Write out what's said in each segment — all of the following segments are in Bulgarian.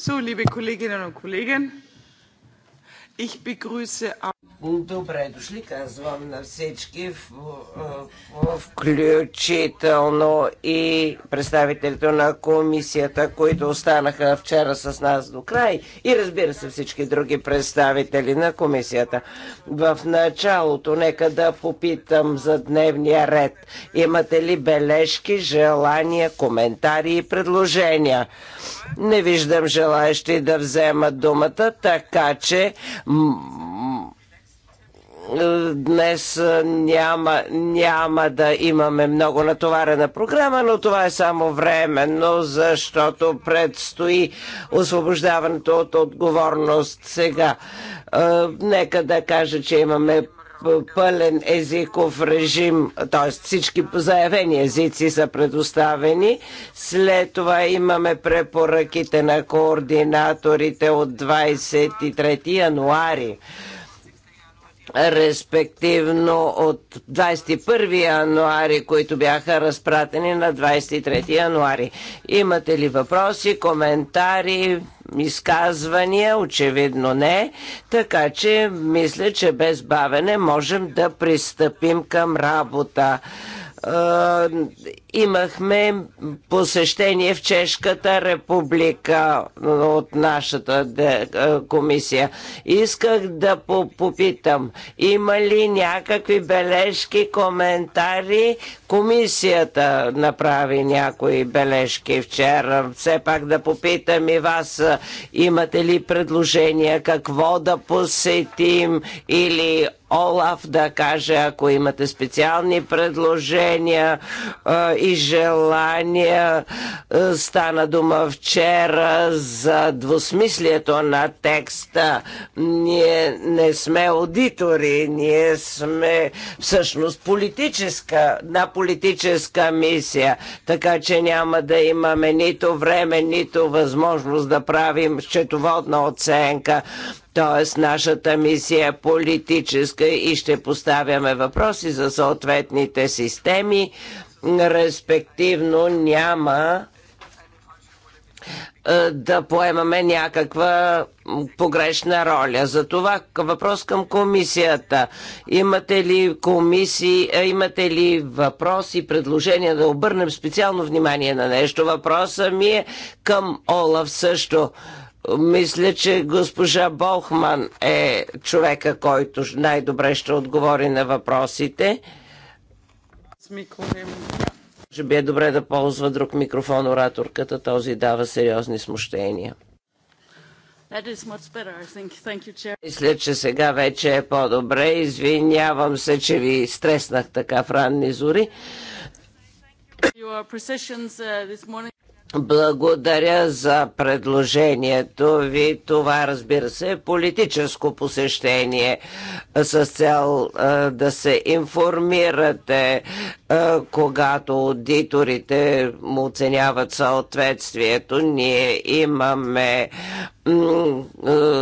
So, liebe Kolleginnen und Kollegen, ich begrüße auch Добре дошли, казвам на всички, включително и представителите на комисията, които останаха вчера с нас до край и разбира се всички други представители на комисията. В началото нека да попитам за дневния ред. Имате ли бележки, желания, коментари и предложения? Не виждам желаящи да вземат думата, така че е, днес е, няма, няма да имаме много натоварена програма, но това е само временно, защото предстои освобождаването от отговорност сега. Е, нека да кажа, че имаме пълен езиков режим, т.е. всички заявени езици са предоставени. След това имаме препоръките на координаторите от 23 януари респективно от 21 януари, които бяха разпратени на 23 януари. Имате ли въпроси, коментари, изказвания? Очевидно не. Така че мисля, че без бавене можем да пристъпим към работа е, Имахме посещение в Чешката република от нашата комисия. Исках да попитам, има ли някакви бележки, коментари? Комисията направи някои бележки вчера. Все пак да попитам и вас, имате ли предложения какво да посетим или Олаф да каже, ако имате специални предложения и желания. Е, стана дума вчера за двусмислието на текста. Ние не сме аудитори, ние сме всъщност политическа, на политическа мисия, така че няма да имаме нито време, нито възможност да правим счетоводна оценка. Тоест, нашата мисия е политическа и ще поставяме въпроси за съответните системи респективно няма е, да поемаме някаква погрешна роля. За това въпрос към комисията. Имате ли комисии, е, имате ли въпроси, предложения да обърнем специално внимание на нещо? Въпроса ми е към Олаф също. Мисля, че госпожа Болхман е човека, който най-добре ще отговори на въпросите с Може би е добре да ползва друг микрофон ораторката, този дава сериозни смущения. Мисля, че сега вече е по-добре. Извинявам се, че ви стреснах така в ранни зори. Благодаря за предложението ви. Това, разбира се, е политическо посещение с цел да се информирате, когато аудиторите му оценяват съответствието. Ние имаме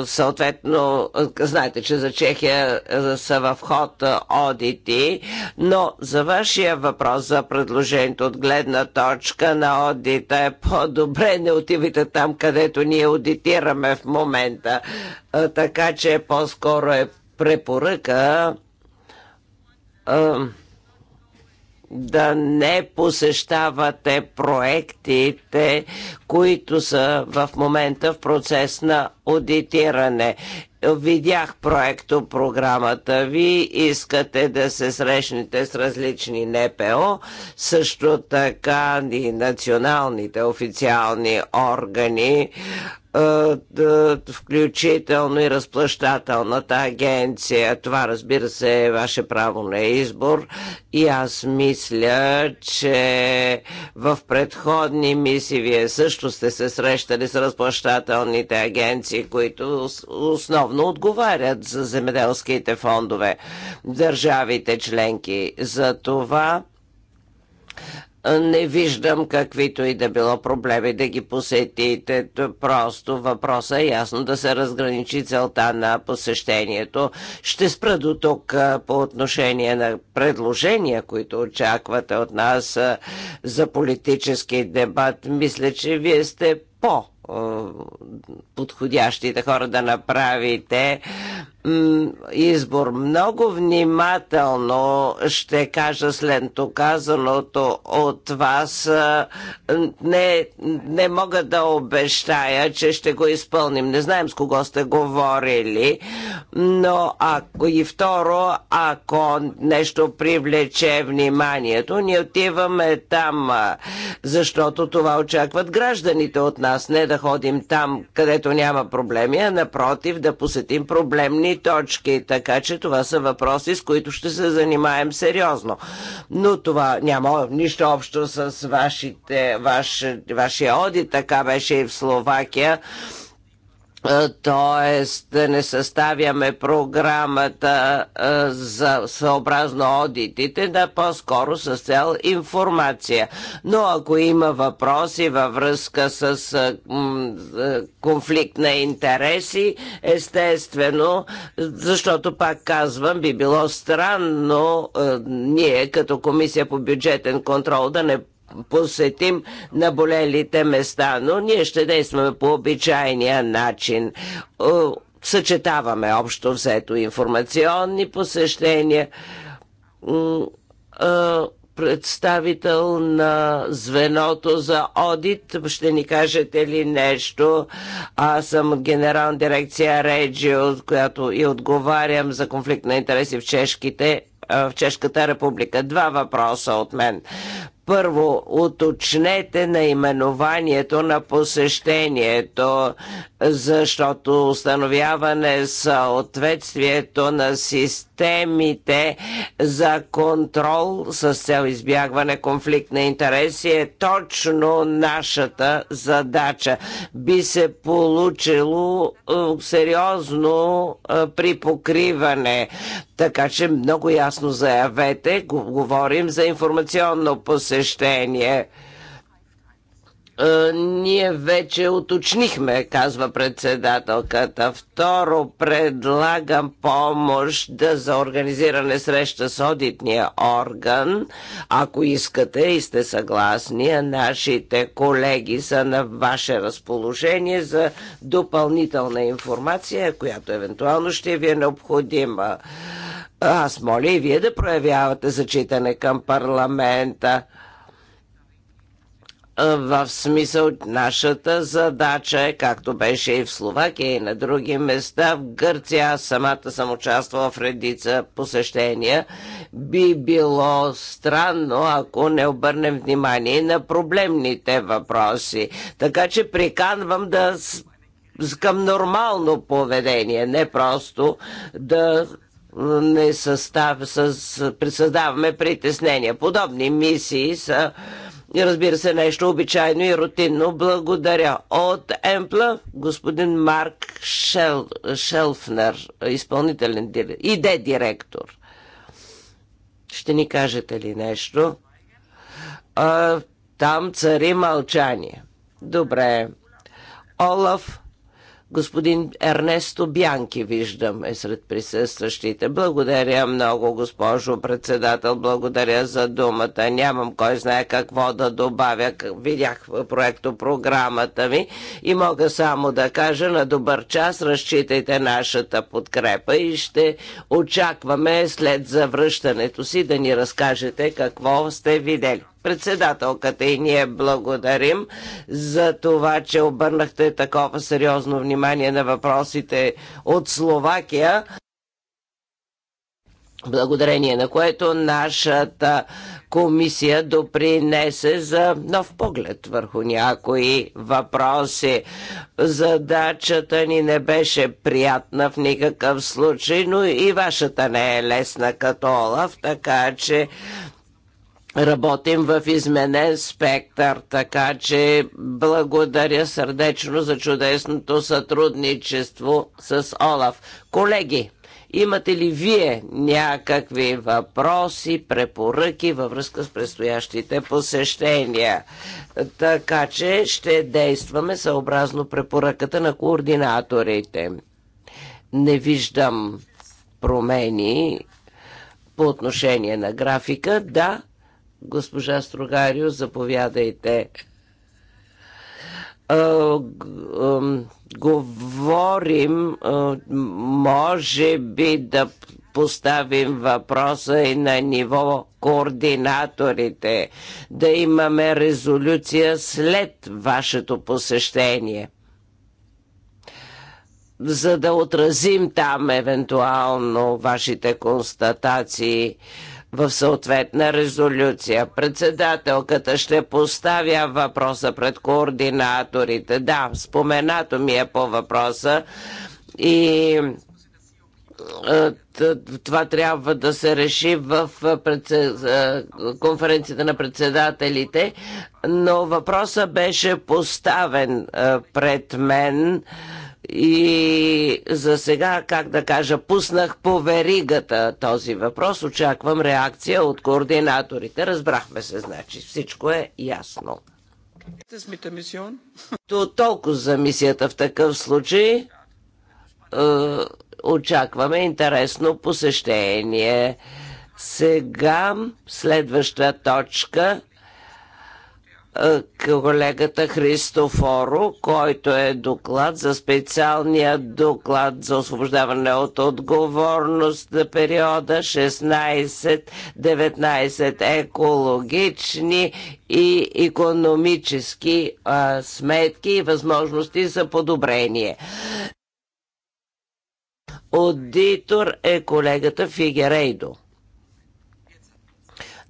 съответно, знаете, че за Чехия са в ход одити, но за вашия въпрос за предложението от гледна точка на одита е по-добре не отивите там, където ние аудитираме в момента. Така че по-скоро е препоръка да не посещавате проектите, които са в момента в процес на аудитиране. Видях проекто програмата ви, искате да се срещнете с различни НПО, също така и националните официални органи е, включително и разплащателната агенция. Това, разбира се, е ваше право на избор и аз мисля, че в предходни мисии вие също сте се срещали с разплащателните агенции, които основно отговарят за земеделските фондове държавите членки. За това не виждам каквито и да било проблеми да ги посетите. Просто въпросът е ясно да се разграничи целта на посещението. Ще спра до тук по отношение на предложения, които очаквате от нас за политически дебат. Мисля, че вие сте по подходящите хора да направите избор. Много внимателно ще кажа следното казаното от вас. Не, не мога да обещая, че ще го изпълним. Не знаем с кого сте говорили, но ако и второ, ако нещо привлече вниманието, ние отиваме там, защото това очакват гражданите от нас. Не да ходим там, където няма проблеми, а напротив да посетим проблемни точки. Така че това са въпроси, с които ще се занимаем сериозно. Но това няма нищо общо с вашите, ваш, вашия одит. Така беше и в Словакия т.е. не съставяме програмата е, за съобразно одитите, да по-скоро с цел информация. Но ако има въпроси във връзка с е, е, конфликт на интереси, естествено, защото пак казвам, би било странно ние като комисия по бюджетен контрол да не посетим наболелите места, но ние ще действаме по обичайния начин. Съчетаваме общо взето информационни посещения, представител на звеното за одит. Ще ни кажете ли нещо? Аз съм генерална дирекция Реджи, от която и отговарям за конфликт на интереси в чешките в Чешката република. Два въпроса от мен. Първо, уточнете наименованието на посещението, защото установяване съответствието на системите за контрол с цел избягване конфликт на интереси е точно нашата задача. Би се получило е, сериозно е, при покриване. Така че много ясно заявете, говорим за информационно посещение посещение. Ние вече уточнихме, казва председателката. Второ, предлагам помощ да за организиране среща с одитния орган. Ако искате и сте съгласни, нашите колеги са на ваше разположение за допълнителна информация, която евентуално ще ви е необходима. Аз моля и вие да проявявате зачитане към парламента в смисъл нашата задача е, както беше и в Словакия и на други места, в Гърция, аз самата съм участвала в редица посещения, би било странно, ако не обърнем внимание на проблемните въпроси. Така че приканвам да към нормално поведение, не просто да не състав, с, присъздаваме притеснения. Подобни мисии са и разбира се, нещо обичайно и рутинно. Благодаря. От Емпла, господин Марк Шел, Шелфнер, изпълнителен директор, иде директор. Ще ни кажете ли нещо? А, там цари мълчание. Добре. Олаф Господин Ернесто Бянки, виждам, е сред присъстващите. Благодаря много, госпожо председател. Благодаря за думата. Нямам кой знае какво да добавя. Видях проекто програмата ми и мога само да кажа на добър час. Разчитайте нашата подкрепа и ще очакваме след завръщането си да ни разкажете какво сте видели. Председателката и ние благодарим за това, че обърнахте такова сериозно внимание на въпросите от Словакия благодарение на което нашата комисия допринесе за нов поглед върху някои въпроси. Задачата ни не беше приятна в никакъв случай, но и вашата не е лесна като Олаф, така че работим в изменен спектър, така че благодаря сърдечно за чудесното сътрудничество с Олаф. Колеги, имате ли вие някакви въпроси, препоръки във връзка с предстоящите посещения? Така че ще действаме съобразно препоръката на координаторите. Не виждам промени по отношение на графика. Да, Госпожа Строгарио, заповядайте говорим, може би да поставим въпроса и на ниво координаторите, да имаме резолюция след вашето посещение, за да отразим там евентуално вашите констатации в съответна резолюция. Председателката ще поставя въпроса пред координаторите. Да, споменато ми е по въпроса и е, това трябва да се реши в е, е, конференцията на председателите, но въпросът беше поставен пред мен и за сега, как да кажа, пуснах по веригата този въпрос. Очаквам реакция от координаторите. Разбрахме се, значи. Всичко е ясно. То толкова за мисията в такъв случай. Е, очакваме интересно посещение. Сега следваща точка колегата Христофоро, който е доклад за специалния доклад за освобождаване от отговорност за периода 16-19 екологични и економически а, сметки и възможности за подобрение. Аудитор е колегата Фигерейдо.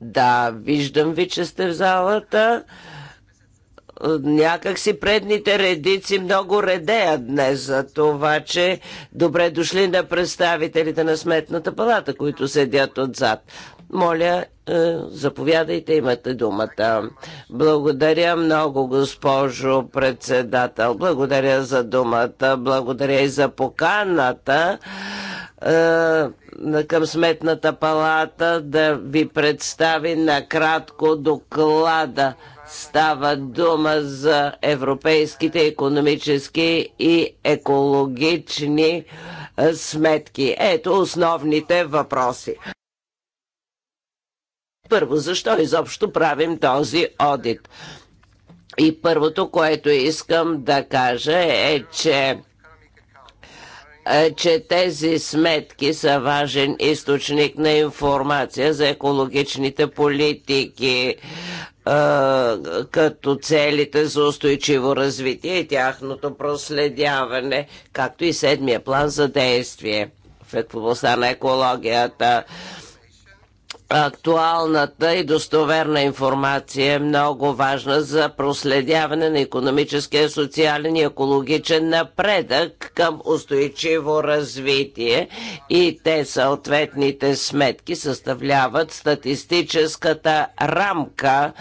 Да, виждам ви, че сте в залата някак си предните редици много редеят днес за това, че добре дошли на представителите на Сметната палата, които седят отзад. Моля, е, заповядайте, имате думата. Благодаря много, госпожо председател. Благодаря за думата. Благодаря и за поканата е, към Сметната палата да ви представи накратко доклада Става дума за европейските економически и екологични сметки. Ето основните въпроси. Първо, защо изобщо правим този одит? И първото, което искам да кажа е, че е, че тези сметки са важен източник на информация за екологичните политики като целите за устойчиво развитие и тяхното проследяване, както и седмия план за действие в областта на екологията. Актуалната и достоверна информация е много важна за проследяване на економическия, социален и екологичен напредък към устойчиво развитие и те съответните сметки съставляват статистическата рамка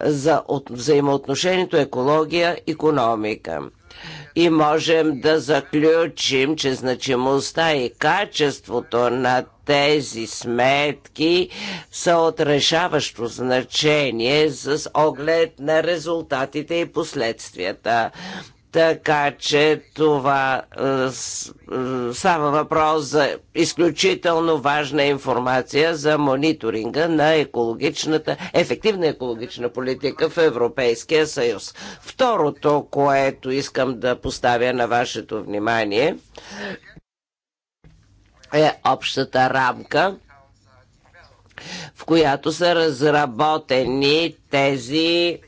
за взаимоотношението екология-економика и можем да заключим, че значимостта и качеството на тези сметки са от решаващо значение с оглед на резултатите и последствията. Така че това е, е, става въпрос за изключително важна информация за мониторинга на екологичната, ефективна екологична политика в Европейския съюз. Второто, което искам да поставя на вашето внимание, е общата рамка, в която са разработени тези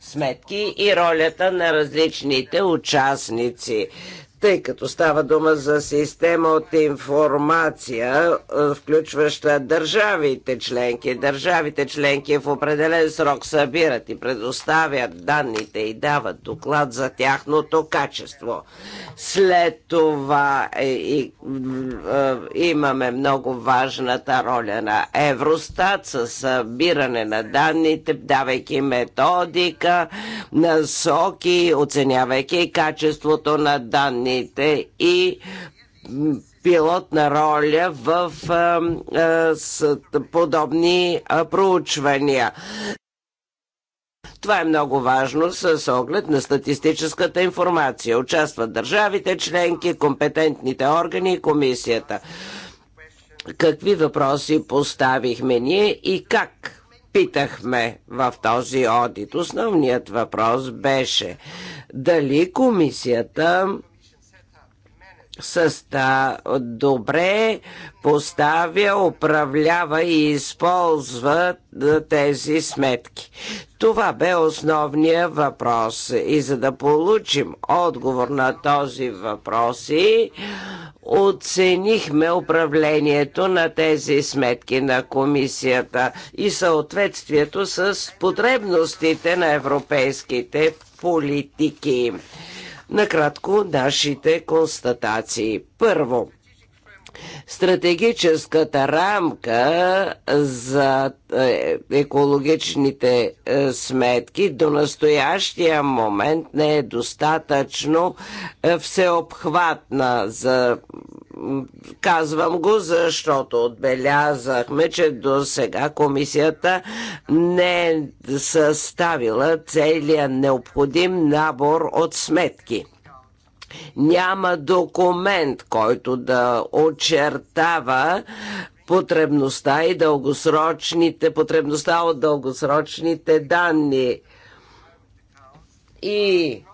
сметки и ролята на различните участници тъй като става дума за система от информация, е, включваща държавите членки. Държавите членки в определен срок събират и предоставят данните и дават доклад за тяхното качество. След това е, и, и, е, имаме много важната роля на Евростат с събиране на данните, давайки методика, насоки, оценявайки качеството на данни страните и пилотна роля в а, а, с, подобни а, проучвания. Това е много важно с оглед на статистическата информация. Участват държавите членки, компетентните органи и комисията. Какви въпроси поставихме ние и как питахме в този одит? Основният въпрос беше дали комисията съста... добре поставя, управлява и използва тези сметки. Това бе основният въпрос. И за да получим отговор на този въпрос, оценихме управлението на тези сметки на комисията и съответствието с потребностите на европейските политики. Накратко, нашите констатации. Първо, стратегическата рамка за е, екологичните е, сметки до настоящия момент не е достатъчно е, всеобхватна за Казвам го, защото отбелязахме, че до сега комисията не е съставила целият необходим набор от сметки. Няма документ, който да очертава потребността и дългосрочните, потребността от дългосрочните данни. И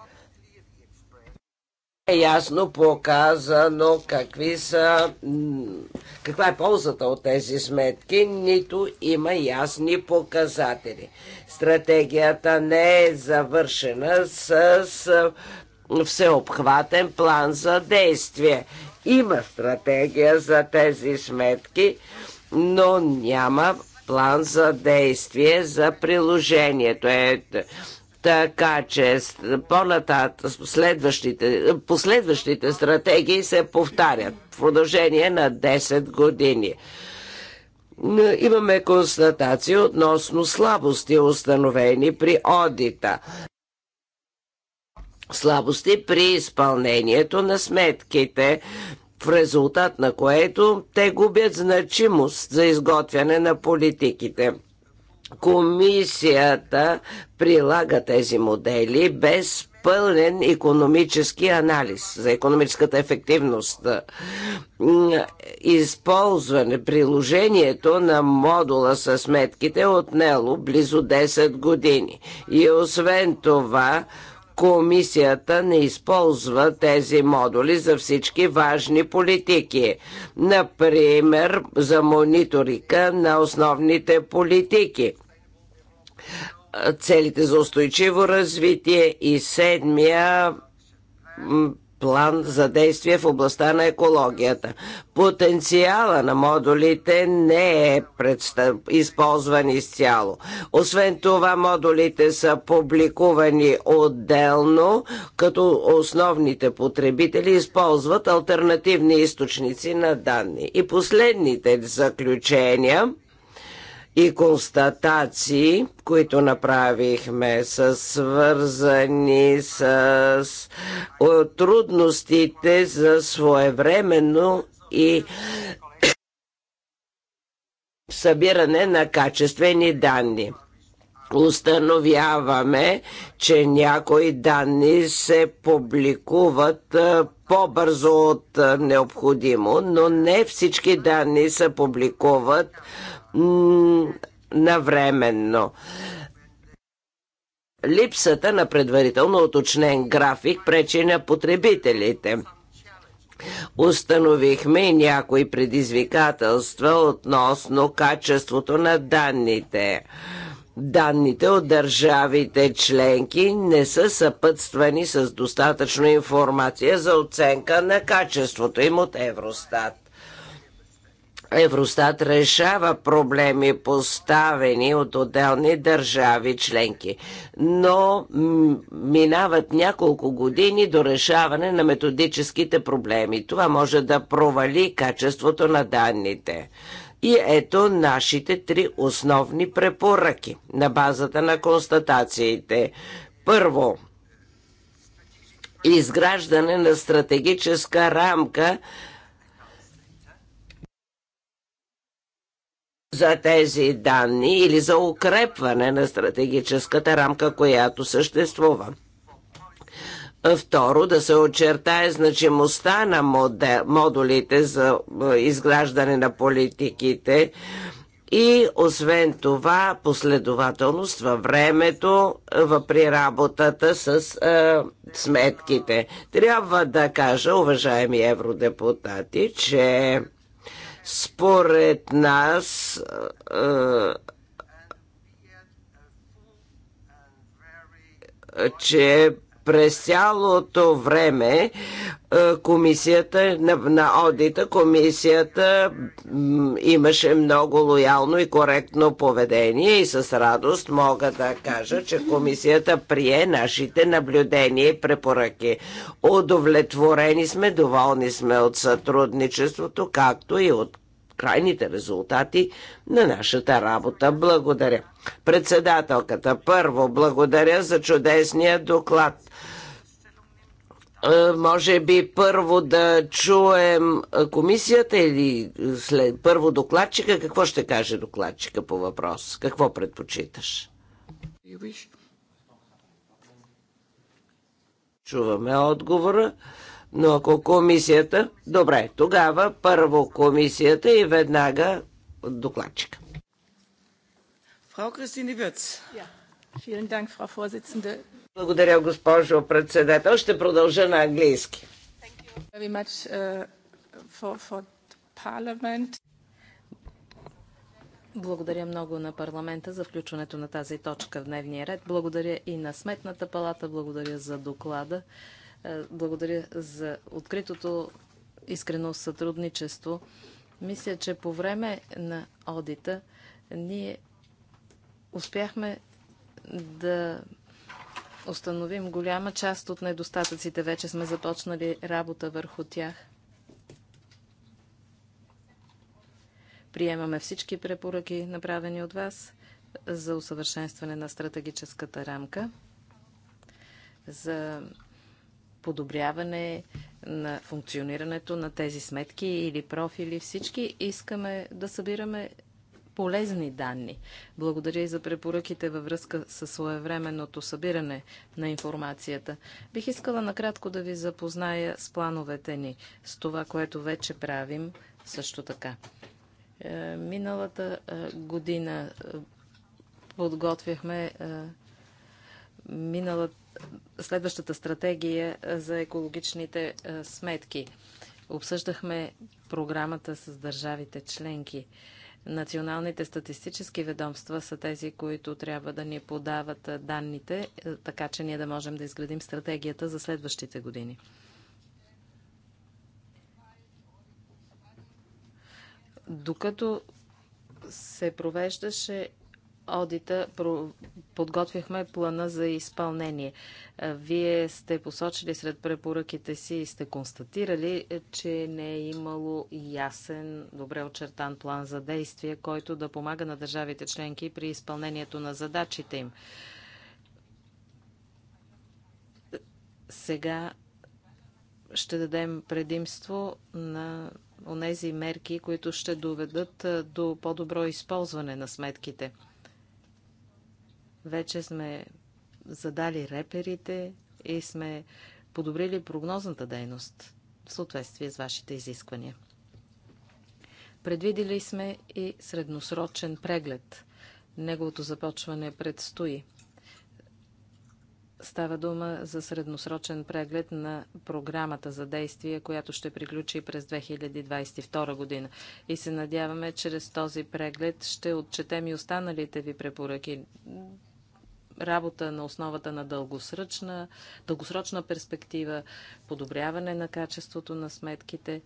е ясно показано какви са, каква е ползата от тези сметки, нито има ясни показатели. Стратегията не е завършена с всеобхватен план за действие. Има стратегия за тези сметки, но няма план за действие за приложението. Ето, така че по последващите стратегии се повтарят в продължение на 10 години имаме констатации относно слабости, установени при одита. Слабости при изпълнението на сметките, в резултат на което те губят значимост за изготвяне на политиките. Комисията прилага тези модели без пълен економически анализ за економическата ефективност. Използване, приложението на модула с сметките отнело близо 10 години. И освен това, Комисията не използва тези модули за всички важни политики. Например, за мониторика на основните политики целите за устойчиво развитие и седмия план за действие в областта на екологията. Потенциала на модулите не е представ... използван изцяло. Освен това, модулите са публикувани отделно, като основните потребители използват альтернативни източници на данни. И последните заключения и констатации, които направихме, са свързани с трудностите за своевременно и събиране на качествени данни. Установяваме, че някои данни се публикуват по-бързо от необходимо, но не всички данни се публикуват навременно. Липсата на предварително уточнен график пречи на потребителите. Установихме и някои предизвикателства относно качеството на данните. Данните от държавите членки не са съпътствани с достатъчно информация за оценка на качеството им от Евростат. Евростат решава проблеми поставени от отделни държави членки, но минават няколко години до решаване на методическите проблеми. Това може да провали качеството на данните. И ето нашите три основни препоръки на базата на констатациите. Първо, изграждане на стратегическа рамка за тези данни или за укрепване на стратегическата рамка, която съществува. Второ, да се очертае значимостта на модулите за изграждане на политиките и освен това последователност във времето при работата с е, сметките. Трябва да кажа, уважаеми евродепутати, че според нас че през цялото време е, комисията на, на одита, комисията имаше много лоялно и коректно поведение и с радост мога да кажа, че комисията прие нашите наблюдения и препоръки. Удовлетворени сме, доволни сме от сътрудничеството, както и от крайните резултати на нашата работа. Благодаря. Председателката, първо благодаря за чудесния доклад е, може би първо да чуем комисията или след, първо докладчика. Какво ще каже докладчика по въпрос? Какво предпочиташ? Чуваме отговора. Но ако комисията... Добре, тогава първо комисията и веднага докладчика. Фрау Кристини Вец. Благодаря, госпожо председател. Ще продължа на английски. Uh, благодаря много на парламента за включването на тази точка в дневния ред. Благодаря и на Сметната палата, благодаря за доклада. Е, благодаря за откритото искрено сътрудничество. Мисля, че по време на одита ние успяхме да установим голяма част от недостатъците. Вече сме започнали работа върху тях. Приемаме всички препоръки, направени от вас, за усъвършенстване на стратегическата рамка, за подобряване на функционирането на тези сметки или профили. Всички искаме да събираме полезни данни. Благодаря и за препоръките във връзка с своевременното събиране на информацията. Бих искала накратко да ви запозная с плановете ни, с това, което вече правим също така. Е, миналата е, година е, подготвяхме Минала следващата стратегия е, за екологичните е, сметки. Обсъждахме програмата с държавите членки. Националните статистически ведомства са тези, които трябва да ни подават е, данните, така че ние да можем да изградим стратегията за следващите години. Докато се провеждаше одита подготвихме плана за изпълнение. Е, вие сте посочили сред препоръките си и сте констатирали, е, че не е имало ясен, добре очертан план за действие, който да помага на държавите членки при изпълнението на задачите им. Сега ще дадем предимство на онези мерки, които ще доведат е, до по-добро използване на сметките. Вече сме задали реперите и сме подобрили прогнозната дейност в съответствие с вашите изисквания. Предвидили сме и средносрочен преглед. Неговото започване предстои. Става дума за средносрочен преглед на програмата за действие, която ще приключи през 2022 година. И се надяваме, чрез този преглед ще отчетем и останалите ви препоръки работа на основата на дългосрочна, дългосрочна перспектива, подобряване на качеството на сметките,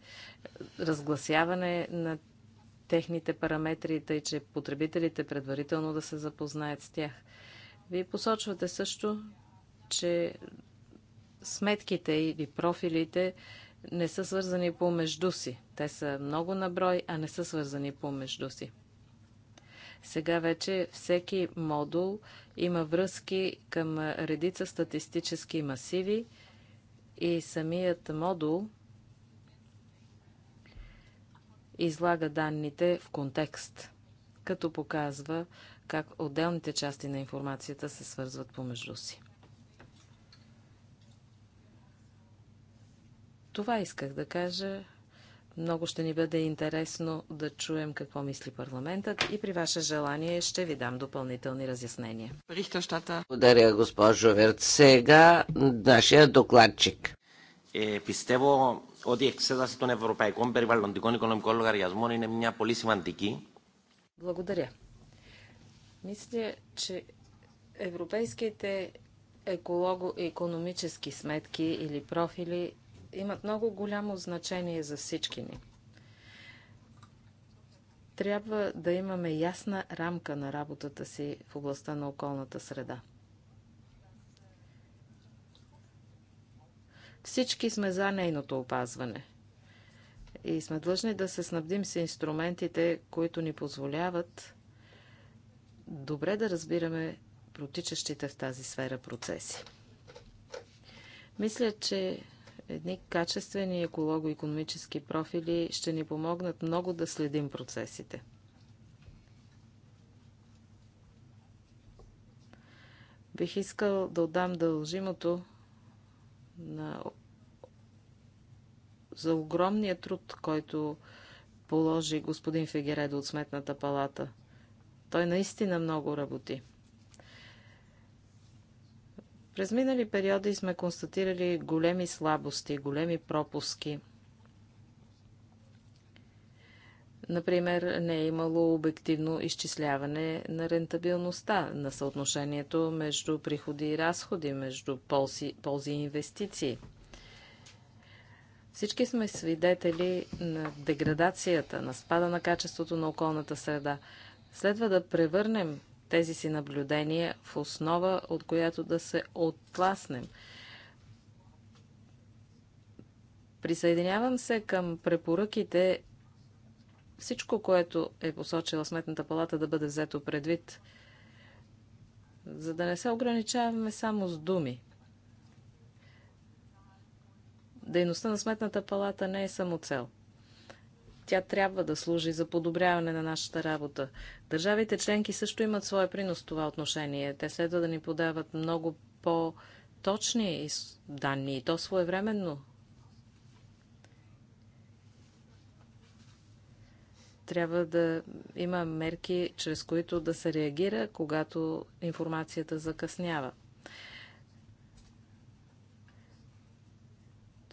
разгласяване на техните параметри, тъй че потребителите предварително да се запознаят с тях. Вие посочвате също, че сметките или профилите не са свързани помежду си. Те са много наброй, а не са свързани помежду си. Сега вече всеки модул има връзки към редица статистически масиви и самият модул излага данните в контекст, като показва как отделните части на информацията се свързват помежду си. Това исках да кажа много ще ни бъде интересно да чуем какво мисли парламентът и при ваше желание ще ви дам допълнителни разяснения. Благодаря, госпожо Верт. Сега нашия докладчик. Ε, πιστεύω ότι η εξέταση των ευρωπαϊκών περιβαλλοντικών οικονομικών λογαριασμών είναι μια πολύ σημαντική. Благодаря. Мисля, че европейските еколого-економически сметки или профили имат много голямо значение за всички ни. Трябва да имаме ясна рамка на работата си в областта на околната среда. Всички сме за нейното опазване. И сме длъжни да се снабдим с инструментите, които ни позволяват добре да разбираме протичащите в тази сфера процеси. Мисля, че Едни качествени еколого-економически профили ще ни помогнат много да следим процесите. Бих искал да отдам дължимото на... за огромния труд, който положи господин Фегередо от Сметната палата. Той наистина много работи. През минали периоди сме констатирали големи слабости, големи пропуски. Например, не е имало обективно изчисляване на рентабилността, на съотношението между приходи и разходи, между ползи, ползи и инвестиции. Всички сме свидетели на деградацията, на спада на качеството на околната среда. Следва да превърнем тези си наблюдения в основа, от която да се отласнем. Присъединявам се към препоръките всичко, което е посочила Сметната палата да бъде взето предвид, за да не се ограничаваме само с думи. Дейността на Сметната палата не е само цел – тя трябва да служи за подобряване на нашата работа. Държавите членки също имат своя принос в това отношение. Те следва да ни подават много по-точни данни и то своевременно. Трябва да има мерки, чрез които да се реагира, когато информацията закъснява.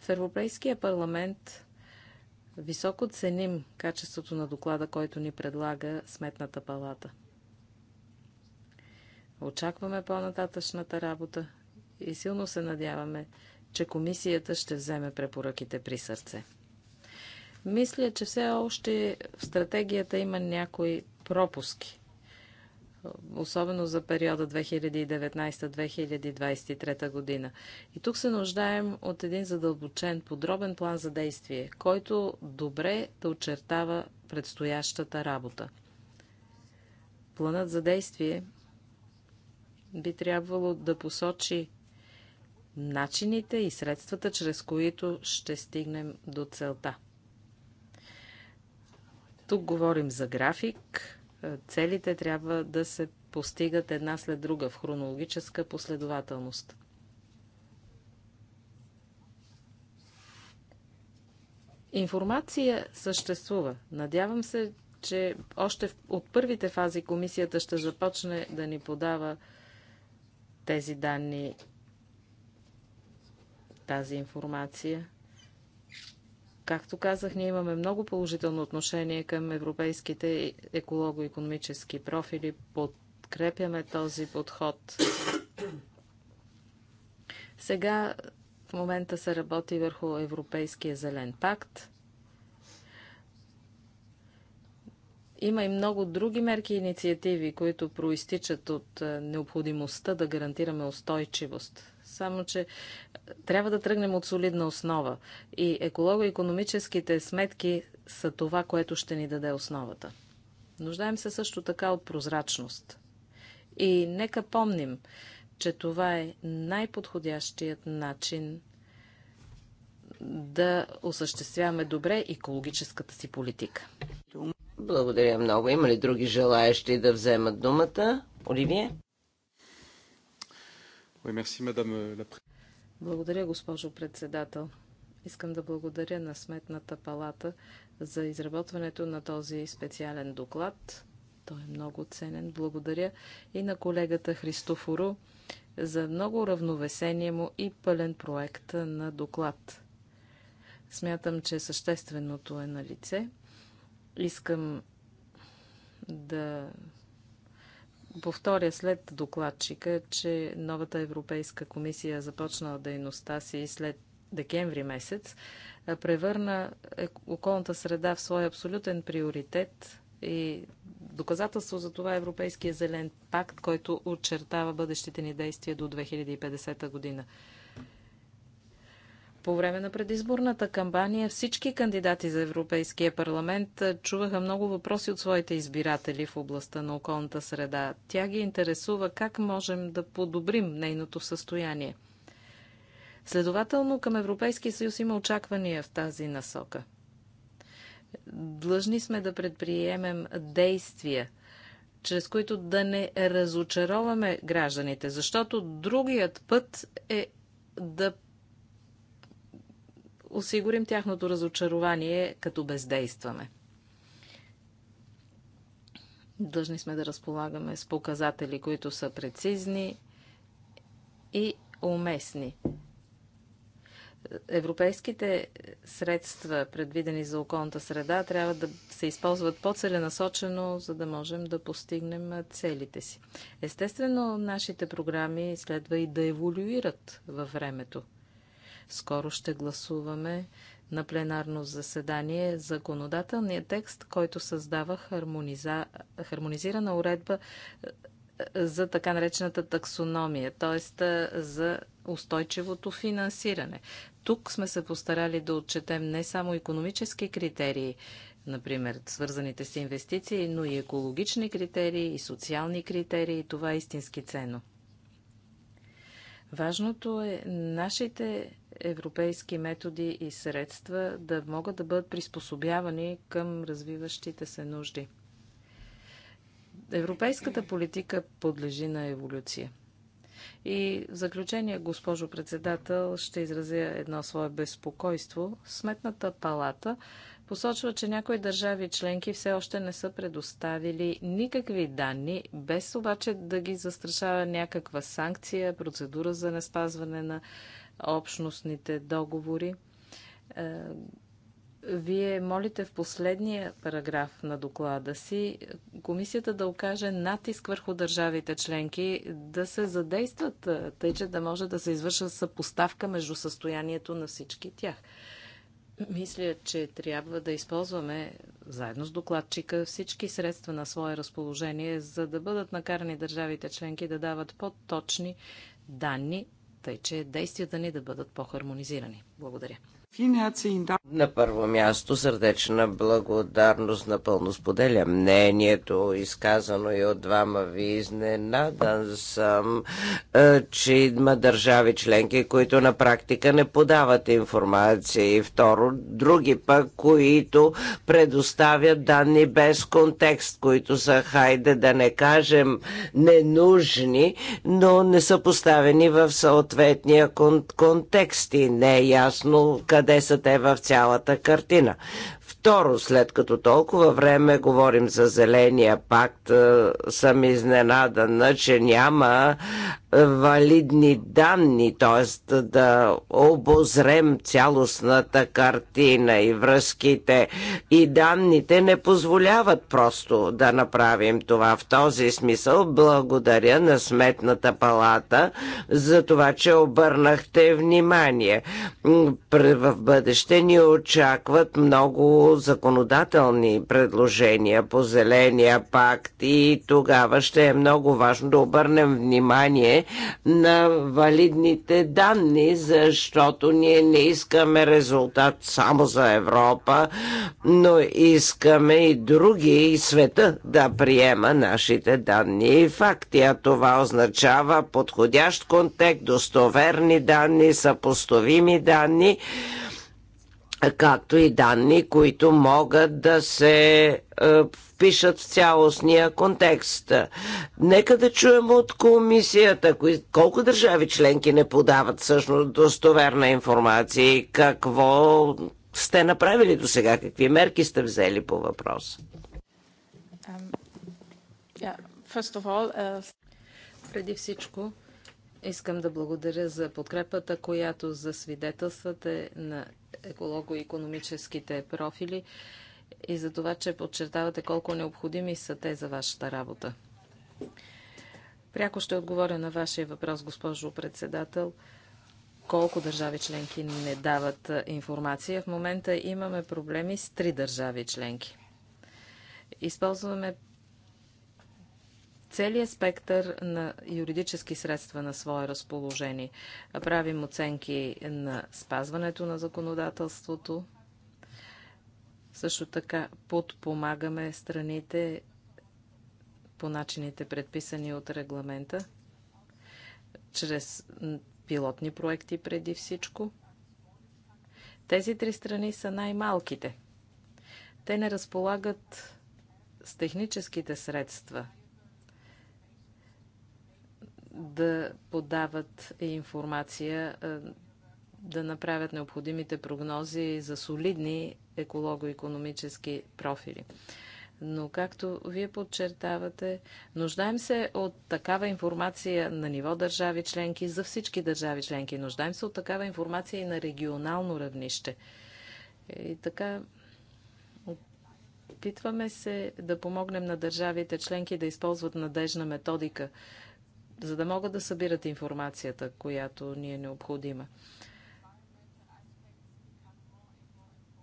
В Европейския парламент Високо ценим качеството на доклада, който ни предлага Сметната палата. Очакваме по-нататъчната работа и силно се надяваме, че комисията ще вземе препоръките при сърце. Мисля, че все още в стратегията има някои пропуски особено за периода 2019-2023 година. И тук се нуждаем от един задълбочен, подробен план за действие, който добре да очертава предстоящата работа. Планът за действие би трябвало да посочи начините и средствата, чрез които ще стигнем до целта. Тук говорим за график, е, целите трябва да се постигат една след друга в хронологическа последователност. Информация съществува. Надявам се, че още от първите фази комисията ще започне да ни подава тези данни, тази информация. Както казах, ние имаме много положително отношение към европейските еколого-економически профили. Подкрепяме този подход. Сега в момента се работи върху Европейския зелен пакт. Има и много други мерки и инициативи, които проистичат от е, необходимостта да гарантираме устойчивост само, че трябва да тръгнем от солидна основа. И еколого-економическите сметки са това, което ще ни даде основата. Нуждаем се също така от прозрачност. И нека помним, че това е най-подходящият начин да осъществяваме добре екологическата си политика. Благодаря много. Има ли други желаящи да вземат думата? Оливие? Euh, благодаря, госпожо председател. Искам да благодаря на Сметната палата за изработването на този специален доклад. Той е много ценен. Благодаря и на колегата Христофоро за много равновесение му и пълен проект на доклад. Смятам, че същественото е на лице. Искам да повторя след докладчика, че новата Европейска комисия започнала дейността си след декември месец, превърна е, околната среда в своя абсолютен приоритет и доказателство за това е Европейския зелен пакт, който очертава бъдещите ни действия до 2050 година. По време на предизборната кампания всички кандидати за Европейския парламент чуваха много въпроси от своите избиратели в областта на околната среда. Тя ги интересува как можем да подобрим нейното състояние. Следователно към Европейския съюз има очаквания в тази насока. Длъжни сме да предприемем действия – чрез които да не разочароваме гражданите, защото другият път е да осигурим тяхното разочарование, като бездействаме. Длъжни сме да разполагаме с показатели, които са прецизни и уместни. Европейските средства, предвидени за околната среда, трябва да се използват по-целенасочено, за да можем да постигнем целите си. Естествено, нашите програми следва и да еволюират във времето. Скоро ще гласуваме на пленарно заседание законодателният текст, който създава хармониза... хармонизирана уредба е, за така наречената таксономия, т.е. за устойчивото финансиране. Тук сме се постарали да отчетем не само економически критерии, например, свързаните с инвестиции, но и екологични критерии, и социални критерии. Това е истински ценно. Важното е нашите европейски методи и средства да могат да бъдат приспособявани към развиващите се нужди. Европейската политика подлежи на еволюция. И в заключение, госпожо председател, ще изразя едно свое безпокойство. Сметната палата посочва, че някои държави членки все още не са предоставили никакви данни, без обаче да ги застрашава някаква санкция, процедура за неспазване на общностните договори. Е, вие молите в последния параграф на доклада си комисията да окаже натиск върху държавите членки да се задействат, е, тъй че да може да се извършва съпоставка между състоянието на всички тях. Мисля, че трябва да използваме заедно с докладчика всички средства на свое разположение, за да бъдат накарани държавите членки да дават по-точни данни тъй че действията ни да бъдат по-хармонизирани. Благодаря. На първо място сърдечна благодарност напълно споделя мнението, изказано и от двама ви. Изненадан съм, е, че има държави членки, които на практика не подават информация и второ, други пък, които предоставят данни без контекст, които са, хайде да не кажем, ненужни, но не са поставени в съответния контекст и не е ясно къде къде са те в цялата картина. Второ, след като толкова време говорим за зеления пакт, е, съм изненадана, че няма валидни данни, т.е. да обозрем цялостната картина и връзките и данните не позволяват просто да направим това. В този смисъл благодаря на Сметната палата за това, че обърнахте внимание. В бъдеще ни очакват много законодателни предложения по Зеления пакт и тогава ще е много важно да обърнем внимание на валидните данни, защото ние не искаме резултат само за Европа, но искаме и други и света да приема нашите данни и факти. А това означава подходящ контекст, достоверни данни, съпоставими данни както и данни, които могат да се е, впишат в цялостния контекст. Нека да чуем от комисията колко държави членки не подават всъщност достоверна информация и какво сте направили до сега, какви мерки сте взели по въпроса. Е, Преди всичко, искам да благодаря за подкрепата, която засвидетелствате на еколого-економическите профили и за това, че подчертавате колко необходими са те за вашата работа. Пряко ще отговоря на вашия въпрос, госпожо председател. Колко държави членки не дават информация? В момента имаме проблеми с три държави членки. Използваме целият спектър на юридически средства на свое разположение. Правим оценки на спазването на законодателството. Също така подпомагаме страните по начините предписани от регламента, чрез пилотни проекти преди всичко. Тези три страни са най-малките. Те не разполагат с техническите средства – да подават информация, е, да направят необходимите прогнози за солидни еколого-економически профили. Но, както вие подчертавате, нуждаем се от такава информация на ниво държави членки за всички държави членки. Нуждаем се от такава информация и на регионално равнище. И така, опитваме се да помогнем на държавите членки да използват надежна методика – за да могат да събират информацията, която ни е необходима.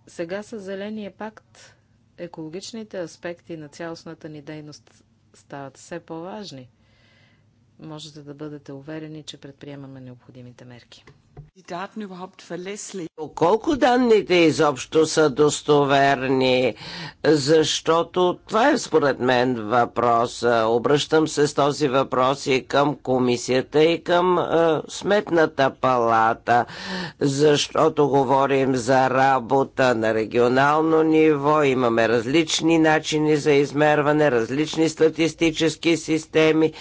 Сега с Зеления пакт екологичните аспекти на цялостната ни дейност стават все по-важни. Можете да бъдете уверени, че предприемаме необходимите мерки. Колко данните изобщо са достоверни? Защото това е според мен въпрос. Обръщам се с този въпрос и към комисията и към е, сметната палата, защото говорим за работа на регионално ниво, имаме различни начини за измерване, различни статистически системи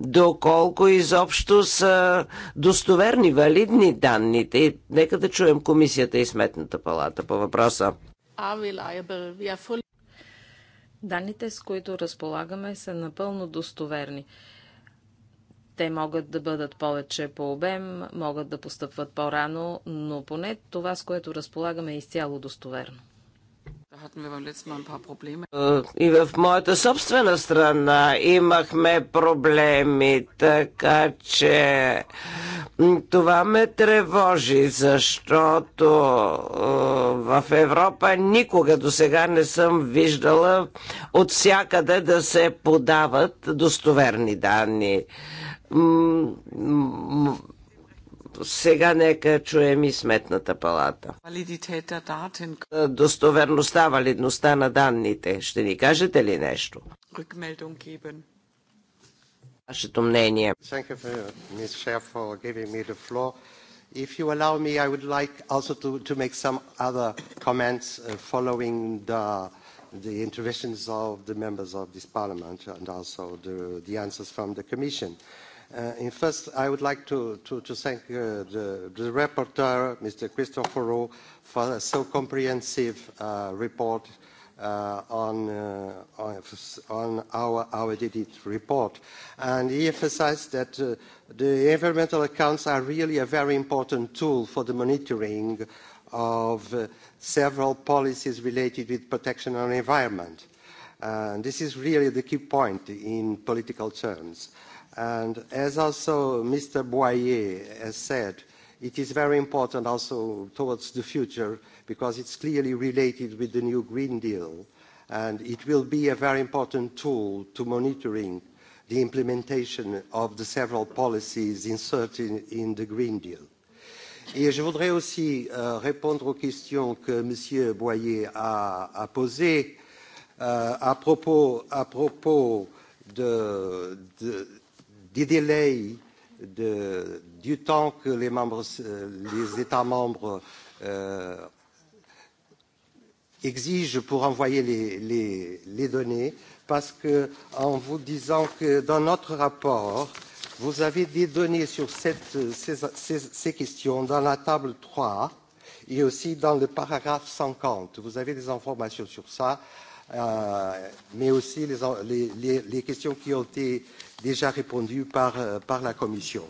доколко изобщо са достоверни, валидни данните. Нека да чуем комисията и сметната палата по въпроса. Данните, с които разполагаме, са напълно достоверни. Те могат да бъдат повече по обем, могат да постъпват по-рано, но поне това, с което разполагаме, е изцяло достоверно. Е, и в моята собствена страна имахме проблеми, така че това ме тревожи, защото е, в Европа никога до сега не съм виждала от всякъде да се подават достоверни данни сега нека чуем и сметната палата. Достоверността, валидността на данните. Ще ни кажете ли нещо? Вашето мнение. If you allow me, I would like also to, to make some other comments uh, following the, the interventions of the members of this parliament and also the, the answers from the Commission. Uh, in first, I would like to, to, to thank uh, the, the rapporteur, Mr. Christopher for a so comprehensive uh, report uh, on, uh, on our, our audit report. And he emphasized that uh, the environmental accounts are really a very important tool for the monitoring of uh, several policies related with protection of environment. Uh, this is really the key point in political terms. Uh, And as also Mr. Boyer has said, it is very important also towards the future because it's clearly related with the new Green Deal and it will be a very important tool to monitoring the implementation of the several policies inserted in the Green Deal. Et je voudrais aussi euh, répondre aux questions que M. Boyer a, a posées euh, à propos, à propos de, de, des délais, de, du temps que les, membres, les États membres euh, exigent pour envoyer les, les, les données, parce que en vous disant que dans notre rapport, vous avez des données sur cette, ces, ces, ces questions dans la table 3 et aussi dans le paragraphe 50. Vous avez des informations sur ça. Euh, mais aussi les, les, les questions qui ont été déjà répondues par, euh, par la Commission.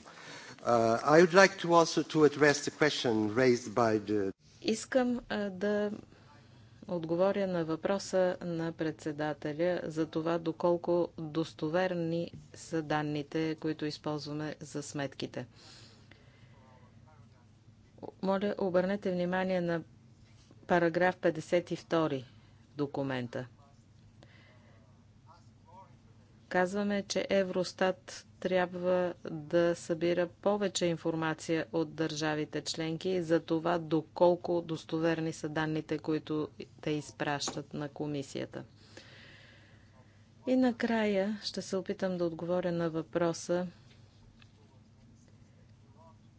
Uh, I would like to also to address the question raised by the... Искам uh, да отговоря на въпроса на председателя за това доколко достоверни са данните, които използваме за сметките. Моля, обърнете внимание на параграф 52 документа. Казваме, че Евростат трябва да събира повече информация от държавите членки за това доколко достоверни са данните, които те изпращат на комисията. И накрая ще се опитам да отговоря на въпроса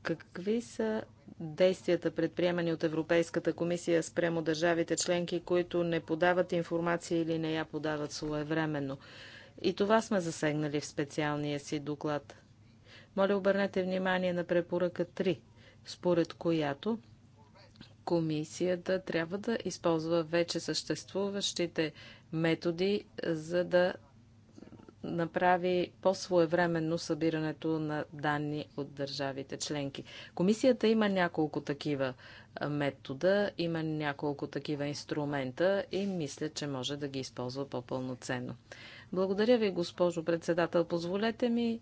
какви са действията, предприемани от Европейската комисия спрямо държавите членки, които не подават информация или не я подават своевременно. И това сме засегнали в специалния си доклад. Моля, обърнете внимание на препоръка 3, според която комисията трябва да използва вече съществуващите методи, за да направи по-своевременно събирането на данни от държавите членки. Комисията има няколко такива метода, има няколко такива инструмента и мисля, че може да ги използва по-пълноценно. Благодаря ви, госпожо председател. Позволете ми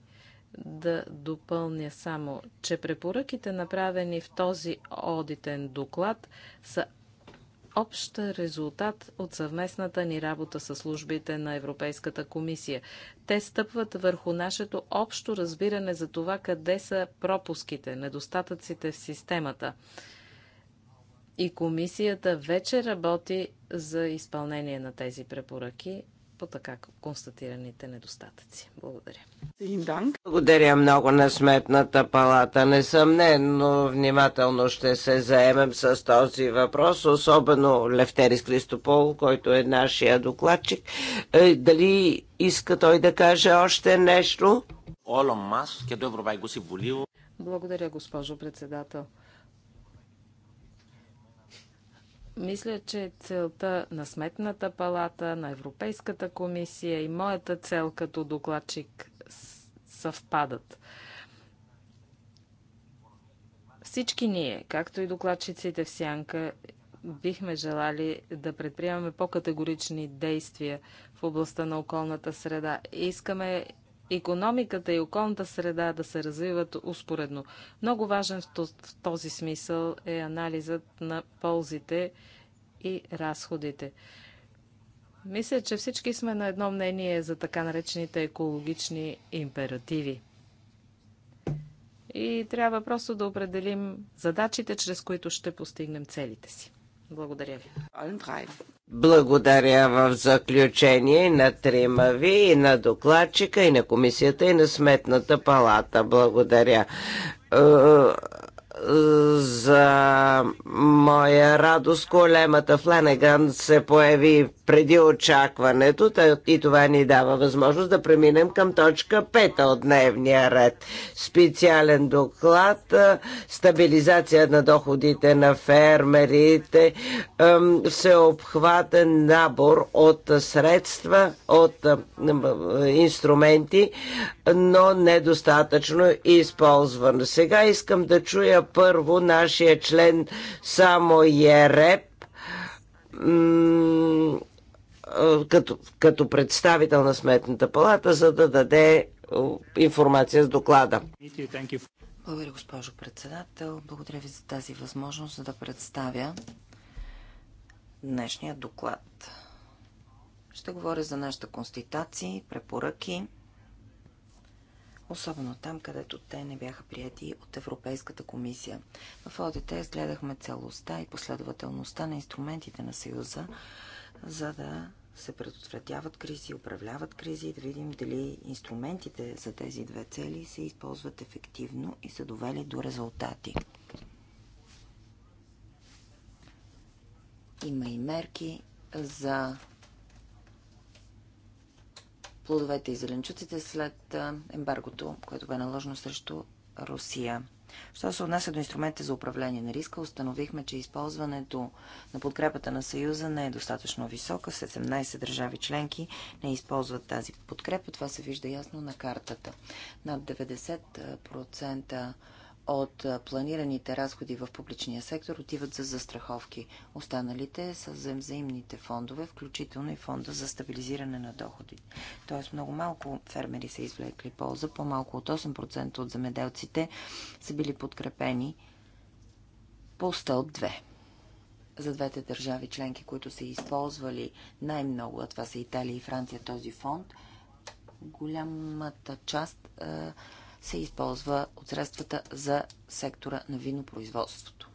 да допълня само, че препоръките, направени в този одитен доклад, са общ резултат от съвместната ни работа с службите на Европейската комисия. Те стъпват върху нашето общо разбиране за това къде са пропуските, недостатъците в системата. И комисията вече работи за изпълнение на тези препоръки по така констатираните недостатъци. Благодаря. Благодаря много на Сметната палата. Несъмнено внимателно ще се заемем с този въпрос, особено Левтерис Кристопол, който е нашия докладчик. Е, дали иска той да каже още нещо? Е Благодаря, госпожо председател. Мисля, че целта на Сметната палата, на Европейската комисия и моята цел като докладчик съвпадат. Всички ние, както и докладчиците в Сянка, бихме желали да предприемаме по-категорични действия в областта на околната среда. Искаме економиката и околната среда да се развиват успоредно. Много важен в този смисъл е анализът на ползите и разходите. Мисля, че всички сме на едно мнение за така наречените екологични императиви. И трябва просто да определим задачите, чрез които ще постигнем целите си. Благодаря ви. Благодаря в заключение и на трима ви, и на докладчика, и на комисията, и на сметната палата. Благодаря е, за моя радост колемата Фленеган се появи преди очакването и това ни дава възможност да преминем към точка 5 от дневния ред. Специален доклад стабилизация на доходите на фермерите всеобхватен набор от средства, от инструменти, но недостатъчно използван. Сега искам да чуя първо, нашия член само Ереп като, като представител на Сметната палата, за да даде информация с доклада. Благодаря, госпожо председател. Благодаря ви за тази възможност да представя днешния доклад. Ще говоря за нашите конститации, препоръки особено там, където те не бяха прияти от Европейската комисия. В ОДТ изгледахме целостта и последователността на инструментите на Съюза, за да се предотвратяват кризи, управляват кризи и да видим дали инструментите за тези две цели се използват ефективно и са довели до резултати. Има и мерки за плодовете и зеленчуците след ембаргото, което бе наложено срещу Русия. Що се отнася до инструментите за управление на риска, установихме, че използването на подкрепата на Съюза не е достатъчно висока. 17 държави членки не използват тази подкрепа. Това се вижда ясно на картата. Над 90% от планираните разходи в публичния сектор отиват за застраховки. Останалите са за взаимните фондове, включително и фонда за стабилизиране на доходи. Тоест много малко фермери са извлекли полза, по-малко от 8% от замеделците са били подкрепени по стълб 2 за двете държави членки, които са използвали най-много, а това са Италия и Франция, този фонд, голямата част се използва от средствата за сектора на винопроизводството.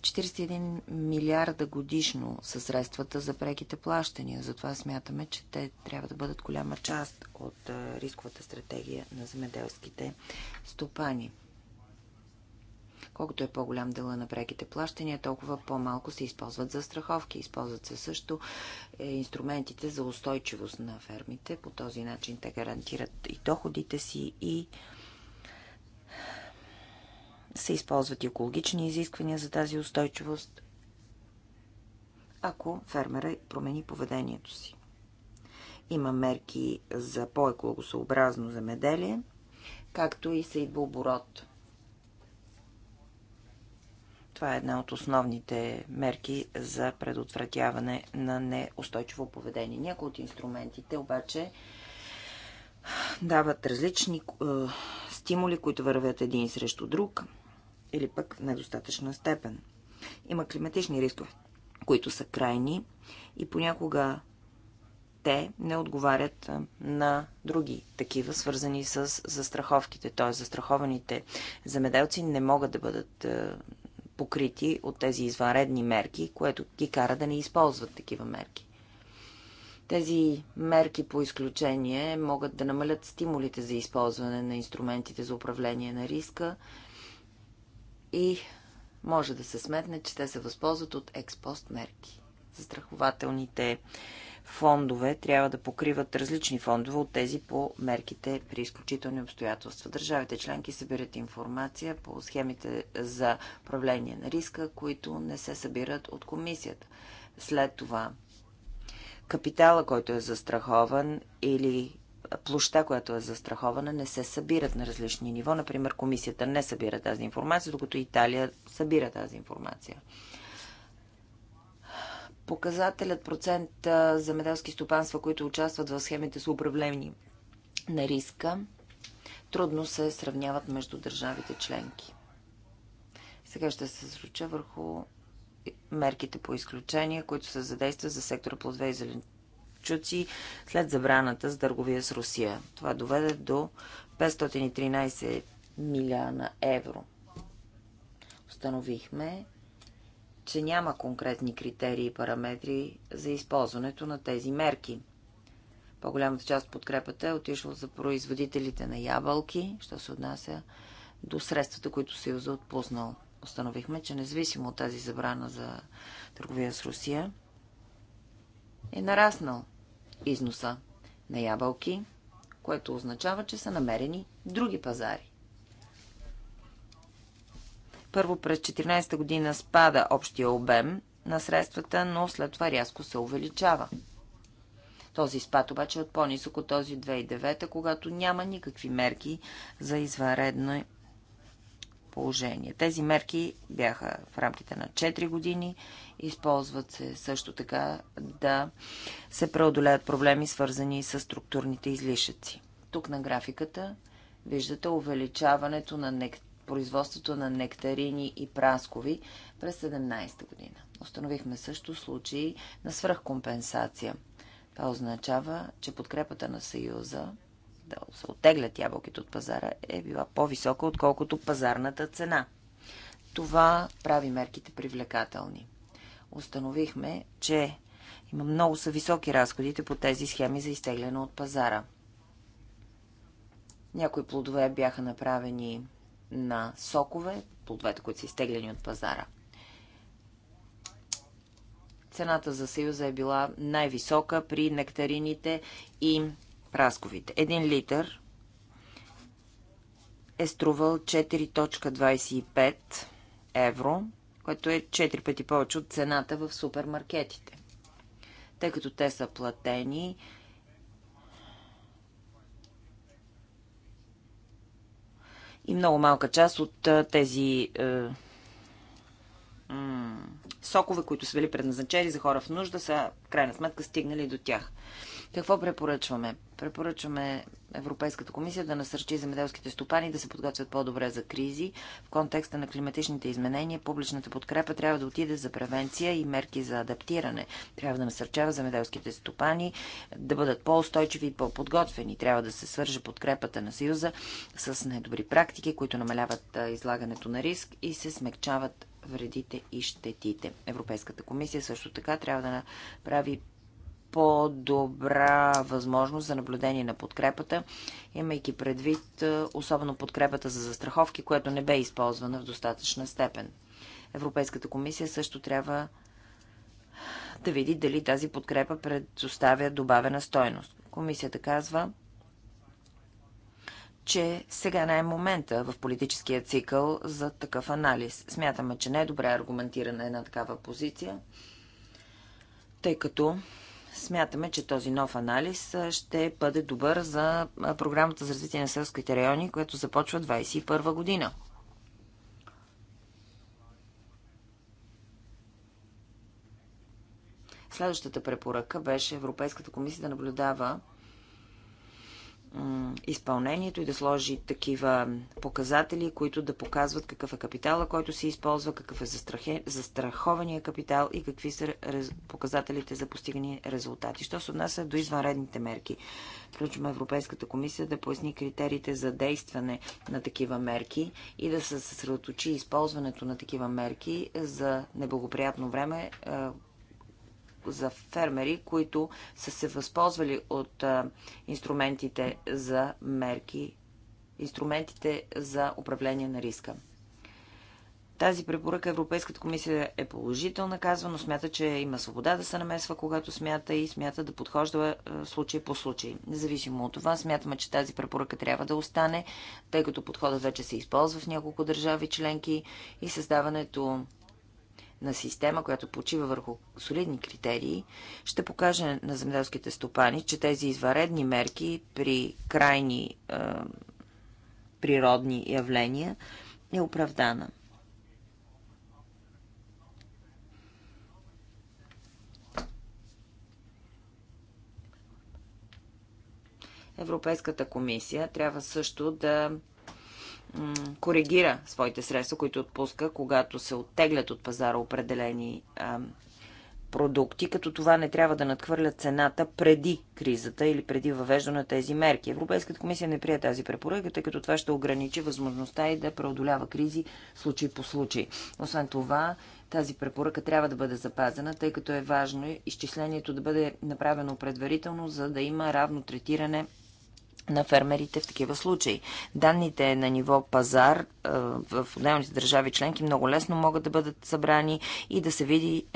41 милиарда годишно са средствата за преките плащания. Затова смятаме, че те трябва да бъдат голяма част от рисковата стратегия на земеделските стопани. Колкото е по-голям дела на преките плащания, толкова по-малко се използват за страховки. Използват се също е, инструментите за устойчивост на фермите. По този начин те гарантират и доходите си, и се използват и екологични изисквания за тази устойчивост, ако фермера промени поведението си. Има мерки за по-екологосъобразно замеделие, както и идва оборот това е една от основните мерки за предотвратяване на неустойчиво поведение. Някои от инструментите обаче дават различни е, стимули, които вървят един срещу друг или пък в недостатъчна степен. Има климатични рискове, които са крайни и понякога те не отговарят е, на други такива, свързани с застраховките. Т.е. застрахованите земеделци не могат да бъдат е, покрити от тези извънредни мерки, което ги кара да не използват такива мерки. Тези мерки по изключение могат да намалят стимулите за използване на инструментите за управление на риска и може да се сметне, че те се възползват от експост мерки. Застрахователните фондове трябва да покриват различни фондове от тези по мерките при изключителни обстоятелства. Държавите членки събират информация по схемите за управление на риска, които не се събират от комисията. След това капитала, който е застрахован или площа, която е застрахована, не се събират на различни ниво. Например, комисията не събира тази информация, докато Италия събира тази информация показателят процент земеделски стопанства, които участват в схемите с управление на риска, трудно се сравняват между държавите членки. Сега ще се случа върху мерките по изключение, които се задействат за сектора плодове и зеленчуци след забраната с дърговия с Русия. Това доведе до 513 милиона евро. Установихме, че няма конкретни критерии и параметри за използването на тези мерки. По-голямата част подкрепата е отишла за производителите на ябълки, що се отнася до средствата, които Съюза отпуснал. Установихме, че независимо от тази забрана за търговия с Русия, е нараснал износа на ябълки, което означава, че са намерени други пазари. Първо през 14-та година спада общия обем на средствата, но след това рязко се увеличава. Този спад обаче е от по-нисък от този 2009, когато няма никакви мерки за извънредно положение. Тези мерки бяха в рамките на 4 години. Използват се също така да се преодолеят проблеми, свързани с структурните излишъци. Тук на графиката виждате увеличаването на производството на нектарини и праскови през 17 година. Установихме също случаи на свръхкомпенсация. Това означава, че подкрепата на Съюза да се оттеглят ябълките от пазара е била по-висока, отколкото пазарната цена. Това прави мерките привлекателни. Установихме, че има много са високи разходите по тези схеми за изтегляне от пазара. Някои плодове бяха направени на сокове, плодовете, които са изтеглени от пазара. Цената за Съюза е била най-висока при нектарините и прасковите. Един литър е струвал 4.25 евро, което е 4 пъти повече от цената в супермаркетите. Тъй като те са платени И много малка част от тези е, сокове, които са били предназначени за хора в нужда, са в крайна сметка стигнали до тях. Какво препоръчваме? Препоръчваме Европейската комисия да насърчи земеделските стопани да се подготвят по-добре за кризи. В контекста на климатичните изменения публичната подкрепа трябва да отиде за превенция и мерки за адаптиране. Трябва да насърчава земеделските стопани да бъдат по-устойчиви и по-подготвени. Трябва да се свърже подкрепата на Съюза с недобри практики, които намаляват излагането на риск и се смекчават вредите и щетите. Европейската комисия също така трябва да направи по-добра възможност за наблюдение на подкрепата, имайки предвид е, особено подкрепата за застраховки, което не бе използвана в достатъчна степен. Европейската комисия също трябва да види дали тази подкрепа предоставя добавена стойност. Комисията казва, че сега не е момента в политическия цикъл за такъв анализ. Смятаме, че не е добре аргументирана една такава позиция, тъй като Смятаме, че този нов анализ ще бъде добър за програмата за развитие на селските райони, която започва 2021 година. Следващата препоръка беше Европейската комисия да наблюдава изпълнението и да сложи такива показатели, които да показват какъв е капитала, който се използва, какъв е застрахования капитал и какви са показателите за постигани резултати. Що се отнася до извънредните мерки? Включваме Европейската комисия да поясни критериите за действане на такива мерки и да се съсредоточи използването на такива мерки за неблагоприятно време, за фермери, които са се възползвали от инструментите за мерки, инструментите за управление на риска. Тази препоръка Европейската комисия е положителна, казва, но смята, че има свобода да се намесва, когато смята и смята да подхожда случай по случай. Независимо от това, смятаме, че тази препоръка трябва да остане, тъй като подходът вече се използва в няколко държави членки и създаването на система, която почива върху солидни критерии, ще покаже на земеделските стопани, че тези изваредни мерки при крайни е, природни явления е оправдана. Европейската комисия трябва също да коригира своите средства, които отпуска, когато се оттеглят от пазара определени а, продукти, като това не трябва да надхвърля цената преди кризата или преди въвеждане на тези мерки. Европейската комисия не прие тази препоръка, тъй като това ще ограничи възможността и да преодолява кризи случай по случай. Освен това, тази препоръка трябва да бъде запазена, тъй като е важно изчислението да бъде направено предварително, за да има равно третиране на фермерите в такива случаи. Данните на ниво пазар в отделните държави членки много лесно могат да бъдат събрани и да се види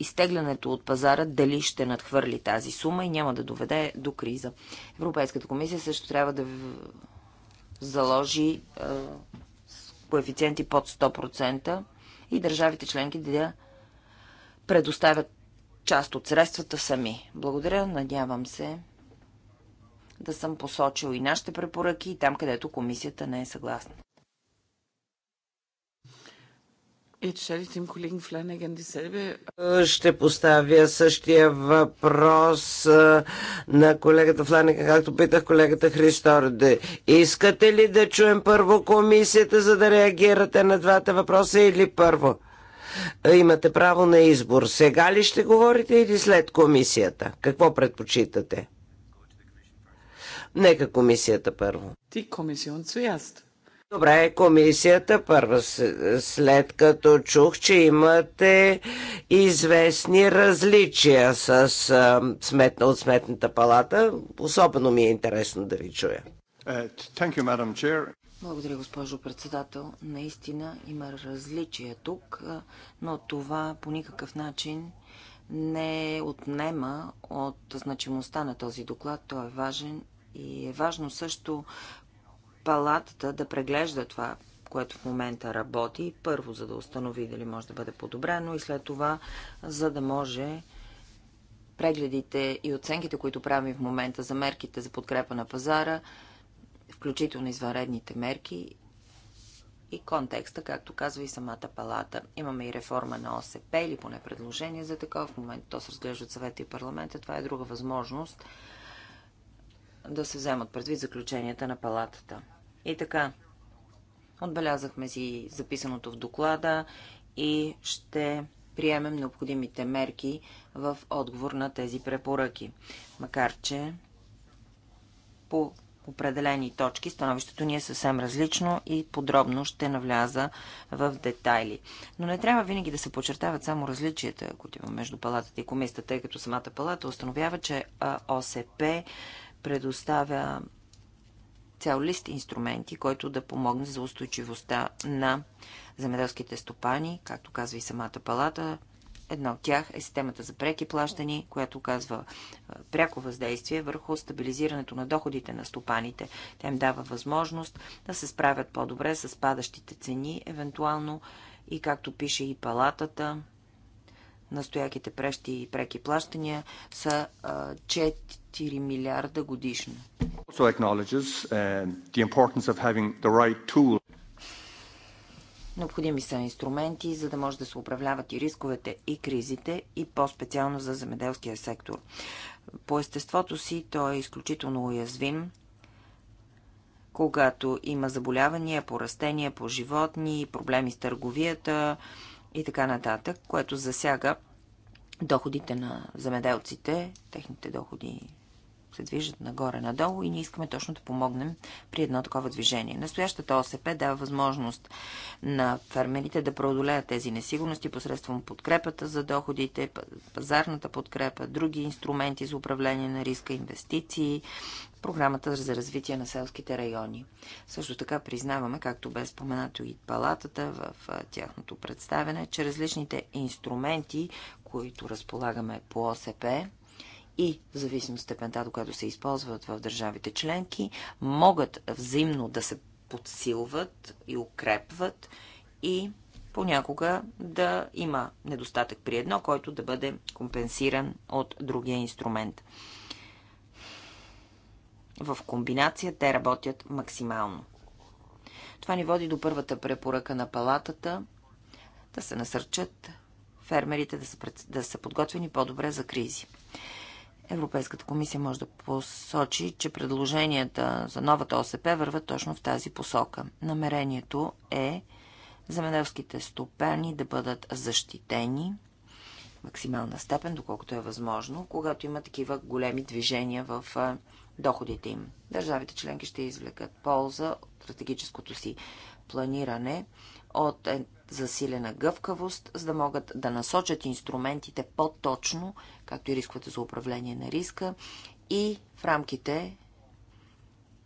изтеглянето от пазара дали ще надхвърли тази сума и няма да доведе до криза. Европейската комисия също трябва да заложи коефициенти под 100% и държавите членки да предоставят част от средствата сами. Благодаря, надявам се да съм посочил и нашите препоръки, и там, където комисията не е съгласна. Е, ще поставя същия въпрос на колегата Фланега, както питах колегата Христорде. Искате ли да чуем първо комисията, за да реагирате на двата въпроса или първо? Имате право на избор. Сега ли ще говорите или след комисията? Какво предпочитате? Нека комисията първо. Ти комисион цвяст. Добре, комисията първо. след като чух, че имате известни различия с а, сметна от сметната палата, особено ми е интересно да ви чуя. Е, you, Благодаря, госпожо председател. Наистина има различия тук, но това по никакъв начин не отнема от значимостта на този доклад. Той е важен и е важно също палатата да преглежда това, което в момента работи. Първо, за да установи дали може да бъде подобрено и след това, за да може прегледите и оценките, които правим в момента за мерките за подкрепа на пазара, включително извънредните мерки и контекста, както казва и самата палата. Имаме и реформа на ОСП или поне предложение за такова. В момента то се разглежда от съвета и парламента. Това е друга възможност да се вземат предвид заключенията на палатата. И така, отбелязахме си записаното в доклада и ще приемем необходимите мерки в отговор на тези препоръки. Макар, че по определени точки становището ни е съвсем различно и подробно ще навляза в детайли. Но не трябва винаги да се подчертават само различията, които има между палатата и комисията, тъй като самата палата установява, че ОСП предоставя цял лист инструменти, който да помогне за устойчивостта на земеделските стопани, както казва и самата палата. Една от тях е системата за преки плащани, която казва е, пряко въздействие върху стабилизирането на доходите на стопаните. Тя им дава възможност да се справят по-добре с падащите цени, евентуално и както пише и палатата, настояките прещи и преки плащания са 4 милиарда годишно. Uh, Необходими са инструменти, за да може да се управляват и рисковете, и кризите, и по-специално за земеделския сектор. По естеството си той е изключително уязвим, когато има заболявания по растения, по животни, проблеми с търговията, и така нататък, което засяга доходите на замеделците. техните доходи се движат нагоре-надолу и ние искаме точно да помогнем при едно такова движение. Настоящата ОСП дава възможност на фермерите да преодолеят тези несигурности посредством подкрепата за доходите, пазарната подкрепа, други инструменти за управление на риска, инвестиции, програмата за развитие на селските райони. Също така признаваме, както бе споменато и палатата в тяхното представене, че различните инструменти, които разполагаме по ОСП и в зависимост степента, до която се използват в държавите членки, могат взаимно да се подсилват и укрепват и понякога да има недостатък при едно, който да бъде компенсиран от другия инструмент в комбинация те работят максимално. Това ни води до първата препоръка на палатата да се насърчат фермерите да са, пред... да са подготвени по-добре за кризи. Европейската комисия може да посочи, че предложенията за новата ОСП върват точно в тази посока. Намерението е земеделските стопани да бъдат защитени максимална степен, доколкото е възможно, когато има такива големи движения в доходите им. Държавите членки ще извлекат полза от стратегическото си планиране от е, засилена гъвкавост, за да могат да насочат инструментите по-точно, както и рисковете за управление на риска и в рамките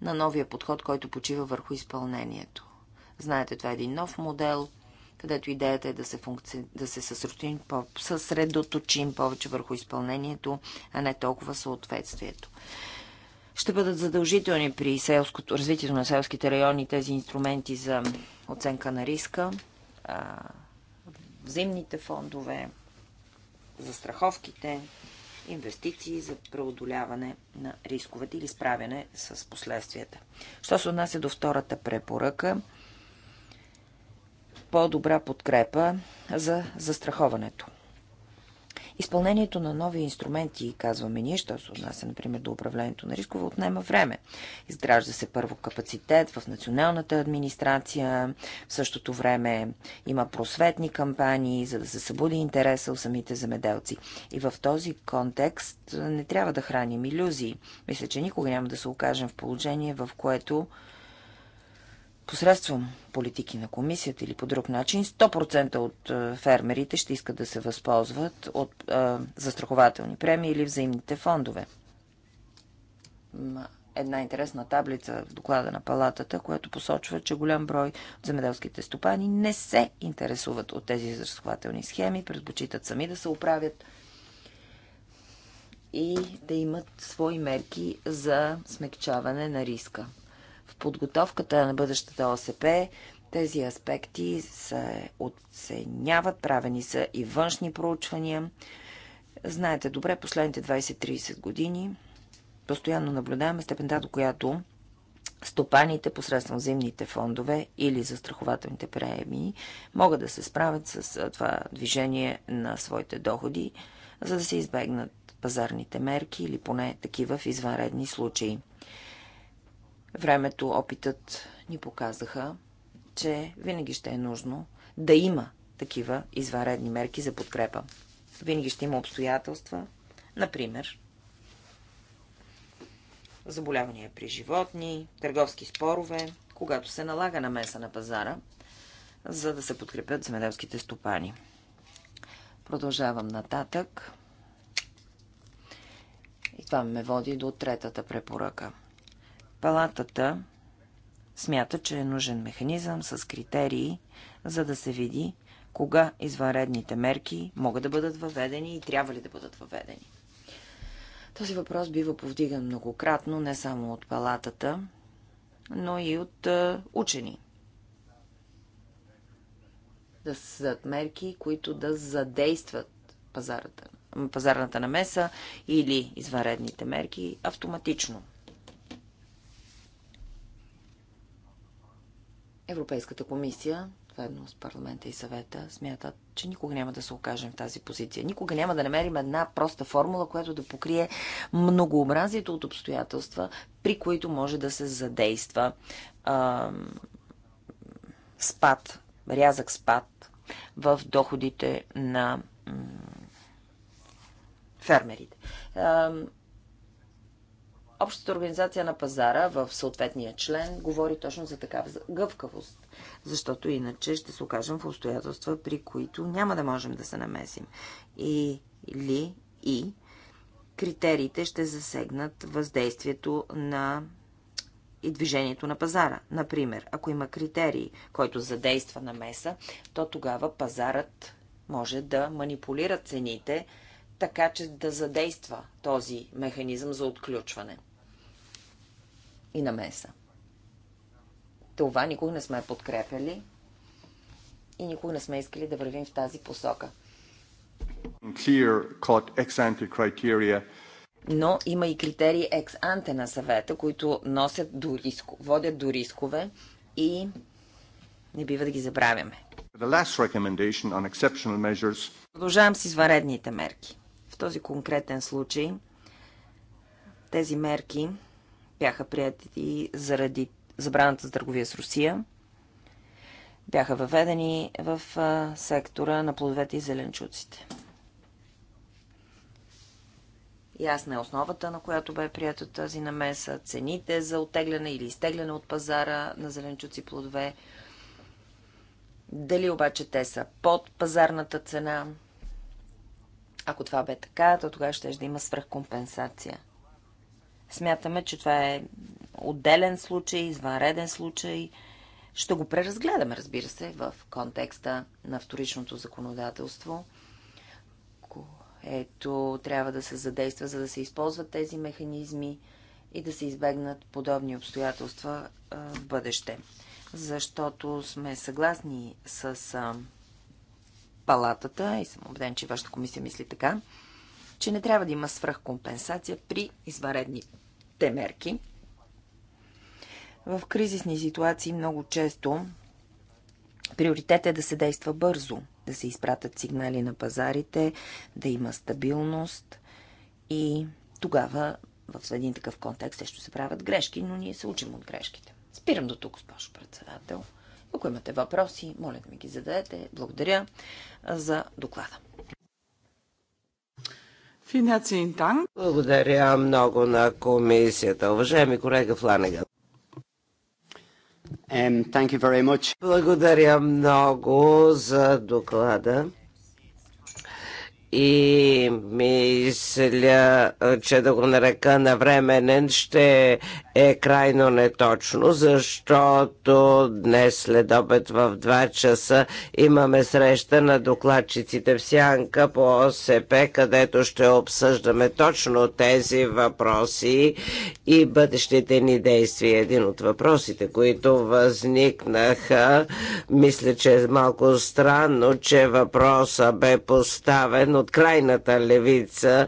на новия подход, който почива върху изпълнението. Знаете, това е един нов модел, където идеята е да се, функци... да се съсредоточим, по... съсредоточим повече върху изпълнението, а не толкова съответствието ще бъдат задължителни при селското, развитието на селските райони тези инструменти за оценка на риска, взаимните фондове, застраховките, инвестиции за преодоляване на рисковете или справяне с последствията. Що се отнася до втората препоръка, по-добра подкрепа за застраховането. Изпълнението на нови инструменти, казваме ние, що се отнася, например, до управлението на рискове, отнема време. Изгражда се първо капацитет в националната администрация, в същото време има просветни кампании, за да се събуди интереса у самите земеделци. И в този контекст не трябва да храним иллюзии. Мисля, че никога няма да се окажем в положение, в което посредством политики на комисията или по друг начин, 100% от е, фермерите ще искат да се възползват от е, застрахователни премии или взаимните фондове. Една интересна таблица в доклада на палатата, която посочва, че голям брой от земеделските стопани не се интересуват от тези застрахователни схеми, предпочитат сами да се оправят и да имат свои мерки за смягчаване на риска. В подготовката на бъдещата ОСП тези аспекти се оценяват, правени са и външни проучвания. Знаете добре, последните 20-30 години постоянно наблюдаваме степента, до която стопаните посредством зимните фондове или застрахователните премии могат да се справят с това движение на своите доходи, за да се избегнат пазарните мерки или поне такива в извънредни случаи. Времето, опитът ни показаха, че винаги ще е нужно да има такива изваредни мерки за подкрепа. Винаги ще има обстоятелства, например заболявания при животни, търговски спорове, когато се налага намеса на пазара, за да се подкрепят земеделските стопани. Продължавам нататък. И това ме води до третата препоръка. Палатата смята, че е нужен механизъм с критерии, за да се види кога извънредните мерки могат да бъдат въведени и трябва ли да бъдат въведени. Този въпрос бива повдиган многократно не само от палатата, но и от е, учени. Да създадат мерки, които да задействат пазарната намеса или извънредните мерки автоматично. Европейската комисия, заедно с парламента и съвета, смятат, че никога няма да се окажем в тази позиция. Никога няма да намерим една проста формула, която да покрие многообразието от обстоятелства, при които може да се задейства а, спад, рязък спад в доходите на фермерите. Общата организация на пазара в съответния член говори точно за такава гъвкавост, защото иначе ще се окажем в обстоятелства, при които няма да можем да се намесим. И, или и критериите ще засегнат въздействието на и движението на пазара. Например, ако има критерии, който задейства на меса, то тогава пазарът може да манипулира цените, така че да задейства този механизъм за отключване и намеса. Това никога не сме подкрепяли и никога не сме искали да вървим в тази посока. Но има и критерии екс-анте на съвета, които носят до риск, водят до рискове и не бива да ги забравяме. Продължавам с изваредните мерки. В този конкретен случай тези мерки бяха прияти заради забраната за търговия с Русия. Бяха въведени в сектора на плодовете и зеленчуците. Ясна е основата, на която бе прията тази намеса, цените за отегляне или изтегляне от пазара на зеленчуци и плодове, дали обаче те са под пазарната цена. Ако това бе така, то тогава ще има свръхкомпенсация – Смятаме, че това е отделен случай, извънреден случай. Ще го преразгледаме, разбира се, в контекста на вторичното законодателство, което трябва да се задейства, за да се използват тези механизми и да се избегнат подобни обстоятелства в бъдеще. Защото сме съгласни с палатата и съм убеден, че вашата комисия мисли така, че не трябва да има свръхкомпенсация при изваредни те мерки. В кризисни ситуации много често приоритет е да се действа бързо, да се изпратят сигнали на пазарите, да има стабилност и тогава в един такъв контекст също се правят грешки, но ние се учим от грешките. Спирам до тук, госпожо председател. Ако имате въпроси, моля да ми ги зададете. Благодаря за доклада. Благодаря много на комисията. Уважаеми колега Фланеган. Благодаря много за доклада и мисля, че да го нарека навременен ще е крайно неточно, защото днес след обед в 2 часа имаме среща на докладчиците в Сянка по ОСП, където ще обсъждаме точно тези въпроси и бъдещите ни действия. Един от въпросите, които възникнаха, мисля, че е малко странно, че въпроса бе поставен от крайната левица,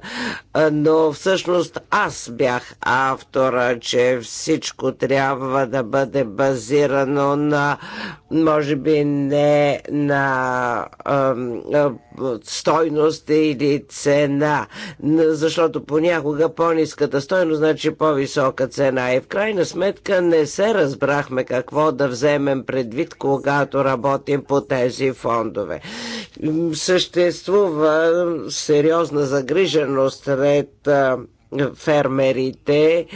но всъщност аз бях автора, че всичко трябва да бъде базирано на, може би не на стойност или цена, защото понякога по-низката стойност значи по-висока цена и в крайна сметка не се разбрахме какво да вземем предвид, когато работим по тези фондове. Съществува сериозна загриженост сред фермерите,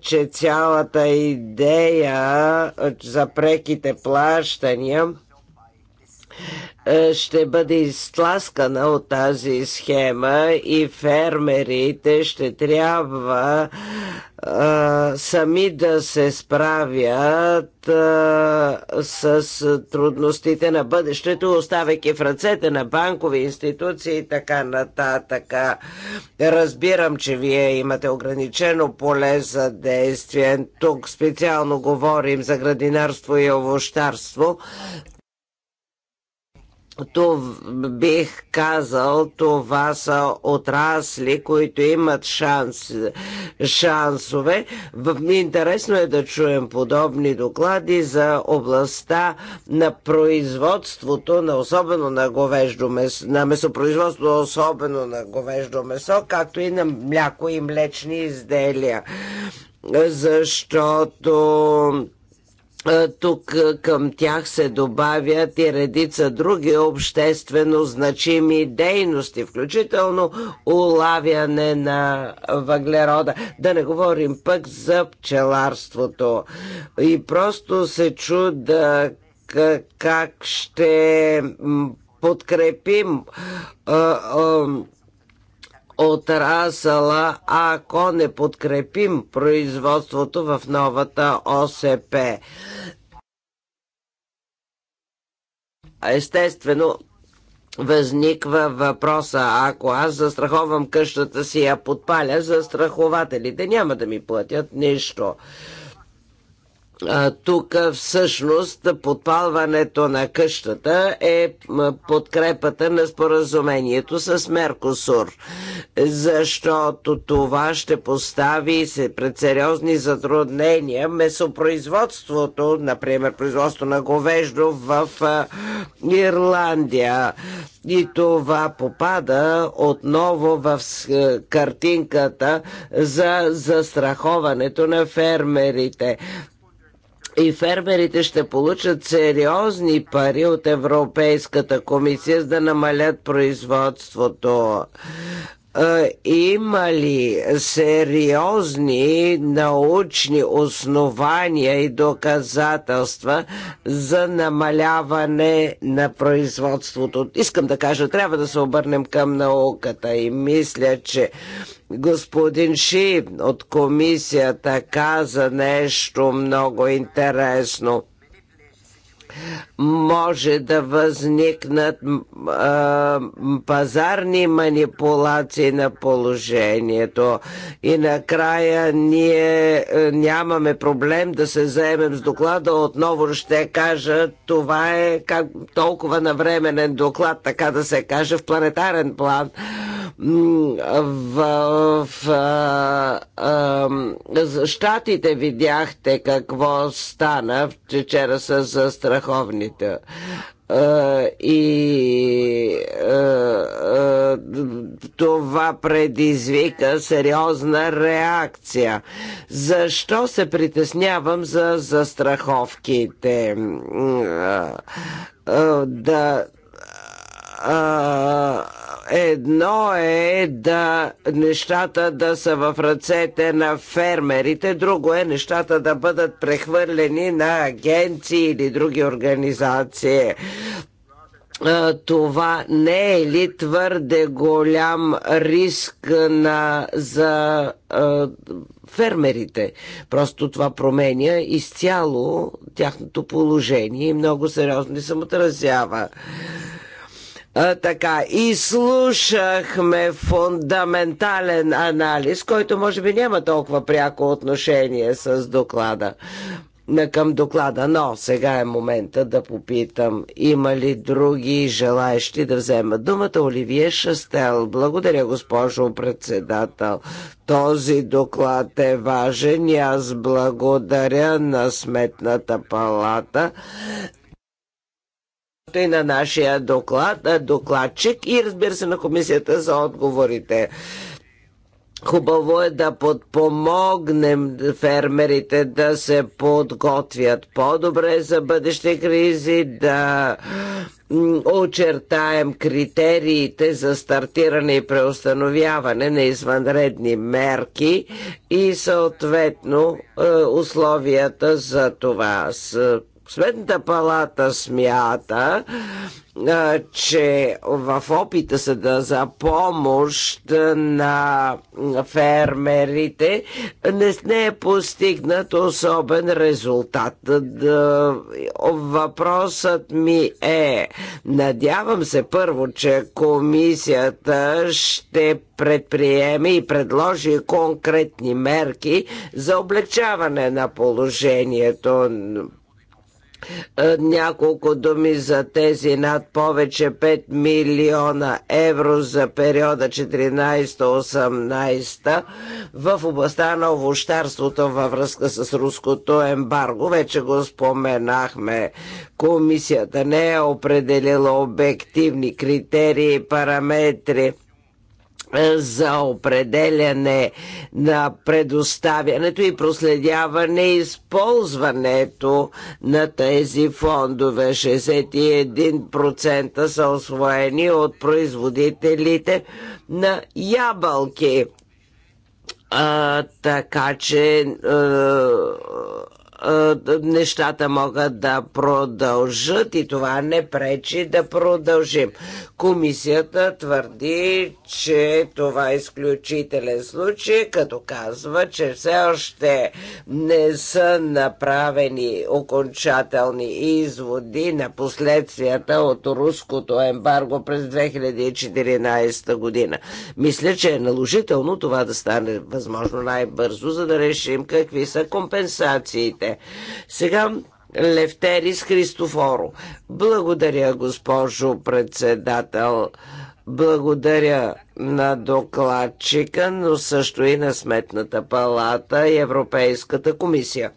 че цялата идея за преките плащания е, ще бъде изтласкана от тази схема и фермерите ще трябва а, е, сами да се справят а, е, с трудностите на бъдещето, оставяйки в ръцете на банкови институции и така нататък. Разбирам, че вие имате ограничено поле за действие. Тук специално говорим за градинарство и овощарство, то бих казал, това са отрасли, които имат шанс, шансове. Интересно е да чуем подобни доклади за областта на производството, на особено на говеждо месо, на месопроизводство, особено на говеждо месо, както и на мляко и млечни изделия. Защото е, тук е, към тях се добавят и редица други обществено значими дейности, включително улавяне на въглерода. Да не говорим пък за пчеларството. И просто се чуда как ще подкрепим а, е, а, отрасъла, ако не подкрепим производството в новата ОСП. Естествено, Възниква въпроса, ако аз застраховам къщата си, я подпаля, застрахователите няма да ми платят нищо тук всъщност подпалването на къщата е подкрепата на споразумението с Меркосур, защото това ще постави се пред сериозни затруднения месопроизводството, например производство на говеждо в Ирландия. И това попада отново в е, картинката за застраховането на фермерите и фермерите ще получат сериозни пари от Европейската комисия, за да намалят производството. Е, има ли сериозни научни основания и доказателства за намаляване на производството. Искам да кажа, трябва да се обърнем към науката и мисля, че господин Ши от комисията каза нещо много интересно може да възникнат а, пазарни манипулации на положението. И накрая ние е, нямаме проблем да се заемем с доклада. Отново ще кажа, това е как, толкова навременен доклад, така да се каже, в планетарен план. В, в, в а, Штатите видяхте какво стана. Вчера са застраховани Uh, и това предизвика сериозна реакция. Защо се притеснявам за застраховките? да а, едно е да нещата да са в ръцете на фермерите, друго е нещата да бъдат прехвърлени на агенции или други организации това не е ли твърде голям риск на, за а, фермерите? Просто това променя изцяло тяхното положение и много сериозно се отразява така, и слушахме фундаментален анализ, който може би няма толкова пряко отношение с доклада към доклада, но сега е момента да попитам има ли други желаещи да вземат думата. Оливие Шастел. Благодаря, госпожо председател. Този доклад е важен и аз благодаря на Сметната палата както и на нашия доклад, докладчик и разбира се на комисията за отговорите. Хубаво е да подпомогнем фермерите да се подготвят по-добре за бъдещи кризи, да очертаем критериите за стартиране и преустановяване на извънредни мерки и съответно е, условията за това. Сметната палата смята, че в опита са да за помощ на фермерите не, е постигнат особен резултат. Въпросът ми е, надявам се първо, че комисията ще предприеме и предложи конкретни мерки за облегчаване на положението е, няколко думи за тези над повече 5 милиона евро за периода 14-18 в областта на овощарството във връзка с руското ембарго. Вече го споменахме. Комисията не е определила обективни критерии и параметри за определяне на предоставянето и проследяване и използването на тези фондове. 61% са освоени от производителите на ябълки. А, така че а, нещата могат да продължат и това не пречи да продължим. Комисията твърди, че това е изключителен случай, като казва, че все още не са направени окончателни изводи на последствията от руското ембарго през 2014 година. Мисля, че е наложително това да стане възможно най-бързо, за да решим какви са компенсациите сега Левтерис Христофоро. Благодаря, госпожо председател. Благодаря на докладчика, но също и на Сметната палата и Европейската комисия.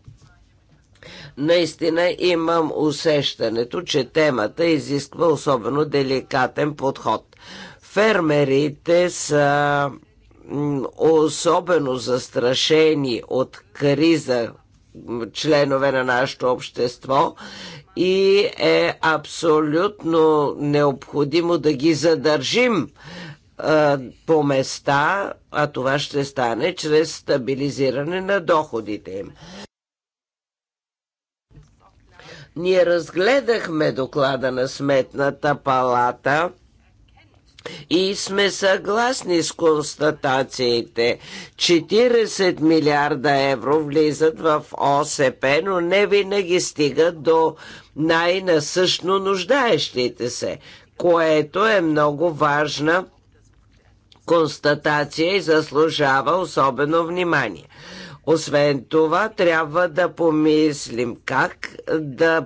Наистина имам усещането, че темата изисква особено деликатен подход. Фермерите са особено застрашени от криза, членове на нашето общество и е абсолютно необходимо да ги задържим е, по места, а това ще стане чрез стабилизиране на доходите им. Ние разгледахме доклада на Сметната палата – и сме съгласни с констатациите. 40 милиарда евро влизат в ОСП, но не винаги стигат до най-насъщно нуждаещите се, което е много важна констатация и заслужава особено внимание. Освен това, трябва да помислим как да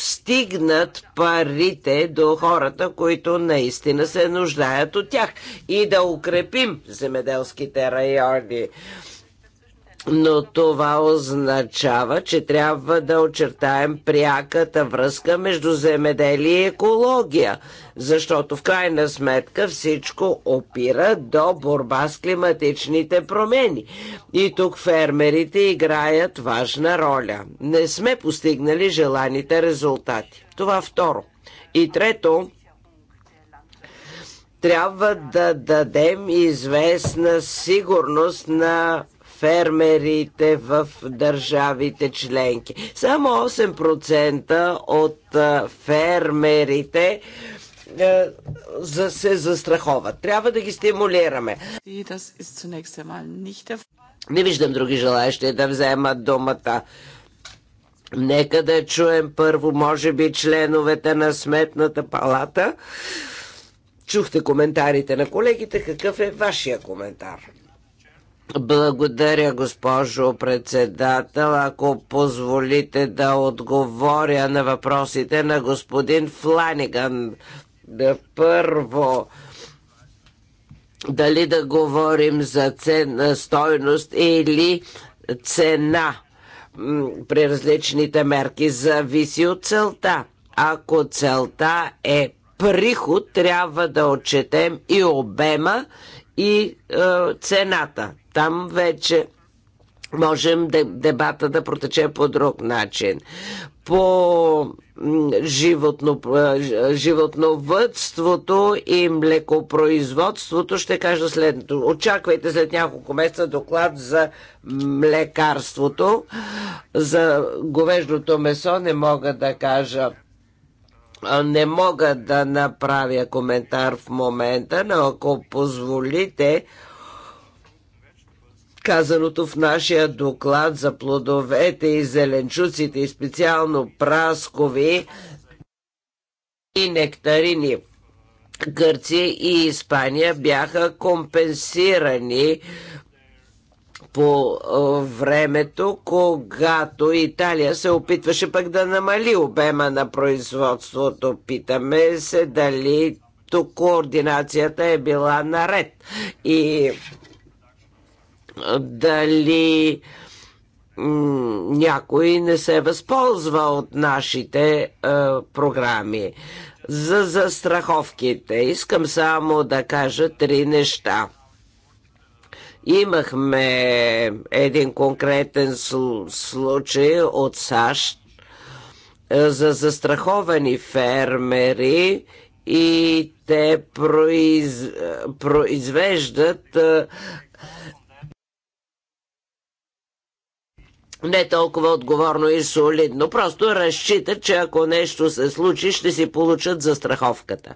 стигнат парите до хората, които наистина се нуждаят от тях и да укрепим земеделските райони но това означава, че трябва да очертаем пряката връзка между земеделие и екология, защото в крайна сметка всичко опира до борба с климатичните промени. И тук фермерите играят важна роля. Не сме постигнали желаните резултати. Това второ. И трето, трябва да дадем известна сигурност на фермерите в държавите членки. Само 8% от фермерите за, се застраховат. Трябва да ги стимулираме. Е Не виждам други желаящи да вземат думата. Нека да чуем първо, може би, членовете на Сметната палата. Чухте коментарите на колегите. Какъв е вашия коментар? Благодаря, госпожо председател. Ако позволите да отговоря на въпросите на господин Фланиган. да Първо, дали да говорим за цена, стойност или цена при различните мерки зависи от целта. Ако целта е приход, трябва да отчетем и обема и е, цената. Там вече можем дебата да протече по друг начин. По животно, животновътството и млекопроизводството ще кажа следното. Очаквайте след няколко месеца доклад за млекарството. За говеждото месо не мога да кажа не мога да направя коментар в момента, но ако позволите, казаното в нашия доклад за плодовете и зеленчуците и специално праскови и нектарини. Гърция и Испания бяха компенсирани по времето, когато Италия се опитваше пък да намали обема на производството. Питаме се дали тук координацията е била наред и дали някой не се възползва от нашите е, програми. За застраховките искам само да кажа три неща. Имахме един конкретен случай от САЩ е, за застраховани фермери и те е, произвеждат е, не толкова отговорно и солидно. Просто разчитат, че ако нещо се случи, ще си получат застраховката.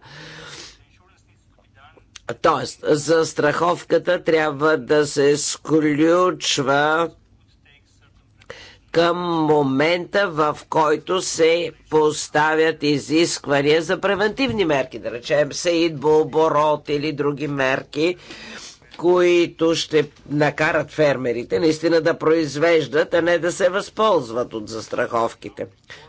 Тоест, застраховката трябва да се сключва към момента, в който се поставят изисквания за превентивни мерки, да речем идва, оборот или други мерки, които ще накарат фермерите наистина да произвеждат, а не да се възползват от застраховките.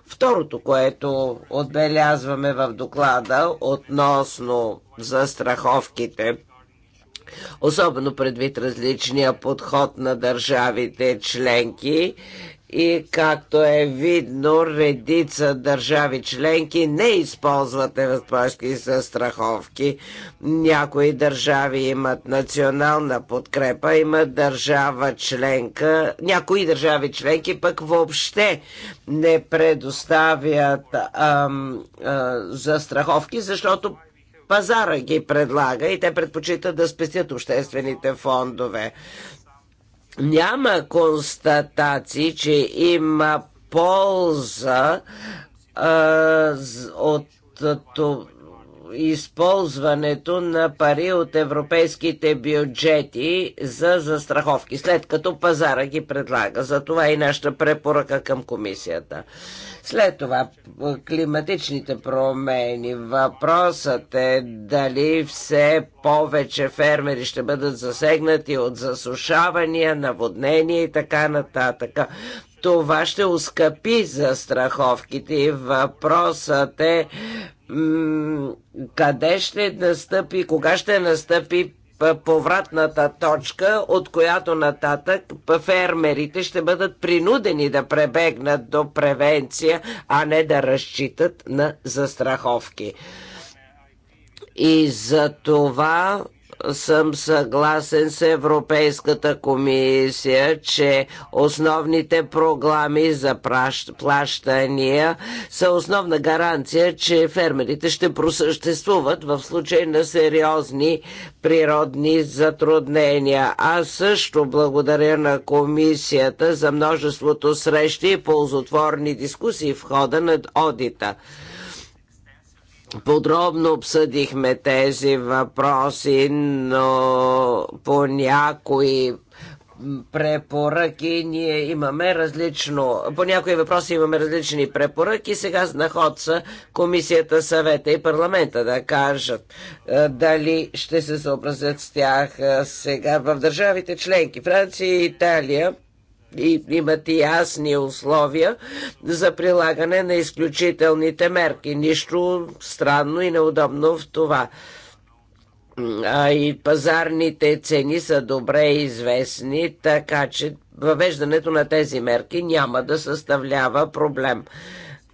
Второто, което отбелязваме в доклада относно застраховките, особено предвид различния подход на държавите членки и както е видно, редица държави членки не използват невъзплашки страховки. Някои държави имат национална подкрепа, има държава членка, някои държави членки пък въобще не предоставят ам, а, застраховки, защото пазара ги предлага и те предпочитат да спестят обществените фондове няма констатации, че има полза а, от то, използването на пари от европейските бюджети за застраховки, след като пазара ги предлага. Затова е и нашата препоръка към комисията. След това климатичните промени. Въпросът е дали все повече фермери ще бъдат засегнати от засушавания, наводнения и така нататък. Това ще ускъпи за страховките. Въпросът е къде ще настъпи, кога ще настъпи повратната точка, от която нататък фермерите ще бъдат принудени да пребегнат до превенция, а не да разчитат на застраховки. И за това съм съгласен с Европейската комисия, че основните програми за плащания са основна гаранция, че фермерите ще просъществуват в случай на сериозни природни затруднения. Аз също благодаря на комисията за множеството срещи и ползотворни дискусии в хода на одита. Подробно обсъдихме тези въпроси, но по някои препоръки ние имаме различно, по някои въпроси имаме различни препоръки, сега на ход са комисията, съвета и парламента да кажат е, дали ще се съобразят с тях е, сега в държавите членки. Франция и Италия и, имат и ясни условия за прилагане на изключителните мерки. Нищо странно и неудобно в това а и пазарните цени са добре известни, така че въвеждането на тези мерки няма да съставлява проблем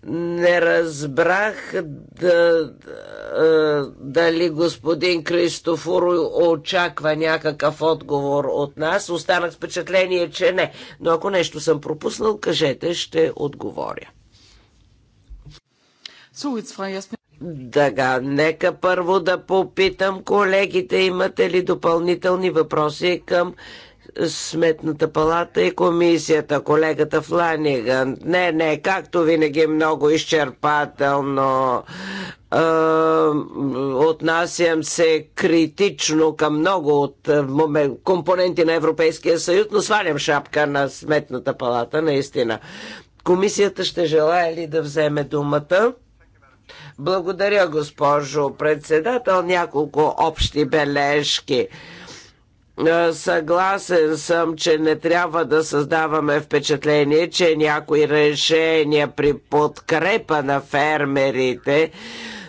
не разбрах да, да, дали господин Кристофор очаква някакъв отговор от нас. Останах с впечатление, че не. Но ако нещо съм пропуснал, кажете, ще отговоря. Дага, нека първо да попитам колегите, имате ли допълнителни въпроси към Сметната палата и комисията, колегата Фланиган. Не, не, както винаги много изчерпателно отнасям се критично към много от компоненти на Европейския съюз, но свалям шапка на Сметната палата, наистина. Комисията ще желая ли да вземе думата? Благодаря, госпожо председател. Няколко общи бележки. Съгласен съм, че не трябва да създаваме впечатление, че някои решения при подкрепа на фермерите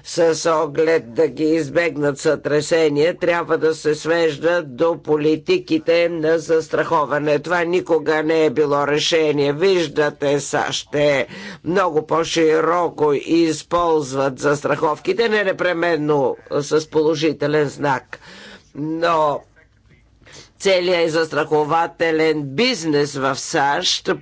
с оглед да ги избегнат сътресения, трябва да се свежда до политиките на застраховане. Това никога не е било решение. Виждате, са ще много по-широко използват застраховките, не непременно с положителен знак. Но целият застрахователен бизнес в САЩ е,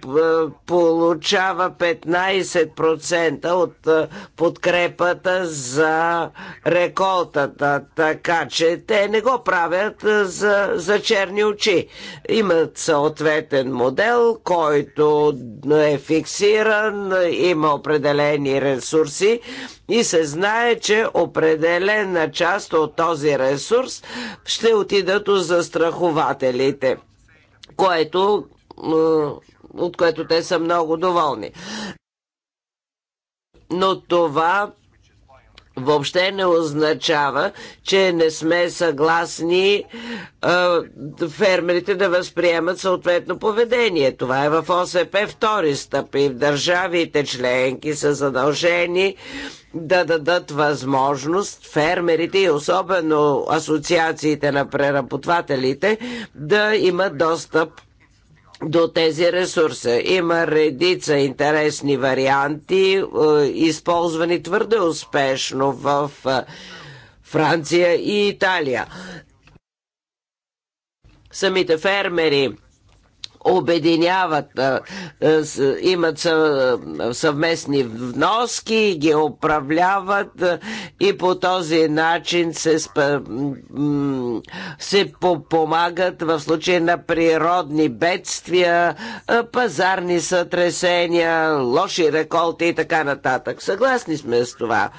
получава 15% от е, подкрепата за реколтата, така че те не го правят е, за, за черни очи. Имат съответен модел, който е фиксиран, има определени ресурси и се знае, че определена част от този ресурс ще отидат за застраховател слушателите, което, е, от което те са много доволни. Но това въобще не означава, че не сме съгласни а, фермерите да възприемат съответно поведение. Това е в ОСП втори стъп, и в Държавите членки са задължени да дадат възможност фермерите и особено асоциациите на преработвателите да имат достъп до тези ресурса. Има редица интересни варианти, е, използвани твърде успешно в е, Франция и Италия. Самите фермери обединяват, имат съвместни вноски, ги управляват и по този начин се, се помагат в случай на природни бедствия, пазарни сътресения, лоши реколти и така нататък. Съгласни сме с това.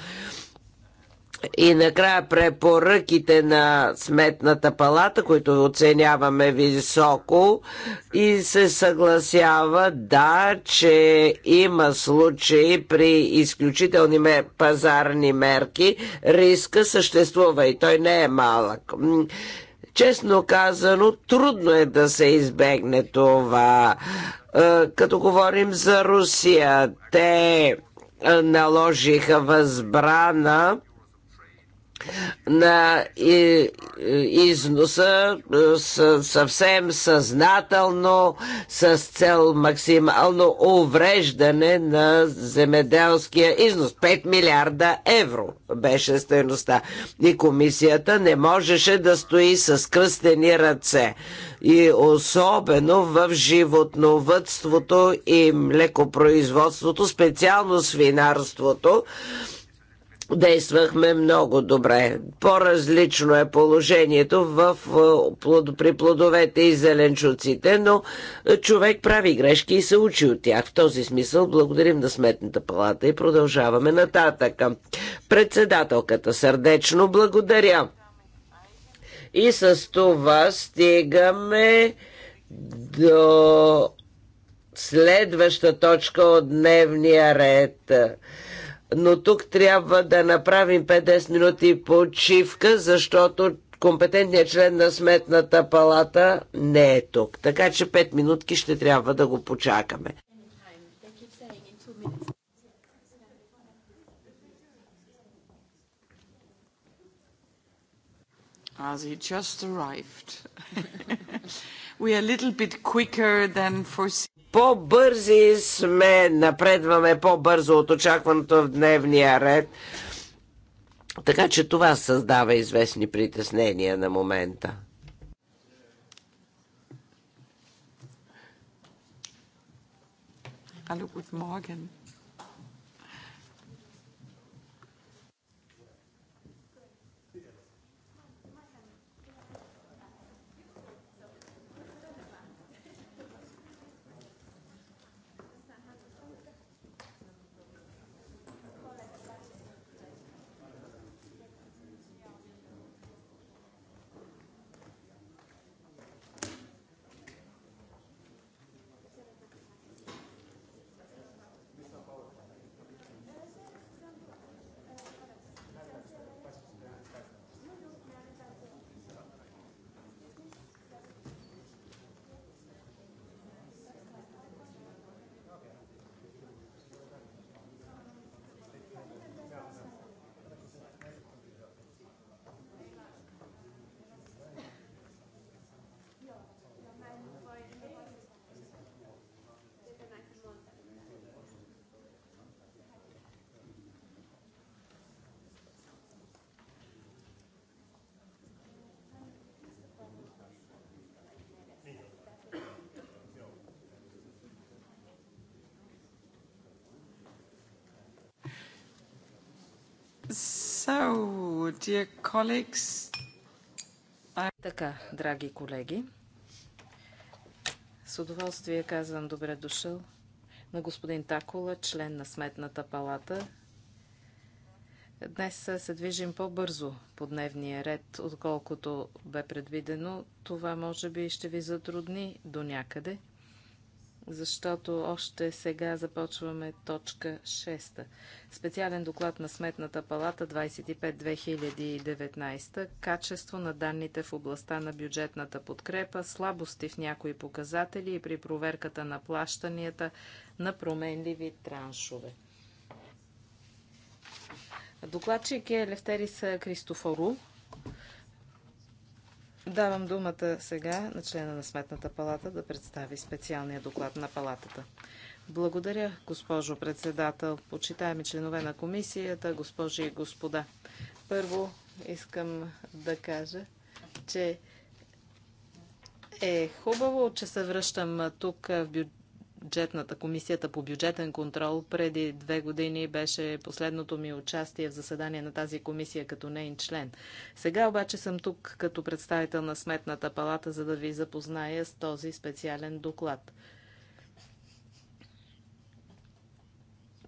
И накрая препоръките на Сметната палата, които оценяваме високо и се съгласява да, че има случаи при изключителни пазарни мерки, риска съществува и той не е малък. Честно казано, трудно е да се избегне това. Е, като говорим за Русия, те е, наложиха възбрана на износа е, съвсем съзнателно с цел максимално увреждане на земеделския износ. 5 милиарда евро беше стоеността. И комисията не можеше да стои с кръстени ръце. И особено в животновътството и млекопроизводството, специално свинарството, действахме много добре. По-различно е положението в, при плодовете и зеленчуците, но човек прави грешки и се учи от тях. В този смисъл благодарим на Сметната палата и продължаваме нататък. Председателката сърдечно благодаря. И с това стигаме до следваща точка от дневния ред но тук трябва да направим 50 минути почивка, защото компетентният член на Сметната палата не е тук. Така че 5 минутки ще трябва да го почакаме. As he just arrived. We are a little bit quicker than foreseen по-бързи сме, напредваме по-бързо от очакваното в дневния ред. Така че това създава известни притеснения на момента. Hallo, guten Morgen. Така, драги колеги, с удоволствие казвам добре дошъл на господин Такола, член на Сметната палата. Днес се движим по-бързо по дневния ред, отколкото бе предвидено. Това може би ще ви затрудни до някъде – защото още сега започваме точка 6. Специален доклад на Сметната палата 25-2019. Качество на данните в областта на бюджетната подкрепа, слабости в някои показатели и при проверката на плащанията на променливи траншове. Докладчик е Левтерис Кристофору. Давам думата сега на члена на Сметната палата да представи специалния доклад на палатата. Благодаря, госпожо председател, почитаеми членове на комисията, госпожи и господа. Първо искам да кажа, че е хубаво, че се връщам тук в бюджет бюджетната комисията по бюджетен контрол. Преди две години беше последното ми участие в заседание на тази комисия като нейн член. Сега обаче съм тук като представител на Сметната палата, за да ви запозная с този специален доклад.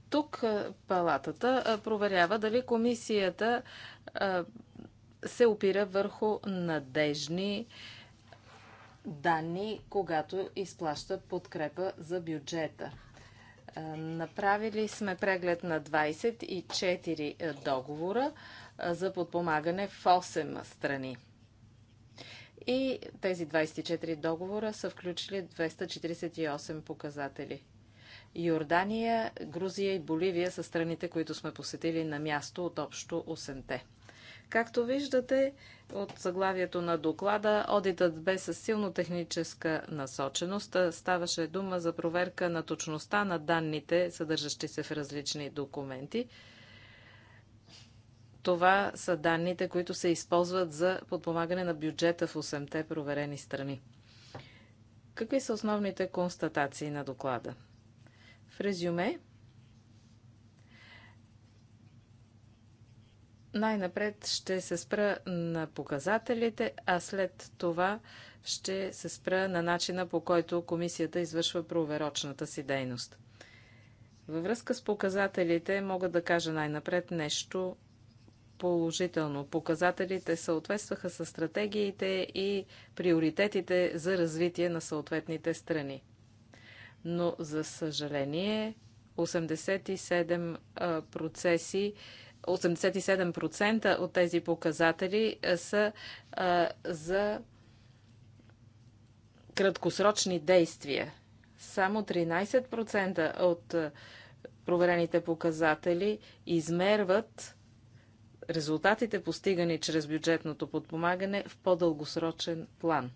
Тук палатата проверява дали комисията се опира върху надежни данни, когато изплаща подкрепа за бюджета. Е, направили сме преглед на 24 е, договора е, за подпомагане в 8 страни. И тези 24 договора са включили 248 показатели. Йордания, Грузия и Боливия са страните, които сме посетили на място от общо 8-те. Както виждате от заглавието на доклада, одитът бе със силно техническа насоченост. Ставаше дума за проверка на точността на данните, съдържащи се в различни документи. Това са данните, които се използват за подпомагане на бюджета в 8-те проверени страни. Какви са основните констатации на доклада? В резюме, Най-напред ще се спра на показателите, а след това ще се спра на начина по който комисията извършва проверочната си дейност. Във връзка с показателите мога да кажа най-напред нещо положително. Показателите съответстваха с стратегиите и приоритетите за развитие на съответните страни. Но, за съжаление, 87 процеси 87% от тези показатели са а, за краткосрочни действия. Само 13% от проверените показатели измерват резултатите постигани чрез бюджетното подпомагане в по-дългосрочен план.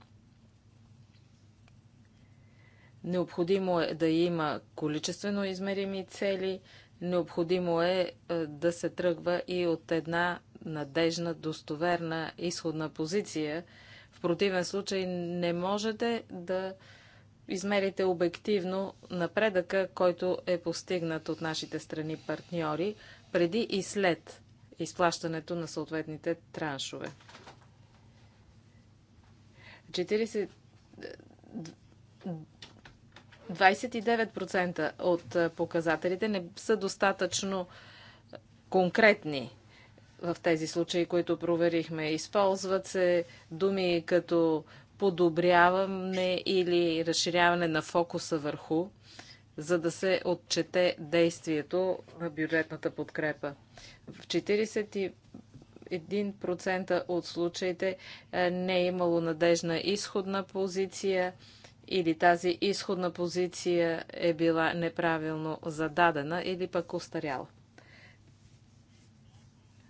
Необходимо е да има количествено измерими цели – Необходимо е, е да се тръгва и от една надежна, достоверна изходна позиция. В противен случай не можете да измерите обективно напредъка, който е постигнат от нашите страни партньори преди и след изплащането на съответните траншове. 40... 29% от показателите не са достатъчно конкретни в тези случаи, които проверихме. Използват се думи като подобряване или разширяване на фокуса върху, за да се отчете действието на бюджетната подкрепа. В 41% от случаите е, не е имало надежна изходна позиция или тази изходна позиция е била неправилно зададена или пък устаряла.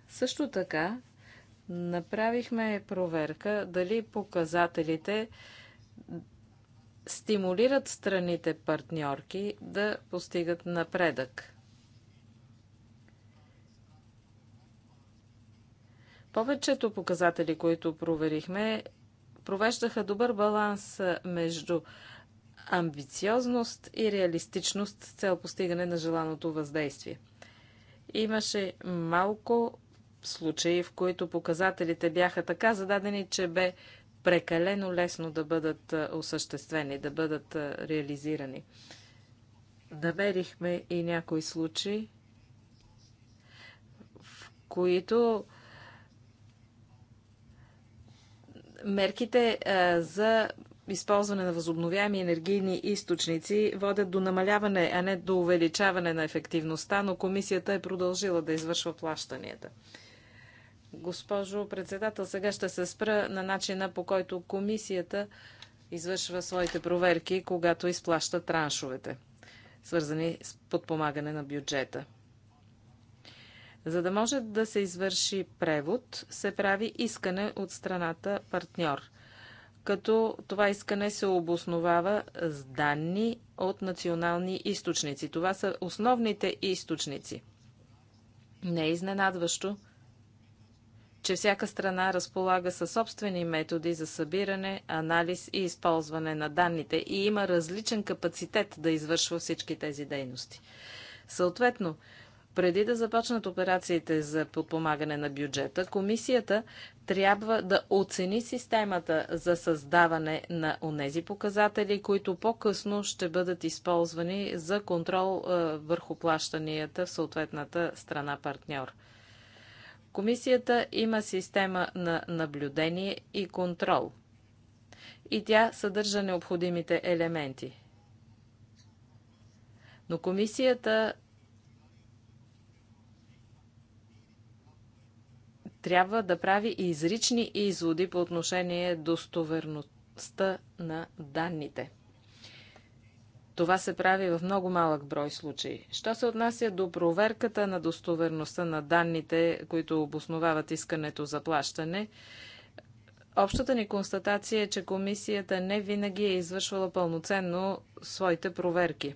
Също така направихме проверка дали показателите стимулират страните партньорки да постигат напредък. Повечето показатели, които проверихме, провеждаха добър баланс между амбициозност и реалистичност с цел постигане на желаното въздействие. Имаше малко случаи, в които показателите бяха така зададени, че бе прекалено лесно да бъдат осъществени, да бъдат реализирани. Намерихме и някои случаи, в които мерките за използване на възобновяеми енергийни източници водят до намаляване, а не до увеличаване на ефективността, но комисията е продължила да извършва плащанията. Госпожо председател, сега ще се спра на начина по който комисията извършва своите проверки, когато изплаща траншовете, свързани с подпомагане на бюджета. За да може да се извърши превод, се прави искане от страната партньор, като това искане се обосновава с данни от национални източници. Това са основните източници. Не е изненадващо, че всяка страна разполага със собствени методи за събиране, анализ и използване на данните и има различен капацитет да извършва всички тези дейности. Съответно, преди да започнат операциите за подпомагане на бюджета, комисията трябва да оцени системата за създаване на онези показатели, които по-късно ще бъдат използвани за контрол е, върху плащанията в съответната страна партньор. Комисията има система на наблюдение и контрол. И тя съдържа необходимите елементи. Но комисията трябва да прави изрични изводи по отношение достоверността на данните. Това се прави в много малък брой случаи. Що се отнася до проверката на достоверността на данните, които обосновават искането за плащане, Общата ни констатация е, че комисията не винаги е извършвала пълноценно своите проверки.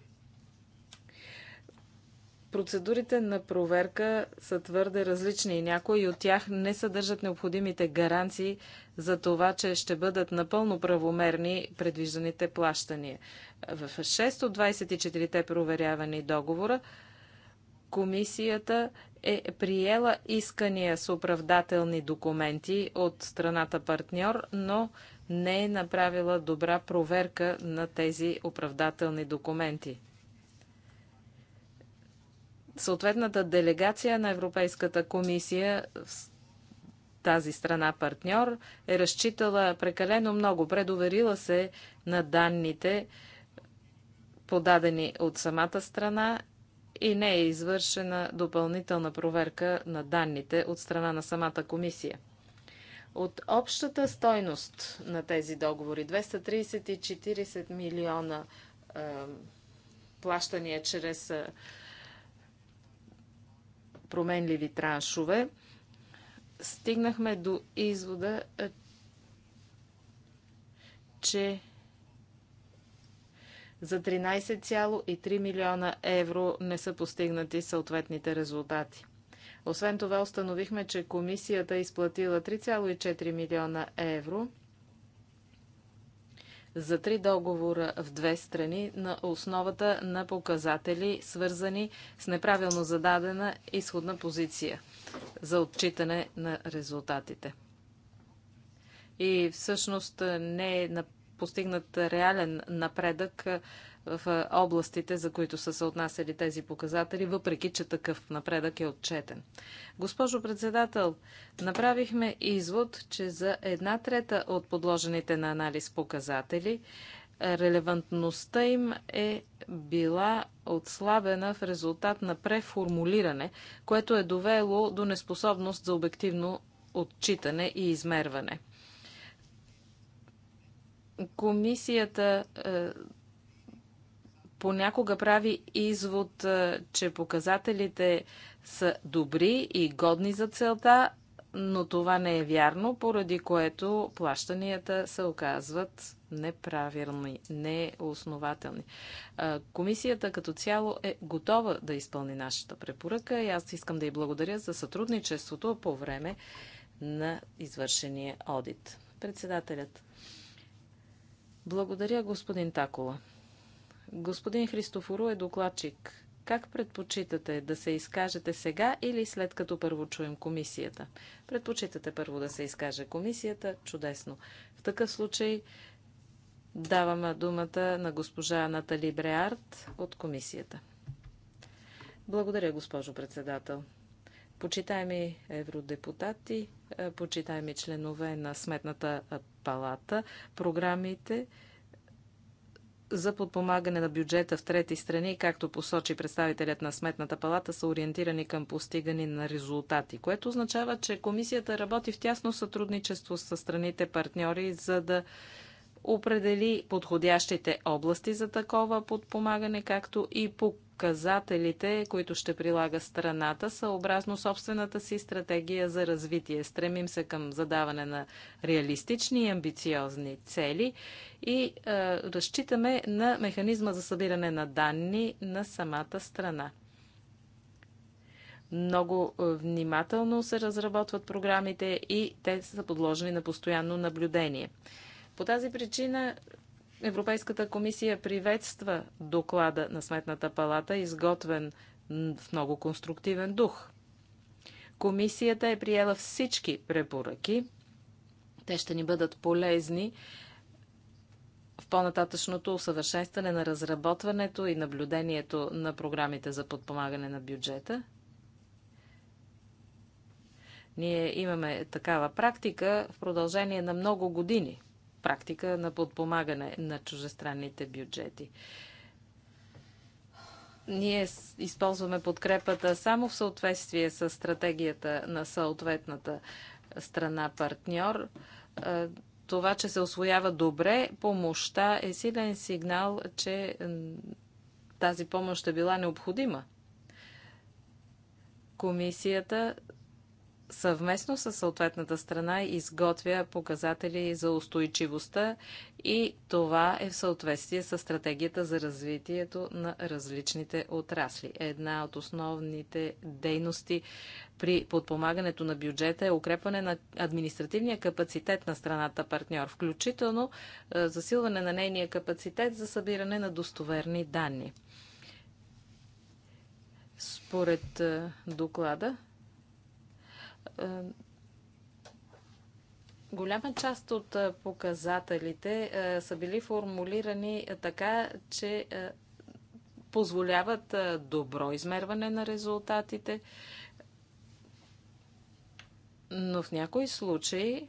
Процедурите на проверка са твърде различни и някои от тях не съдържат необходимите гаранции за това, че ще бъдат напълно правомерни предвижданите плащания. В 6 от 24-те проверявани договора комисията е приела искания с оправдателни документи от страната партньор, но не е направила добра проверка на тези оправдателни документи съответната делегация на Европейската комисия тази страна партньор е разчитала прекалено много, предоверила се на данните, подадени от самата страна и не е извършена допълнителна проверка на данните от страна на самата комисия. От общата стойност на тези договори 230 и 40 милиона е, плащания чрез променливи траншове, стигнахме до извода, че за 13,3 милиона евро не са постигнати съответните резултати. Освен това установихме, че комисията е изплатила 3,4 милиона евро – за три договора в две страни на основата на показатели, свързани с неправилно зададена изходна позиция за отчитане на резултатите. И всъщност не е постигнат реален напредък в областите, за които са се отнасяли тези показатели, въпреки че такъв напредък е отчетен. Госпожо председател, направихме извод, че за една трета от подложените на анализ показатели релевантността им е била отслабена в резултат на преформулиране, което е довело до неспособност за обективно отчитане и измерване. Комисията е, понякога прави извод, че показателите са добри и годни за целта, но това не е вярно, поради което плащанията се оказват неправилни, неоснователни. Комисията като цяло е готова да изпълни нашата препоръка и аз искам да й благодаря за сътрудничеството по време на извършения одит. Председателят. Благодаря, господин Такола. Господин Христофору е докладчик. Как предпочитате да се изкажете сега или след като първо чуем комисията? Предпочитате първо да се изкаже комисията? Чудесно. В такъв случай даваме думата на госпожа Натали Бреард от комисията. Благодаря, госпожо председател. Почитаеми евродепутати, почитаеми членове на Сметната палата, програмите, за подпомагане на бюджета в трети страни, както посочи представителят на Сметната палата, са ориентирани към постигане на резултати, което означава, че комисията работи в тясно сътрудничество с страните партньори, за да определи подходящите области за такова подпомагане, както и по показателите, които ще прилага страната, съобразно собствената си стратегия за развитие. Стремим се към задаване на реалистични и амбициозни цели и е, разчитаме на механизма за събиране на данни на самата страна. Много е, внимателно се разработват програмите и те са подложени на постоянно наблюдение. По тази причина Европейската комисия приветства доклада на Сметната палата, изготвен в много конструктивен дух. Комисията е приела всички препоръки. Те ще ни бъдат полезни в по-нататъчното усъвършенстване на разработването и наблюдението на програмите за подпомагане на бюджета. Ние имаме такава практика в продължение на много години – практика на подпомагане на чужестранните бюджети. Ние използваме подкрепата само в съответствие с стратегията на съответната страна партньор. Е, това, че се освоява добре, помощта е силен сигнал, че тази помощ е била необходима. Комисията съвместно с съответната страна изготвя показатели за устойчивостта и това е в съответствие с стратегията за развитието на различните отрасли. Една от основните дейности при подпомагането на бюджета е укрепване на административния капацитет на страната партньор, включително е, засилване на нейния капацитет за събиране на достоверни данни. Според е, доклада, е, голяма част от е, показателите е, са били формулирани така, че позволяват добро измерване на резултатите, но в някои случаи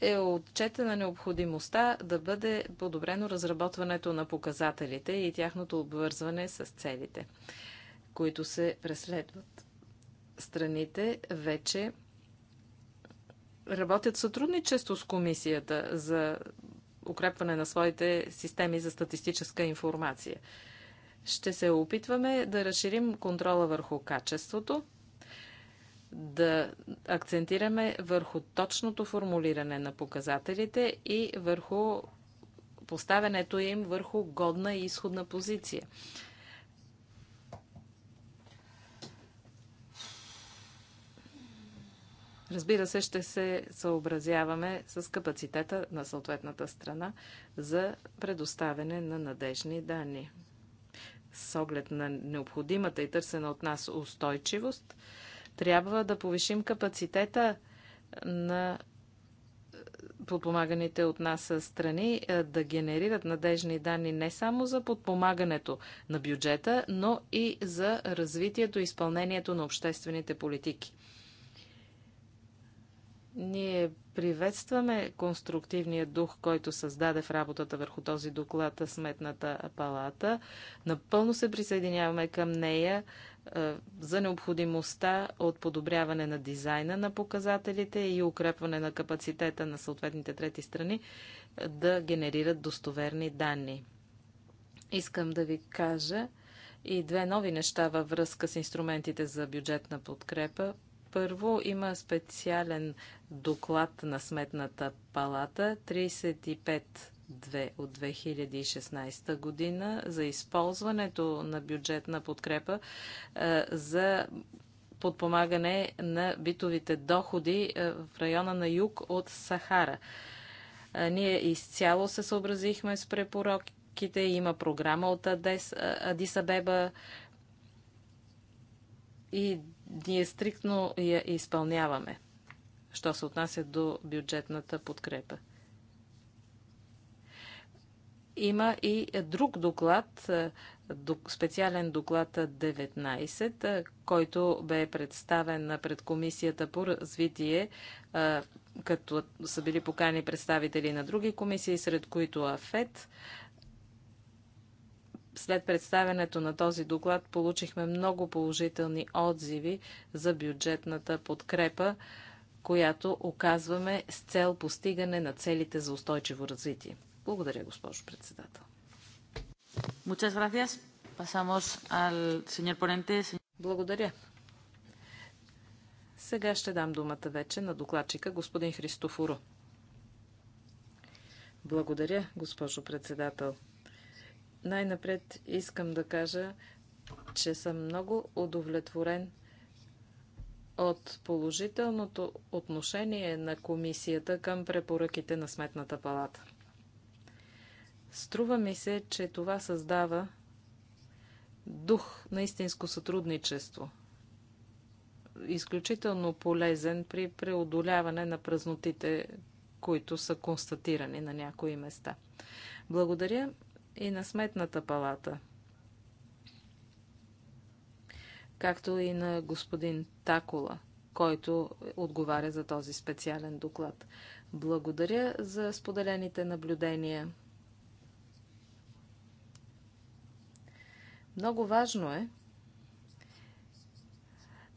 е отчетена необходимостта да бъде подобрено разработването на показателите и тяхното обвързване с целите, които се преследват страните вече работят сътрудничество с комисията за укрепване на своите системи за статистическа информация. Ще се опитваме да разширим контрола върху качеството, да акцентираме върху точното формулиране на показателите и върху поставянето им върху годна и изходна позиция. Разбира се, ще се съобразяваме с капацитета на съответната страна за предоставяне на надежни данни. С оглед на необходимата и търсена от нас устойчивост, трябва да повишим капацитета на подпомаганите от нас страни е, да генерират надежни данни не само за подпомагането на бюджета, но и за развитието и изпълнението на обществените политики. Ние приветстваме конструктивния дух, който създаде в работата върху този доклад Сметната палата. Напълно се присъединяваме към нея е, за необходимостта от подобряване на дизайна на показателите и укрепване на капацитета на съответните трети страни е, да генерират достоверни данни. Искам да ви кажа и две нови неща във връзка с инструментите за бюджетна подкрепа. Първо има специален доклад на Сметната палата 35 2 от 2016 година за използването на бюджетна подкрепа за подпомагане на битовите доходи в района на юг от Сахара. ние изцяло се съобразихме с препороките. Има програма от Адис Абеба и ние стриктно я изпълняваме, що се отнася до бюджетната подкрепа. Има и друг доклад, е, специален доклад 19, е, който бе представен пред Комисията по развитие, е, като са били покани представители на други комисии, сред които АФЕТ след представянето на този доклад получихме много положителни отзиви за бюджетната подкрепа, която оказваме с цел постигане на целите за устойчиво развитие. Благодаря, госпожо председател. Благодаря. Сега ще дам думата вече на докладчика господин Христофоро. Благодаря, госпожо председател. Най-напред искам да кажа, че съм много удовлетворен от положителното отношение на комисията към препоръките на Сметната палата. Струва ми се, че това създава дух на истинско сътрудничество, изключително полезен при преодоляване на празнотите, които са констатирани на някои места. Благодаря и на Сметната палата, както и на господин Такола, който отговаря за този специален доклад. Благодаря за споделените наблюдения. Много важно е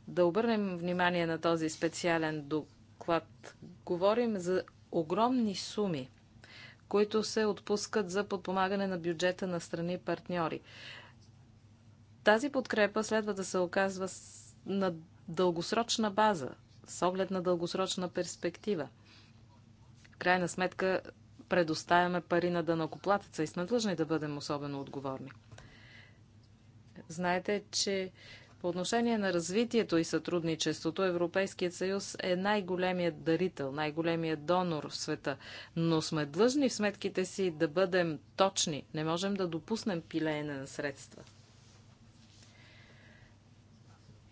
да обърнем внимание на този специален доклад. Говорим за огромни суми които се отпускат за подпомагане на бюджета на страни партньори. Тази подкрепа следва да се оказва на дългосрочна база, с оглед на дългосрочна перспектива. В крайна сметка предоставяме пари на дънакоплатеца и сме длъжни да бъдем особено отговорни. Знаете, че по отношение на развитието и сътрудничеството, Европейският съюз е най-големият дарител, най-големият донор в света. Но сме длъжни в сметките си да бъдем точни. Не можем да допуснем пилеене на средства.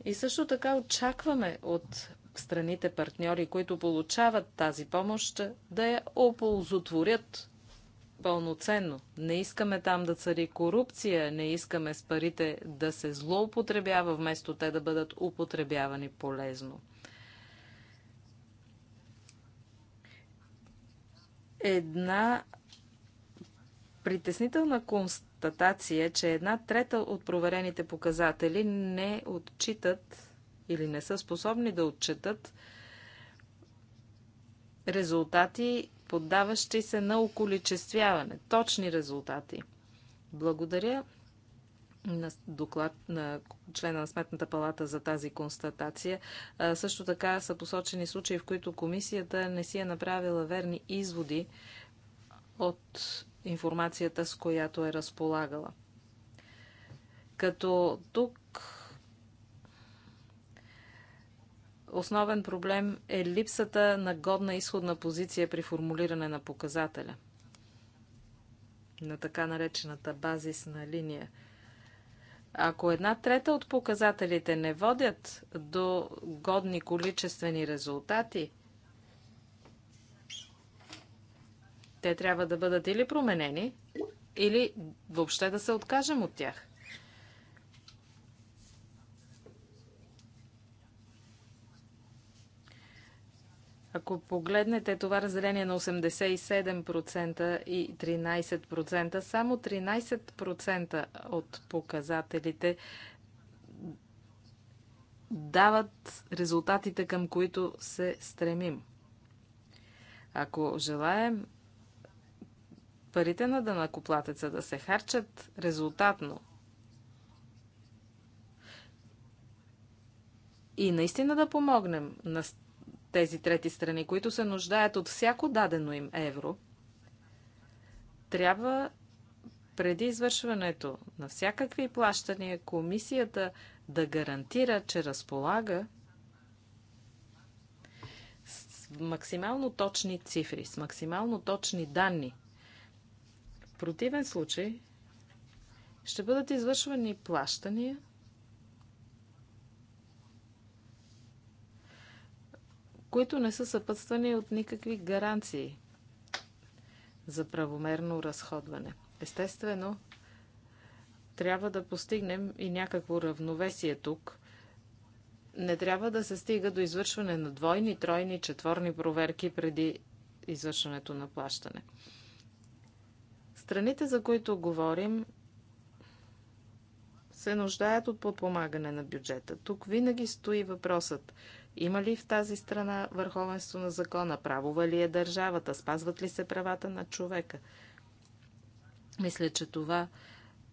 И също така очакваме от страните партньори, които получават тази помощ, да я оползотворят пълноценно. Не искаме там да цари корупция, не искаме с парите да се злоупотребява, вместо те да бъдат употребявани полезно. Една притеснителна констатация, е, че една трета от проверените показатели не отчитат или не са способни да отчитат резултати поддаващи се на околичествяване. Точни резултати. Благодаря на доклад на члена на Сметната палата за тази констатация. А, също така са посочени случаи, в които комисията не си е направила верни изводи от информацията, с която е разполагала. Като тук основен проблем е липсата на годна изходна позиция при формулиране на показателя на така наречената базисна линия. Ако една трета от показателите не водят до годни количествени резултати, те трябва да бъдат или променени, или въобще да се откажем от тях. Ако погледнете това разделение на 87% и 13%, само 13% от показателите дават резултатите, към които се стремим. Ако желаем парите на дънакоплатеца да се харчат резултатно и наистина да помогнем на тези трети страни, които се нуждаят от всяко дадено им евро, трябва преди извършването на всякакви плащания комисията да гарантира, че разполага с максимално точни цифри, с максимално точни данни. В противен случай ще бъдат извършвани плащания, които не са съпътствани от никакви гаранции за правомерно разходване. Естествено, трябва да постигнем и някакво равновесие тук. Не трябва да се стига до извършване на двойни, тройни, четворни проверки преди извършването на плащане. Страните, за които говорим, се нуждаят от подпомагане на бюджета. Тук винаги стои въпросът има ли в тази страна върховенство на закона? Правова ли е държавата? Спазват ли се правата на човека? Мисля, че това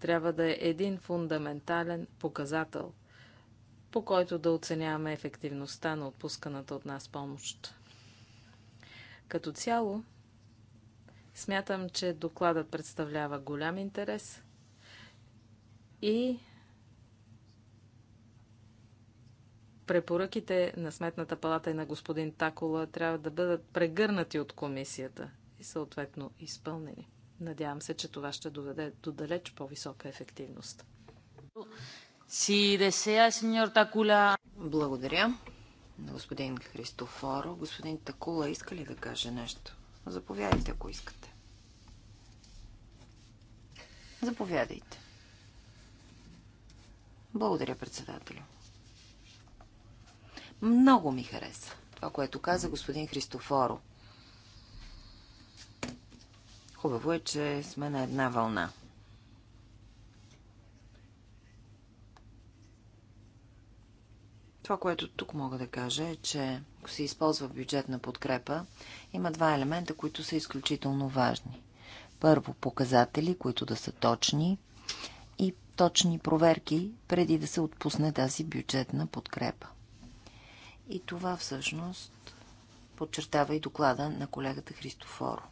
трябва да е един фундаментален показател, по който да оценяваме ефективността на отпусканата от нас помощ. Като цяло, смятам, че докладът представлява голям интерес и препоръките на Сметната палата и на господин Такола трябва да бъдат прегърнати от комисията и съответно изпълнени. Надявам се, че това ще доведе до далеч по-висока ефективност. Благодаря на господин Христофоро. Господин Такула иска ли да каже нещо? Заповядайте, ако искате. Заповядайте. Благодаря, председателю. Много ми харесва. това, което каза господин Христофоро. Хубаво е, че сме на една вълна. Това, което тук мога да кажа е, че ако се използва бюджетна подкрепа, има два елемента, които са изключително важни. Първо, показатели, които да са точни и точни проверки, преди да се отпусне тази бюджетна подкрепа. И това всъщност подчертава и доклада на колегата Христофоро.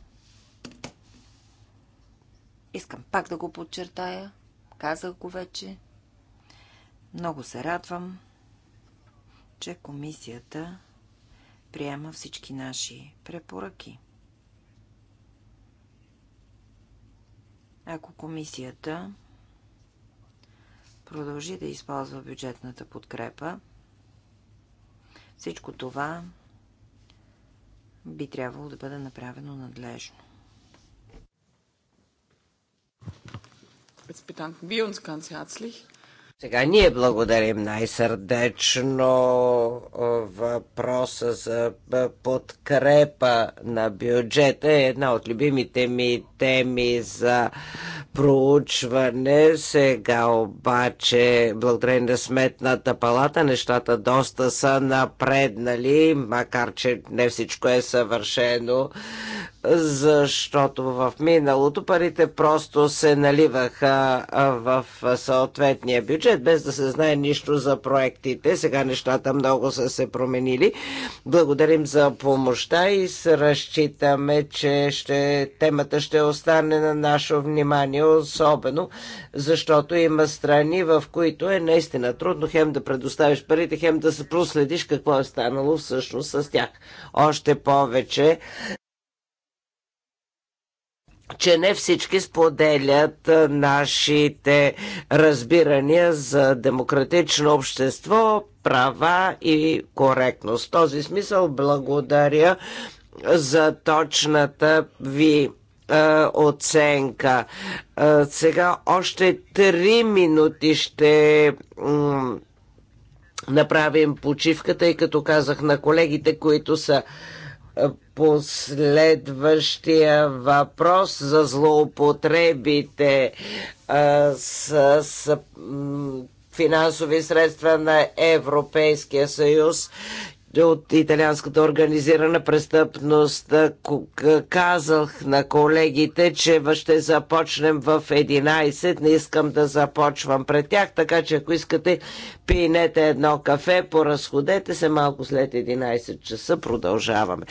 Искам пак да го подчертая. Казах го вече. Много се радвам, че комисията приема всички наши препоръки. Ако комисията продължи да използва бюджетната подкрепа, всичко това би трябвало да бъде направено надлежно. Jetzt bedanken wir uns ganz herzlich. Сега ние благодарим най-сърдечно въпроса за подкрепа на бюджета. Е една от любимите ми теми за проучване. Сега обаче, благодарение на Сметната палата, нещата доста са напреднали, макар че не всичко е съвършено защото в миналото парите просто се наливаха в съответния бюджет, без да се знае нищо за проектите. Сега нещата много са се променили. Благодарим за помощта и се разчитаме, че ще, темата ще остане на наше внимание, особено защото има страни, в които е наистина трудно хем да предоставиш парите, хем да се проследиш какво е станало всъщност с тях. Още повече че не всички споделят нашите разбирания за демократично общество, права и коректност. В този смисъл благодаря за точната ви оценка. сега още три минути ще направим почивката, и като казах на колегите, които са последващия въпрос за злоупотребите с, с финансови средства на Европейския съюз от италианската организирана престъпност. Казах на колегите, че ще започнем в 11. Не искам да започвам пред тях, така че ако искате, пинете едно кафе, поразходете се малко след 11 часа. Продължаваме.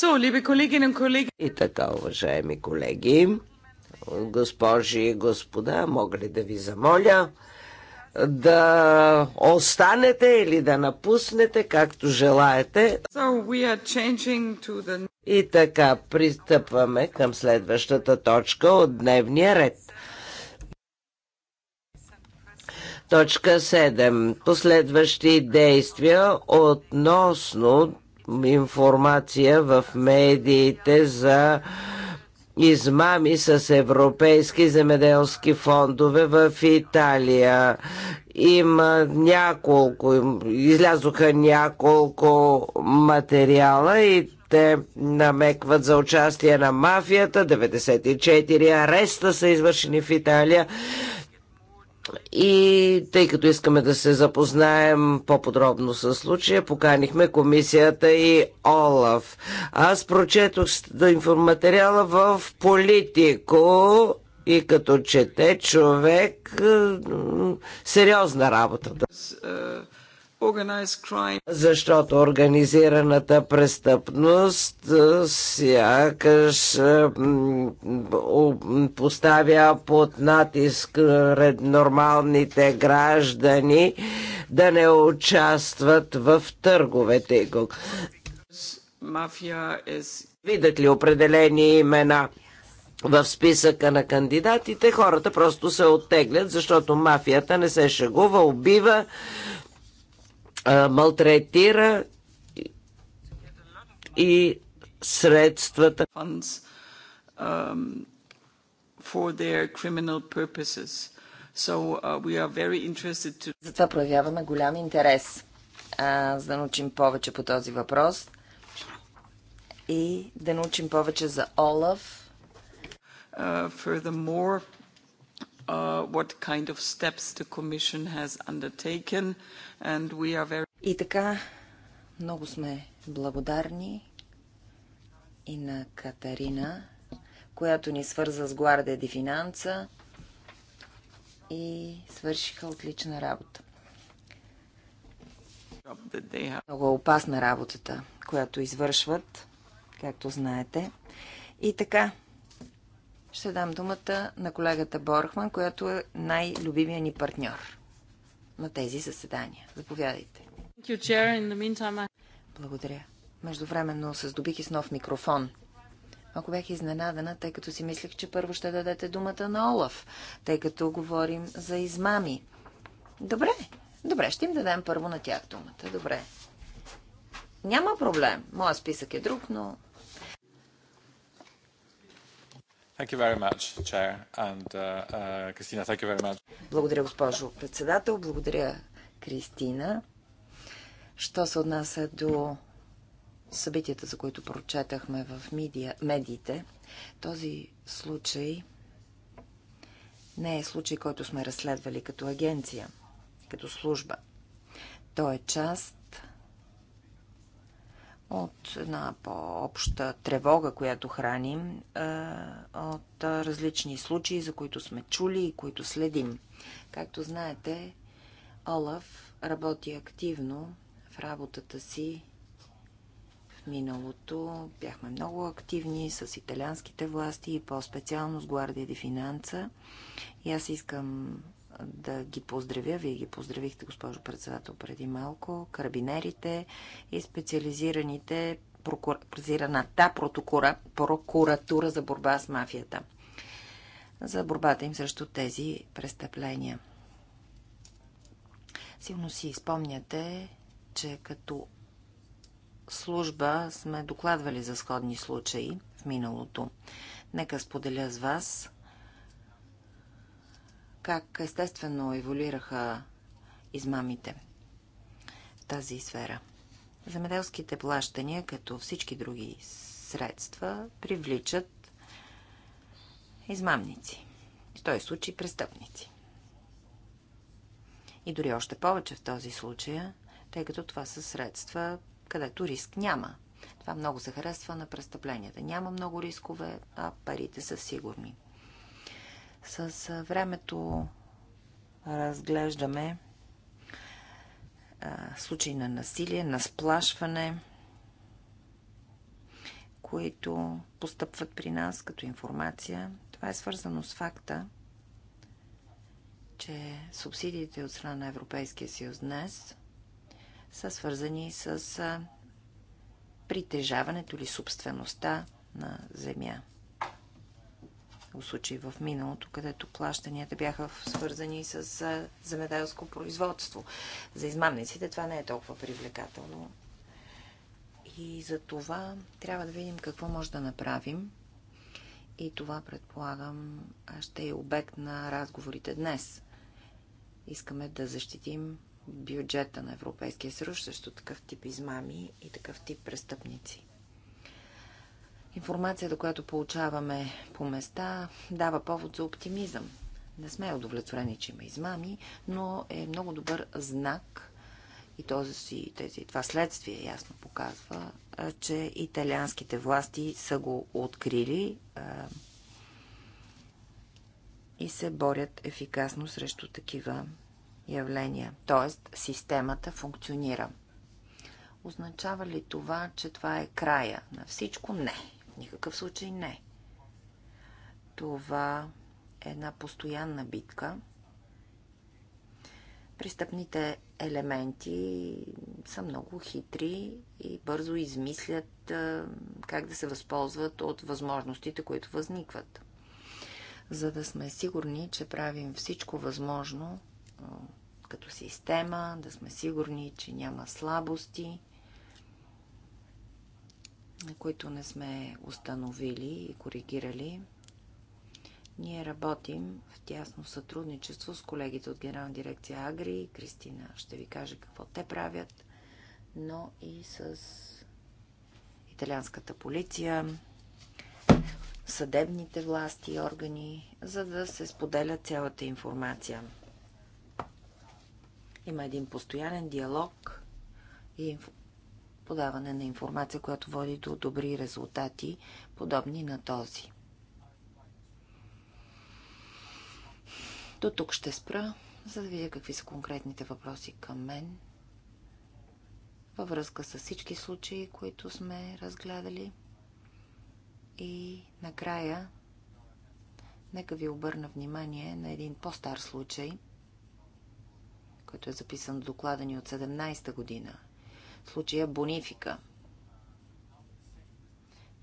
So, колеги, колеги... И така, уважаеми колеги, госпожи и господа, мога ли да ви замоля да останете или да напуснете, както желаете. So the... И така, пристъпваме към следващата точка от дневния ред. Точка 7. Последващи действия относно информация в медиите за измами с европейски земеделски фондове в Италия. Има няколко, излязоха няколко материала и те намекват за участие на мафията. 94 ареста са извършени в Италия и тъй като искаме да се запознаем по-подробно с случая, поканихме комисията и Олаф. Аз прочетох информатериала в Политико и като чете човек сериозна работа. Е, защото организираната престъпност е, сякаш е, поставя под натиск е, нормалните граждани да не участват в търговете. Видят ли определени имена? в списъка на кандидатите, хората просто се оттеглят, защото мафията не се шегува, убива, малтретира и средствата затова проявяваме голям интерес а, за да научим повече по този въпрос и да научим повече за Олаф. Uh, uh, kind of и така, много сме благодарни и на Катарина, която ни свърза с Гуарде ди финанса. и свършиха отлична работа. Много е опасна работата, която извършват, както знаете. И така, ще дам думата на колегата Борхман, която е най-любимия ни партньор на тези заседания. Заповядайте. Благодаря. Междувременно се здобих и с нов микрофон. Ако бях изненадана, тъй като си мислех, че първо ще дадете думата на Олаф, тъй като говорим за измами. Добре, добре, ще им дадем първо на тях думата. Добре. Няма проблем. Моя списък е друг, но Uh, uh, благодаря, госпожо председател. Благодаря, Кристина. Що се отнася до събитията, за които прочетахме в медиа, медиите, този случай не е случай, който сме разследвали като агенция, като служба. Той е част от една по-обща тревога, която храним, от различни случаи, за които сме чули и които следим. Както знаете, Олаф работи активно в работата си в миналото. Бяхме много активни с италианските власти и по-специално с Гвардия де Финанса. И аз искам да ги поздравя. Вие ги поздравихте, госпожо председател, преди малко. Карабинерите и специализираните прокуратура, протокура, прокуратура за борба с мафията. За борбата им срещу тези престъпления. Сигурно си спомняте, че като служба сме докладвали за сходни случаи в миналото. Нека споделя с вас как естествено еволюираха измамите в тази сфера. Замеделските плащания, като всички други средства, привличат измамници. В този случай престъпници. И дори още повече в този случай, тъй като това са средства, където риск няма. Това много се харесва на престъпленията. Няма много рискове, а парите са сигурни. С времето разглеждаме случаи на насилие, на сплашване, които постъпват при нас като информация. Това е свързано с факта, че субсидиите от страна на Европейския съюз днес са свързани с притежаването или собствеността на земя случаи в миналото, където плащанията бяха свързани с земеделско производство. За измамниците това не е толкова привлекателно. И за това трябва да видим какво може да направим. И това, предполагам, ще е обект на разговорите днес. Искаме да защитим бюджета на Европейския съюз срещу такъв тип измами и такъв тип престъпници. Информацията, която получаваме по места, дава повод за оптимизъм. Не сме удовлетворени, че има измами, но е много добър знак и този, тези, това следствие ясно показва, че италианските власти са го открили и се борят ефикасно срещу такива явления. Тоест, системата функционира. Означава ли това, че това е края на всичко? Не никакъв случай не. Това е една постоянна битка. Престъпните елементи са много хитри и бързо измислят как да се възползват от възможностите, които възникват. За да сме сигурни, че правим всичко възможно като система, да сме сигурни, че няма слабости, които не сме установили и коригирали. Ние работим в тясно сътрудничество с колегите от Генерална дирекция Агри. Кристина ще ви каже какво те правят, но и с италианската полиция, съдебните власти и органи, за да се споделя цялата информация. Има един постоянен диалог и подаване на информация, която води до добри резултати, подобни на този. До тук ще спра, за да видя какви са конкретните въпроси към мен във връзка с всички случаи, които сме разгледали. И накрая, нека ви обърна внимание на един по-стар случай, който е записан в доклада ни от 17-та година – в случая бонифика.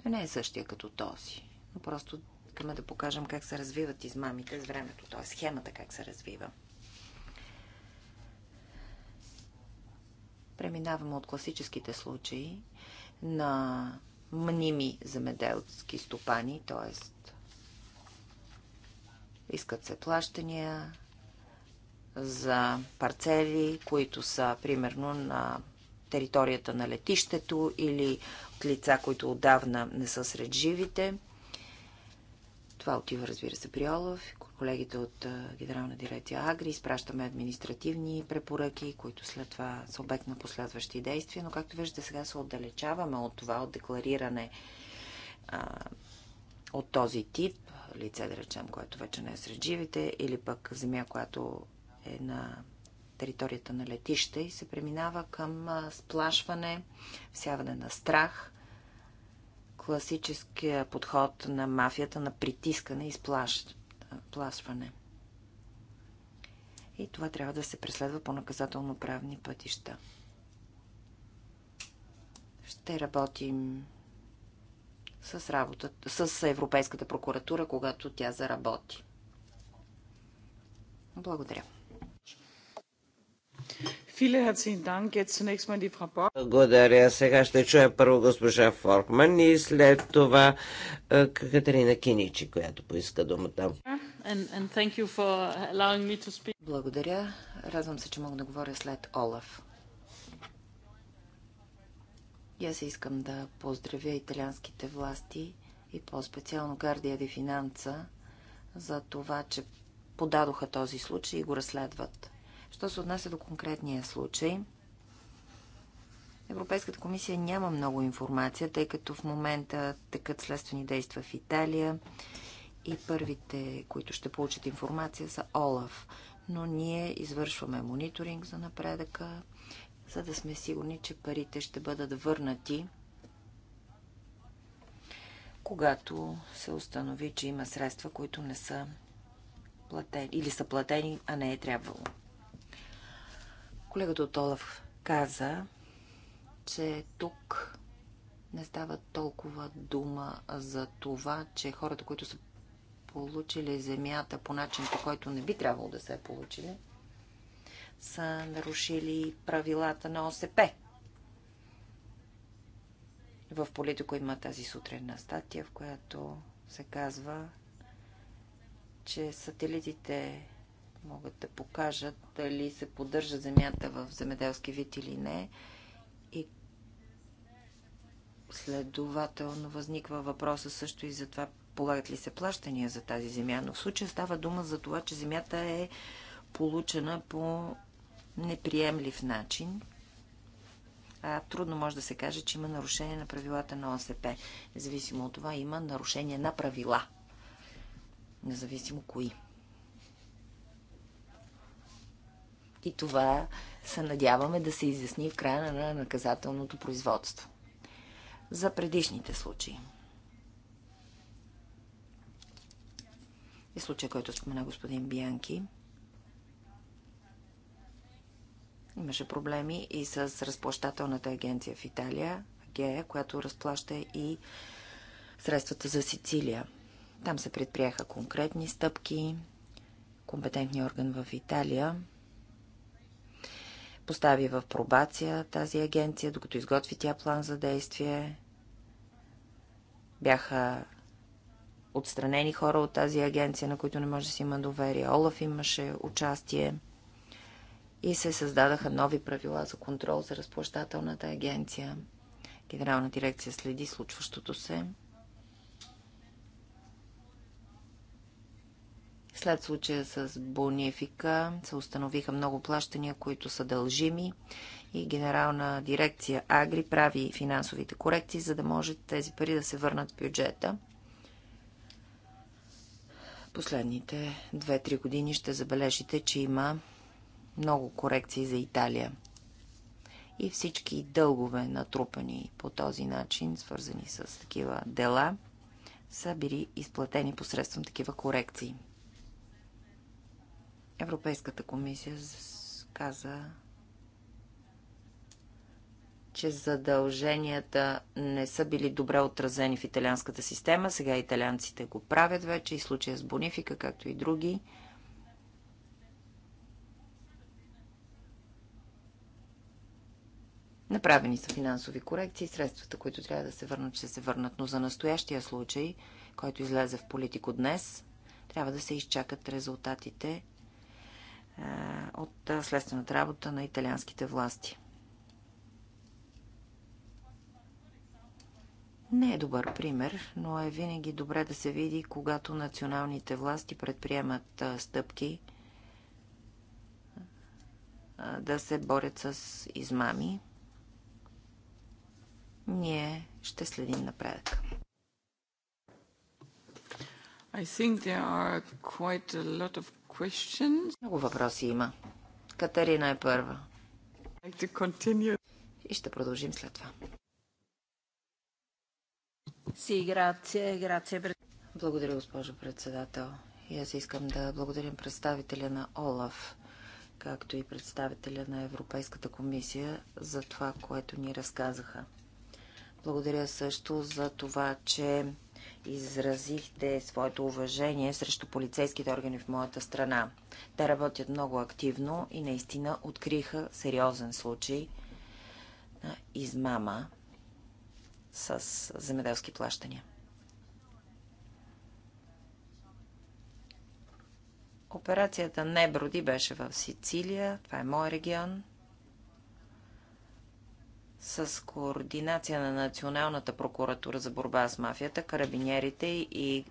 Той не е същия като този, но просто искаме да покажем как се развиват измамите с времето, т.е. схемата как се развива. Преминаваме от класическите случаи на мними земеделски стопани, т.е. искат се плащания за парцели, които са примерно на територията на летището или от лица, които отдавна не са сред живите. Това отива, разбира се, при Олаф. Колегите от Генерална дирекция Агри изпращаме административни препоръки, които след това са обект на последващи действия, но както виждате, сега се отдалечаваме от това, от деклариране а, от този тип, лице, да речем, което вече не е сред живите, или пък земя, която е на територията на летище и се преминава към сплашване, всяване на страх, класическия подход на мафията на притискане и сплашване. И това трябва да се преследва по наказателно-правни пътища. Ще работим с, работата, с Европейската прокуратура, когато тя заработи. Благодаря. Благодаря. Сега ще чуя първо госпожа Форкман и след това е, Катерина Киничи, която поиска думата. Благодаря. Радвам се, че мога да говоря след Олаф. И аз искам да поздравя италианските власти и по-специално Гардия де Финанца за това, че подадоха този случай и го разследват. Що се отнася до конкретния случай, Европейската комисия няма много информация, тъй като в момента текат следствени действа в Италия и първите, които ще получат информация, са ОЛАФ. Но ние извършваме мониторинг за напредъка, за да сме сигурни, че парите ще бъдат върнати, когато се установи, че има средства, които не са платени или са платени, а не е трябвало. Колегата от Олаф каза, че тук не става толкова дума за това, че хората, които са получили земята по начин, по който не би трябвало да се е получили, са нарушили правилата на ОСП. В Политико има тази сутринна статия, в която се казва, че сателитите могат да покажат дали се поддържа земята в земеделски вид или не. И следователно възниква въпроса също и за това полагат ли се плащания за тази земя. Но в случая става дума за това, че земята е получена по неприемлив начин. А трудно може да се каже, че има нарушение на правилата на ОСП. Независимо от това, има нарушение на правила. Независимо кои. И това се надяваме да се изясни в края на наказателното производство. За предишните случаи. И случая, който спомена господин Бианки, имаше проблеми и с разплащателната агенция в Италия, Гея, която разплаща и средствата за Сицилия. Там се предприеха конкретни стъпки. Компетентният орган в Италия постави в пробация тази агенция, докато изготви тя план за действие. Бяха отстранени хора от тази агенция, на които не може да си има доверие. Олаф имаше участие и се създадаха нови правила за контрол за разплащателната агенция. Генерална дирекция следи случващото се. След случая с Бонифика се установиха много плащания, които са дължими и генерална дирекция Агри прави финансовите корекции, за да може тези пари да се върнат в бюджета. Последните 2-3 години ще забележите, че има много корекции за Италия. И всички дългове, натрупани по този начин, свързани с такива дела, са били изплатени посредством такива корекции. Европейската комисия каза, че задълженията не са били добре отразени в италианската система. Сега италианците го правят вече и случая с Бонифика, както и други. Направени са финансови корекции, средствата, които трябва да се върнат, ще се върнат. Но за настоящия случай, който излезе в политико днес, трябва да се изчакат резултатите от следствената работа на италианските власти. Не е добър пример, но е винаги добре да се види, когато националните власти предприемат стъпки да се борят с измами. Ние ще следим напредъка. I think there are quite a lot of questions. Много въпроси има. Катерина е първа. И ще продължим след това. Благодаря, госпожо председател. И аз искам да благодарим представителя на ОЛАФ, както и представителя на Европейската комисия за това, което ни разказаха. Благодаря също за това, че изразихте своето уважение срещу полицейските органи в моята страна. Те работят много активно и наистина откриха сериозен случай на измама с земеделски плащания. Операцията Неброди беше в Сицилия, това е мой регион – с координация на Националната прокуратура за борба с мафията, карабинерите и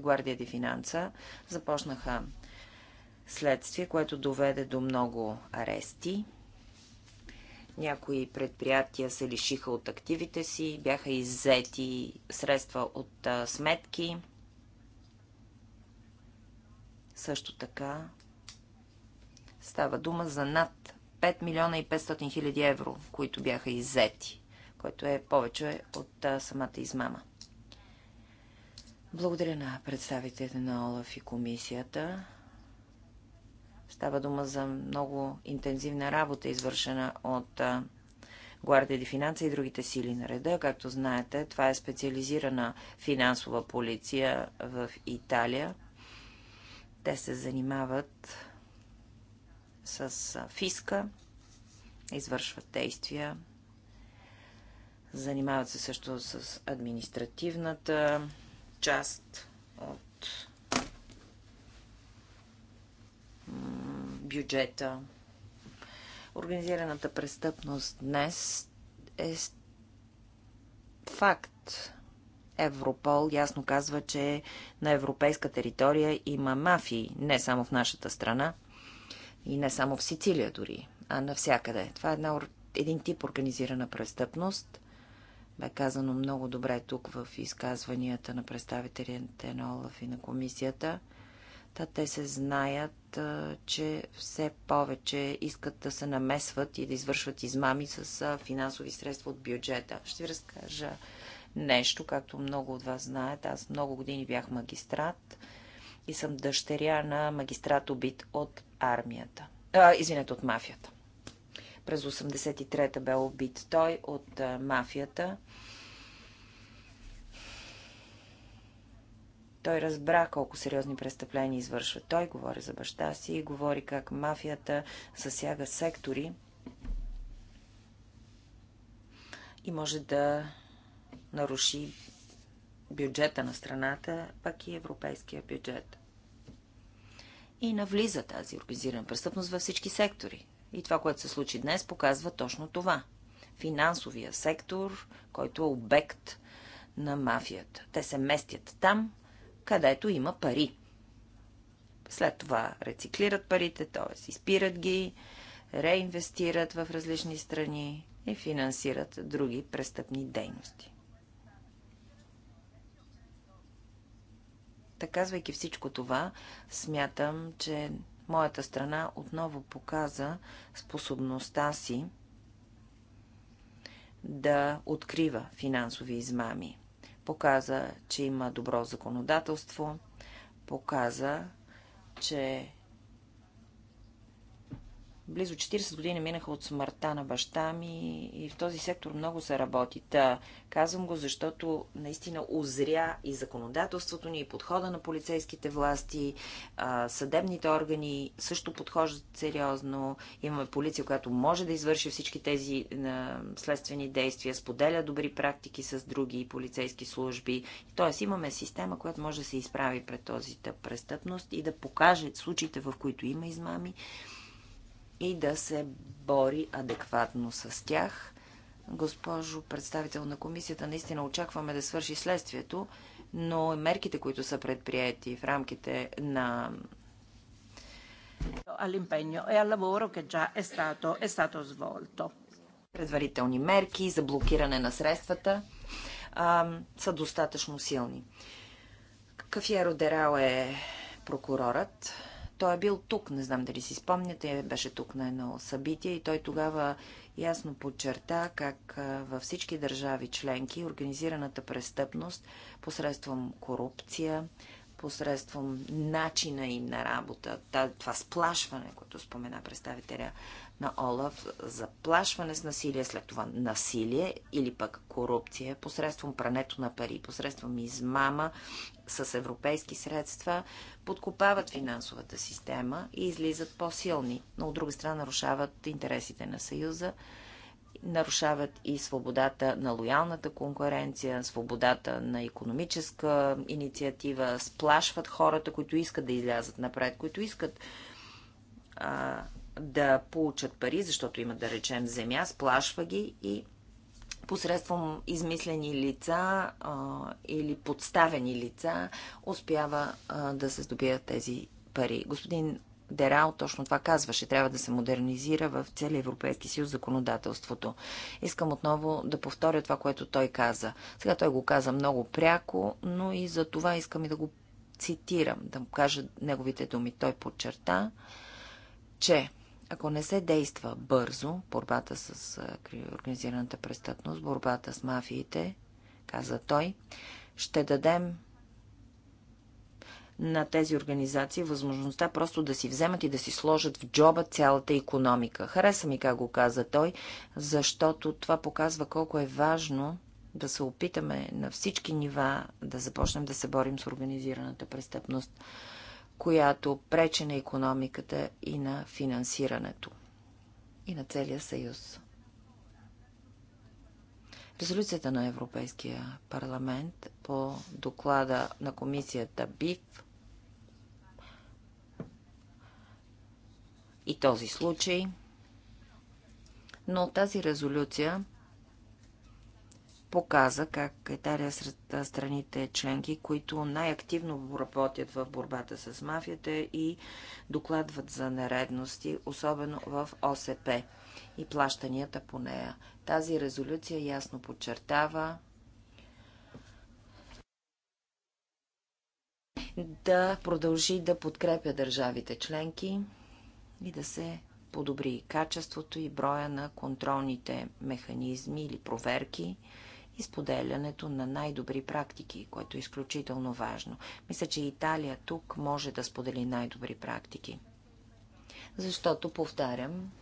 Гвардия де Финанса започнаха следствие, което доведе до много арести. Някои предприятия се лишиха от активите си, бяха иззети средства от а, сметки. Също така става дума за над 5 милиона и 500 хиляди евро, които бяха иззети, което е повече от а, самата измама. Благодаря на представителите на ОЛАФ и комисията. Става дума за много интензивна работа, извършена от а, Гвардия де Финанса и другите сили на реда. Както знаете, това е специализирана финансова полиция в Италия. Те се занимават с фиска, извършват действия, занимават се също с административната част от бюджета. Организираната престъпност днес е факт. Европол ясно казва, че на европейска територия има мафии, не само в нашата страна. И не само в Сицилия дори, а навсякъде. Това е една, един тип организирана престъпност. Бе казано много добре тук в изказванията на представителите на ОЛАФ и на комисията. Та те се знаят, че все повече искат да се намесват и да извършват измами с финансови средства от бюджета. Ще ви разкажа нещо, както много от вас знаят. Аз много години бях магистрат и съм дъщеря на магистрат убит от армията. А, извинете, от мафията. През 83-та бе убит той от а, мафията. Той разбра колко сериозни престъпления извършва. Той говори за баща си и говори как мафията засяга сектори и може да наруши бюджета на страната, пък и европейския бюджет и навлиза тази организирана престъпност във всички сектори. И това, което се случи днес, показва точно това. Финансовия сектор, който е обект на мафията. Те се местят там, където има пари. След това рециклират парите, т.е. изпират ги, реинвестират в различни страни и финансират други престъпни дейности. Та казвайки всичко това, смятам, че моята страна отново показа способността си да открива финансови измами. Показа, че има добро законодателство, показа, че Близо 40 години минаха от смъртта на баща ми и в този сектор много се работи. Та, казвам го, защото наистина озря и законодателството ни, и подхода на полицейските власти, съдебните органи също подхождат сериозно. Имаме полиция, която може да извърши всички тези следствени действия, споделя добри практики с други полицейски служби. Тоест имаме система, която може да се изправи пред този престъпност и да покаже случаите, в които има измами, и да се бори адекватно с тях. Госпожо представител на комисията, наистина очакваме да свърши следствието, но мерките, които са предприяти в рамките на all'impegno e al lavoro che già è stato, è stato svolto. Предварителни мерки за блокиране на средствата а, са достатъчно силни. Кафиеро Дерао е прокурорът, той е бил тук, не знам дали си спомняте, беше тук на едно събитие и той тогава ясно подчерта как във всички държави членки организираната престъпност посредством корупция, посредством начина им на работа, това сплашване, което спомена представителя на Олаф, заплашване с насилие, след това насилие или пък корупция, посредством прането на пари, посредством измама с европейски средства, подкопават финансовата система и излизат по-силни, но от друга страна нарушават интересите на Съюза, нарушават и свободата на лоялната конкуренция, свободата на економическа инициатива, сплашват хората, които искат да излязат напред, които искат а, да получат пари, защото имат, да речем, земя, сплашва ги и посредством измислени лица а, или подставени лица успява а, да се здобият тези пари. Господин Дерал точно това казваше. Трябва да се модернизира в целия Европейски съюз законодателството. Искам отново да повторя това, което той каза. Сега той го каза много пряко, но и за това искам и да го цитирам, да му кажа неговите думи. Той подчерта, че ако не се действа бързо, борбата с организираната престъпност, борбата с мафиите, каза той, ще дадем на тези организации възможността просто да си вземат и да си сложат в джоба цялата економика. Хареса ми как го каза той, защото това показва колко е важно да се опитаме на всички нива да започнем да се борим с организираната престъпност която пречи на економиката и на финансирането и на целия съюз. Резолюцията на Европейския парламент по доклада на комисията БИФ и този случай, но тази резолюция показа как Италия е сред страните членки, които най-активно работят в борбата с мафията и докладват за нередности, особено в ОСП и плащанията по нея. Тази резолюция ясно подчертава да продължи да подкрепя държавите членки и да се подобри качеството и броя на контролните механизми или проверки, и споделянето на най-добри практики, което е изключително важно. Мисля, че Италия тук може да сподели най-добри практики. Защото, повтарям,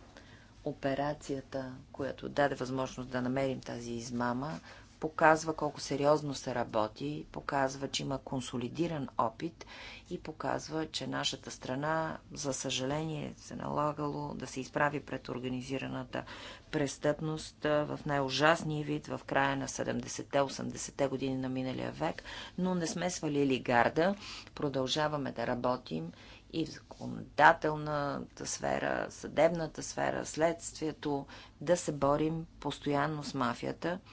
операцията, която даде възможност да намерим тази измама, показва колко сериозно се работи, показва, че има консолидиран опит и показва, че нашата страна, за съжаление, се налагало да се изправи пред организираната престъпност в най-ужасния вид в края на 70-те, 80-те години на миналия век, но не сме свалили гарда, продължаваме да работим и в законодателната сфера, съдебната сфера, следствието, да се борим постоянно с мафията –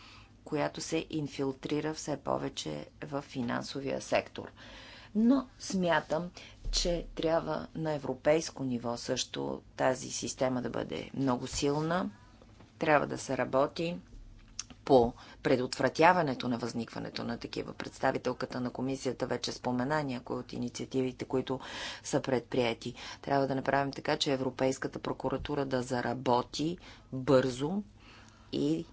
която се инфилтрира все повече в финансовия сектор. Но смятам, че трябва на европейско ниво също тази система да бъде много силна. Трябва да се работи по предотвратяването на възникването на такива. Представителката на комисията вече спомена някои от инициативите, които са предприяти. Трябва да направим така, че Европейската прокуратура да заработи бързо и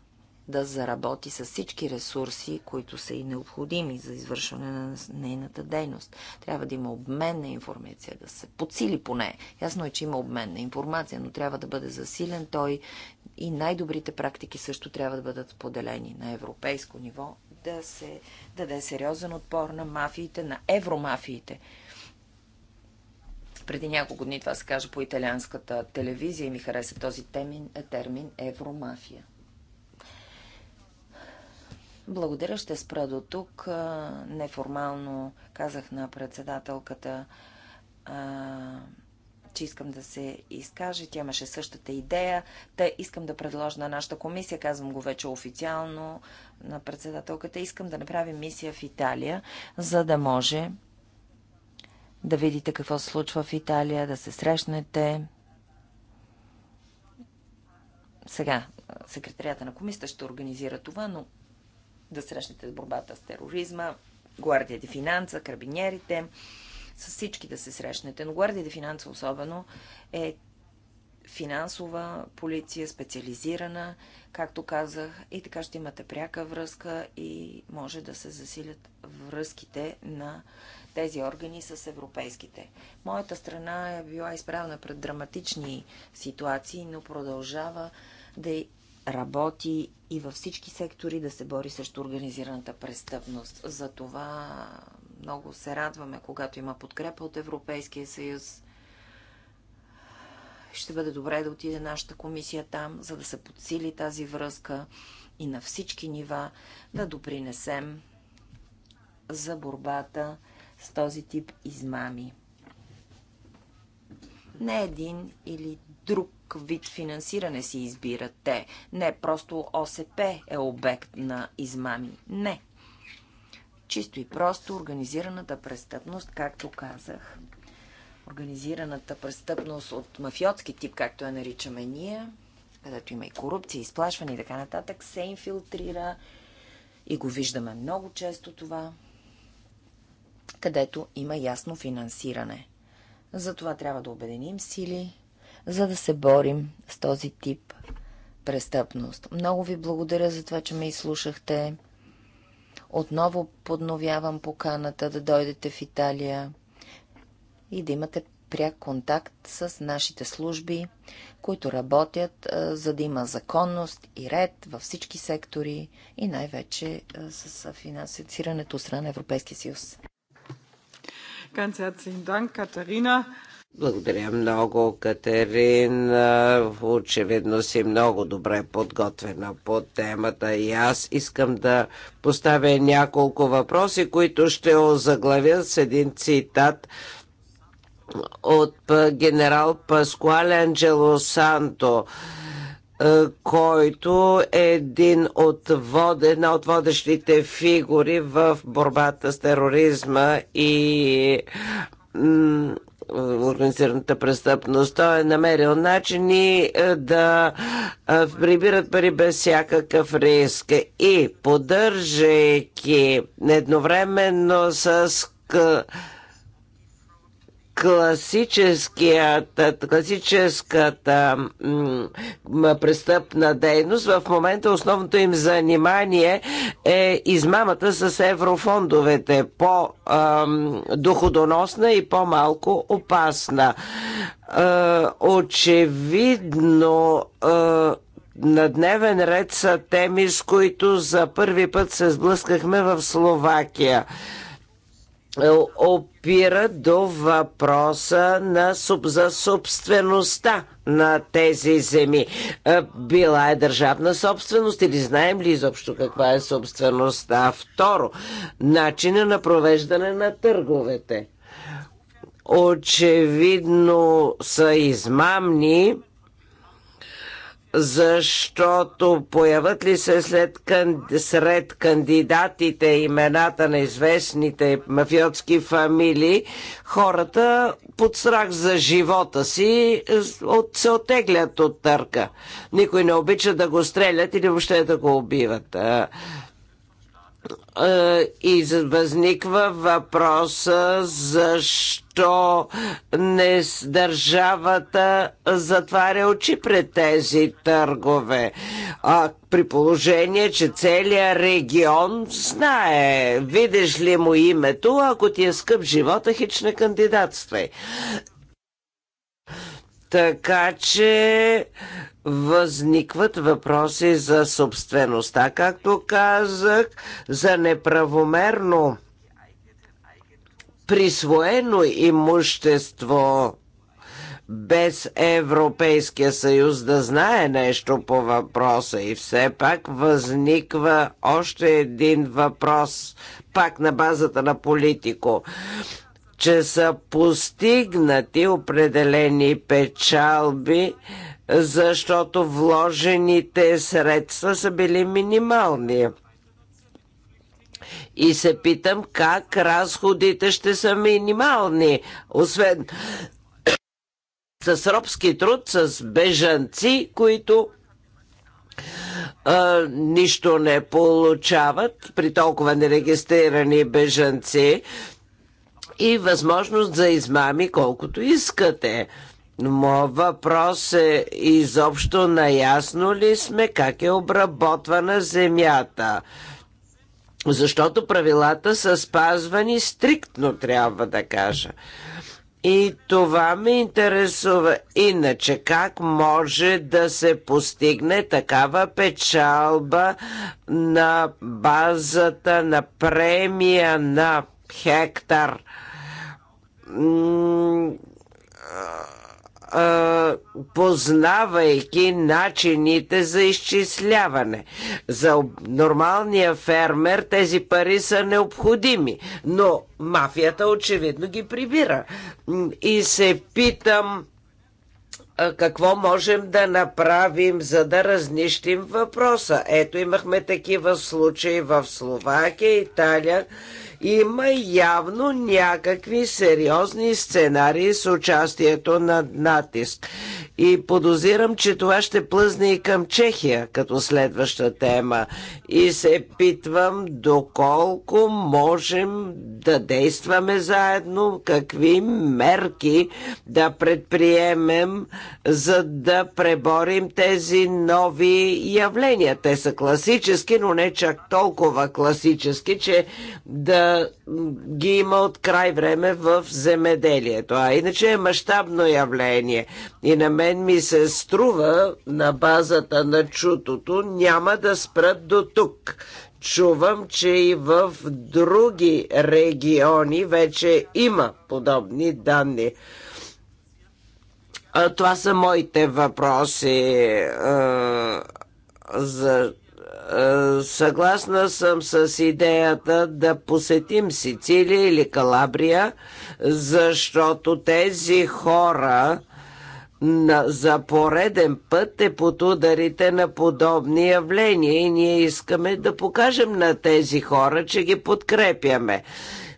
да заработи с всички ресурси, които са и необходими за извършване на нейната дейност. Трябва да има обмен на информация, да се подсили поне. Ясно е, че има обмен на информация, но трябва да бъде засилен той и най-добрите практики също трябва да бъдат споделени на европейско ниво, да се даде сериозен отпор на мафиите, на евромафиите преди няколко дни това се каже по италианската телевизия и ми хареса този термин, термин евромафия. Благодаря, ще спра до тук. Неформално казах на председателката, че искам да се изкаже. Тя имаше същата идея. Та искам да предложа на нашата комисия, казвам го вече официално на председателката, искам да направим мисия в Италия, за да може да видите какво се случва в Италия, да се срещнете. Сега, секретарията на комисията ще организира това, но да срещнете с борбата с тероризма, Гвардия де Финанса, карабинерите, с всички да се срещнете. Но Гвардия де Финанса особено е финансова полиция, специализирана, както казах, и така ще имате пряка връзка и може да се засилят връзките на тези органи с европейските. Моята страна е била изправена пред драматични ситуации, но продължава да работи и във всички сектори да се бори срещу организираната престъпност. Затова много се радваме, когато има подкрепа от Европейския съюз. Ще бъде добре да отиде нашата комисия там, за да се подсили тази връзка и на всички нива да допринесем за борбата с този тип измами. Не един или друг вид финансиране си избират те. Не просто ОСП е обект на измами. Не. Чисто и просто организираната престъпност, както казах, организираната престъпност от мафиотски тип, както я наричаме ние, където има и корупция, изплашване и така нататък, се инфилтрира и го виждаме много често това, където има ясно финансиране. Затова трябва да обединим сили за да се борим с този тип престъпност. Много ви благодаря за това, че ме изслушахте. Отново подновявам поканата да дойдете в Италия и да имате пряк контакт с нашите служби, които работят за да има законност и ред във всички сектори и най-вече с финансирането страна на Европейския съюз. Ganz herzlichen Dank, Katharina. Благодаря много, Катерин. Очевидно си много добре подготвена по темата и аз искам да поставя няколко въпроси, които ще озаглавя с един цитат от генерал Паскуал Анджело Санто е, който е един от вод, една от водещите фигури в борбата с тероризма и е, организираната престъпност. Той е намерил начини е, да е, прибират пари без всякакъв риск и поддържайки едновременно с класическата престъпна дейност. В момента основното им занимание е измамата с еврофондовете по-доходоносна и по-малко опасна. Очевидно на дневен ред са теми, с които за първи път се сблъскахме в Словакия. Е, опира до въпроса на, за собствеността на тези земи. Е, била е държавна собственост или знаем ли изобщо каква е собствеността? Второ, начина на провеждане на търговете. Очевидно са измамни защото появат ли се след кан... сред кандидатите имената на известните мафиотски фамилии, хората под страх за живота си е, от... се отеглят от търка. Никой не обича да го стрелят или въобще да го убиват. Е, и възниква въпроса защо не държавата затваря очи пред тези търгове. А при положение, че целият регион знае, видиш ли му името, ако ти е скъп живота, хич не кандидатствай. Така че възникват въпроси за собствеността, както казах, за неправомерно присвоено имущество без Европейския съюз да знае нещо по въпроса. И все пак възниква още един въпрос, пак на базата на политико че са постигнати определени печалби защото вложените средства са били минимални. И се питам как разходите ще са минимални, освен с робски труд, с бежанци, които а, нищо не получават при толкова нерегистрирани бежанци и възможност за измами колкото искате. Моят въпрос е изобщо наясно ли сме как е обработвана земята? Защото правилата са спазвани стриктно, трябва да кажа. И това ме интересува. Иначе как може да се постигне такава печалба на базата на премия на хектар? познавайки начините за изчисляване. За нормалния фермер тези пари са необходими, но мафията очевидно ги прибира. И се питам какво можем да направим, за да разнищим въпроса. Ето имахме такива случаи в Словакия, Италия, има явно някакви сериозни сценарии с участието на натиск. И подозирам, че това ще плъзне и към Чехия като следваща тема. И се питвам доколко можем да действаме заедно, какви мерки да предприемем, за да преборим тези нови явления. Те са класически, но не чак толкова класически, че да ги има от край време в земеделието. А иначе е мащабно явление. И на мен ми се струва, на базата на чутото, няма да спрат до тук. Чувам, че и в други региони вече има подобни данни. Това са моите въпроси за е, съгласна съм с идеята да посетим Сицилия или Калабрия, защото тези хора на, за пореден път е под ударите на подобни явления и ние искаме да покажем на тези хора, че ги подкрепяме.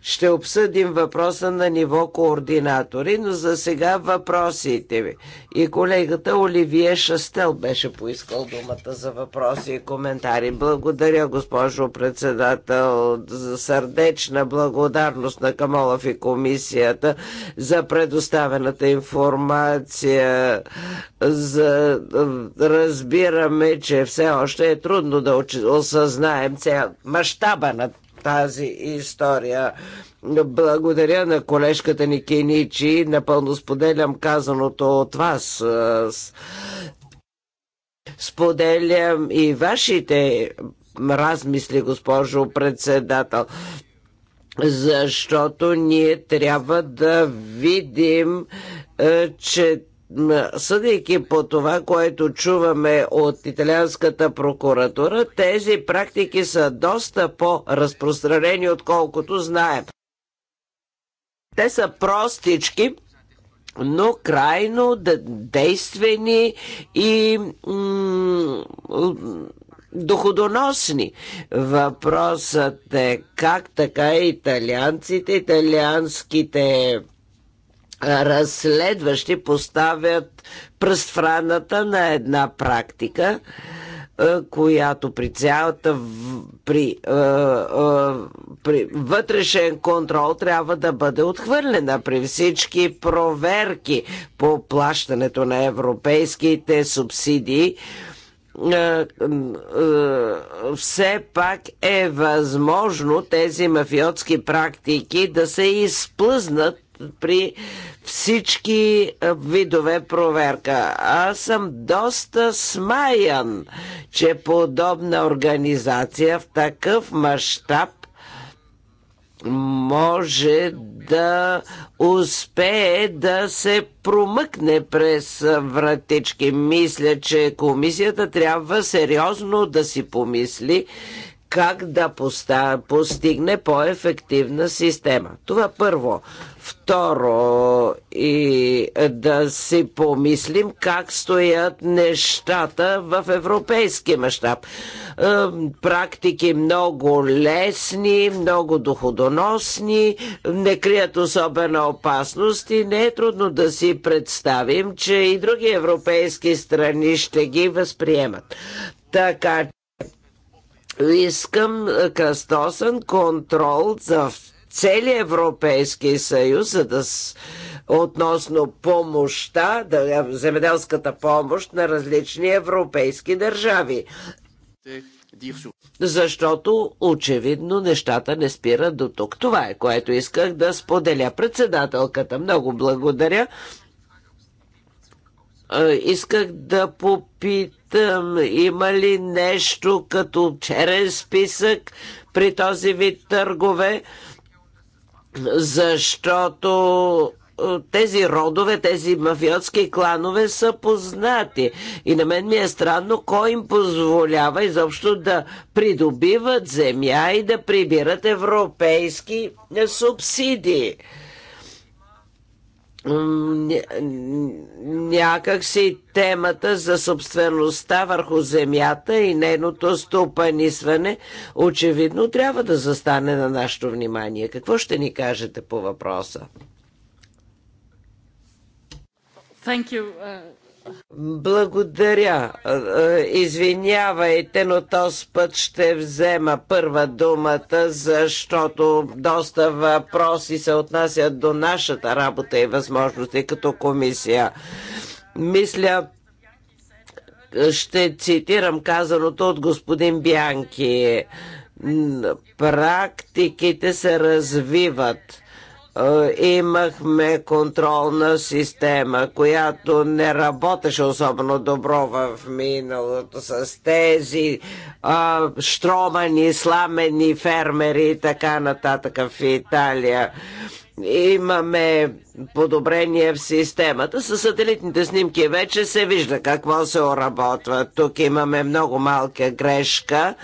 Ще обсъдим въпроса на ниво координатори, но за сега въпросите ви. И колегата Оливия Шастел беше поискал думата за въпроси и коментари. Благодаря, госпожо председател, за сърдечна благодарност на Камолов и комисията за предоставената информация. За... Разбираме, че все още е трудно да осъзнаем цял... мащаба на тази история. Благодаря на колежката ни Кеничи. Напълно споделям казаното от вас. Споделям и вашите размисли, госпожо председател защото ние трябва да видим, е, че съдейки по това, което чуваме от италианската прокуратура, тези практики са доста по-разпространени, отколкото знаем. Те са простички, но крайно действени и доходоносни. Въпросът е как така и италианците, италианските разследващи поставят пръст в раната на една практика, е, която при цялата при, е, е, при вътрешен контрол трябва да бъде отхвърлена при всички проверки по плащането на европейските субсидии все пак е възможно тези мафиотски практики да се изплъзнат при всички видове проверка. Аз съм доста смаян, че подобна организация в такъв мащаб може да успее да се промъкне през вратички. Мисля, че комисията трябва сериозно да си помисли как да постигне по-ефективна система. Това първо. Второ, и да си помислим как стоят нещата в европейски мащаб. Е, практики много лесни, много доходоносни, не крият особена опасност и не е трудно да си представим, че и други европейски страни ще ги възприемат. Така че искам кръстосен контрол за целия Европейски съюз, за да с... относно помощта, да, е, земеделската помощ на различни европейски държави. Защото очевидно нещата не спират до тук. Това е което исках да споделя председателката. Много благодаря. Е, исках да попитам, има ли нещо като черен списък при този вид търгове? защото е, тези родове, тези мафиотски кланове са познати. И на мен ми е странно кой им позволява изобщо да придобиват земя и да прибират европейски е, субсидии някак си темата за собствеността върху земята и нейното стопанисване очевидно трябва да застане на нашето внимание. Какво ще ни кажете по въпроса? Thank you, uh, благодаря. Е, е, извинявайте, но този път ще взема първа думата, защото доста въпроси се отнасят до нашата работа и възможности като комисия. Мисля, ще цитирам казаното от господин Бянки. Практиките се развиват е, имахме контролна система, която не работеше особено добро в миналото с тези а, штромани, сламени фермери и така нататък в Италия. Имаме подобрение в системата. С сателитните снимки вече се вижда какво се оработва. Тук имаме много малка грешка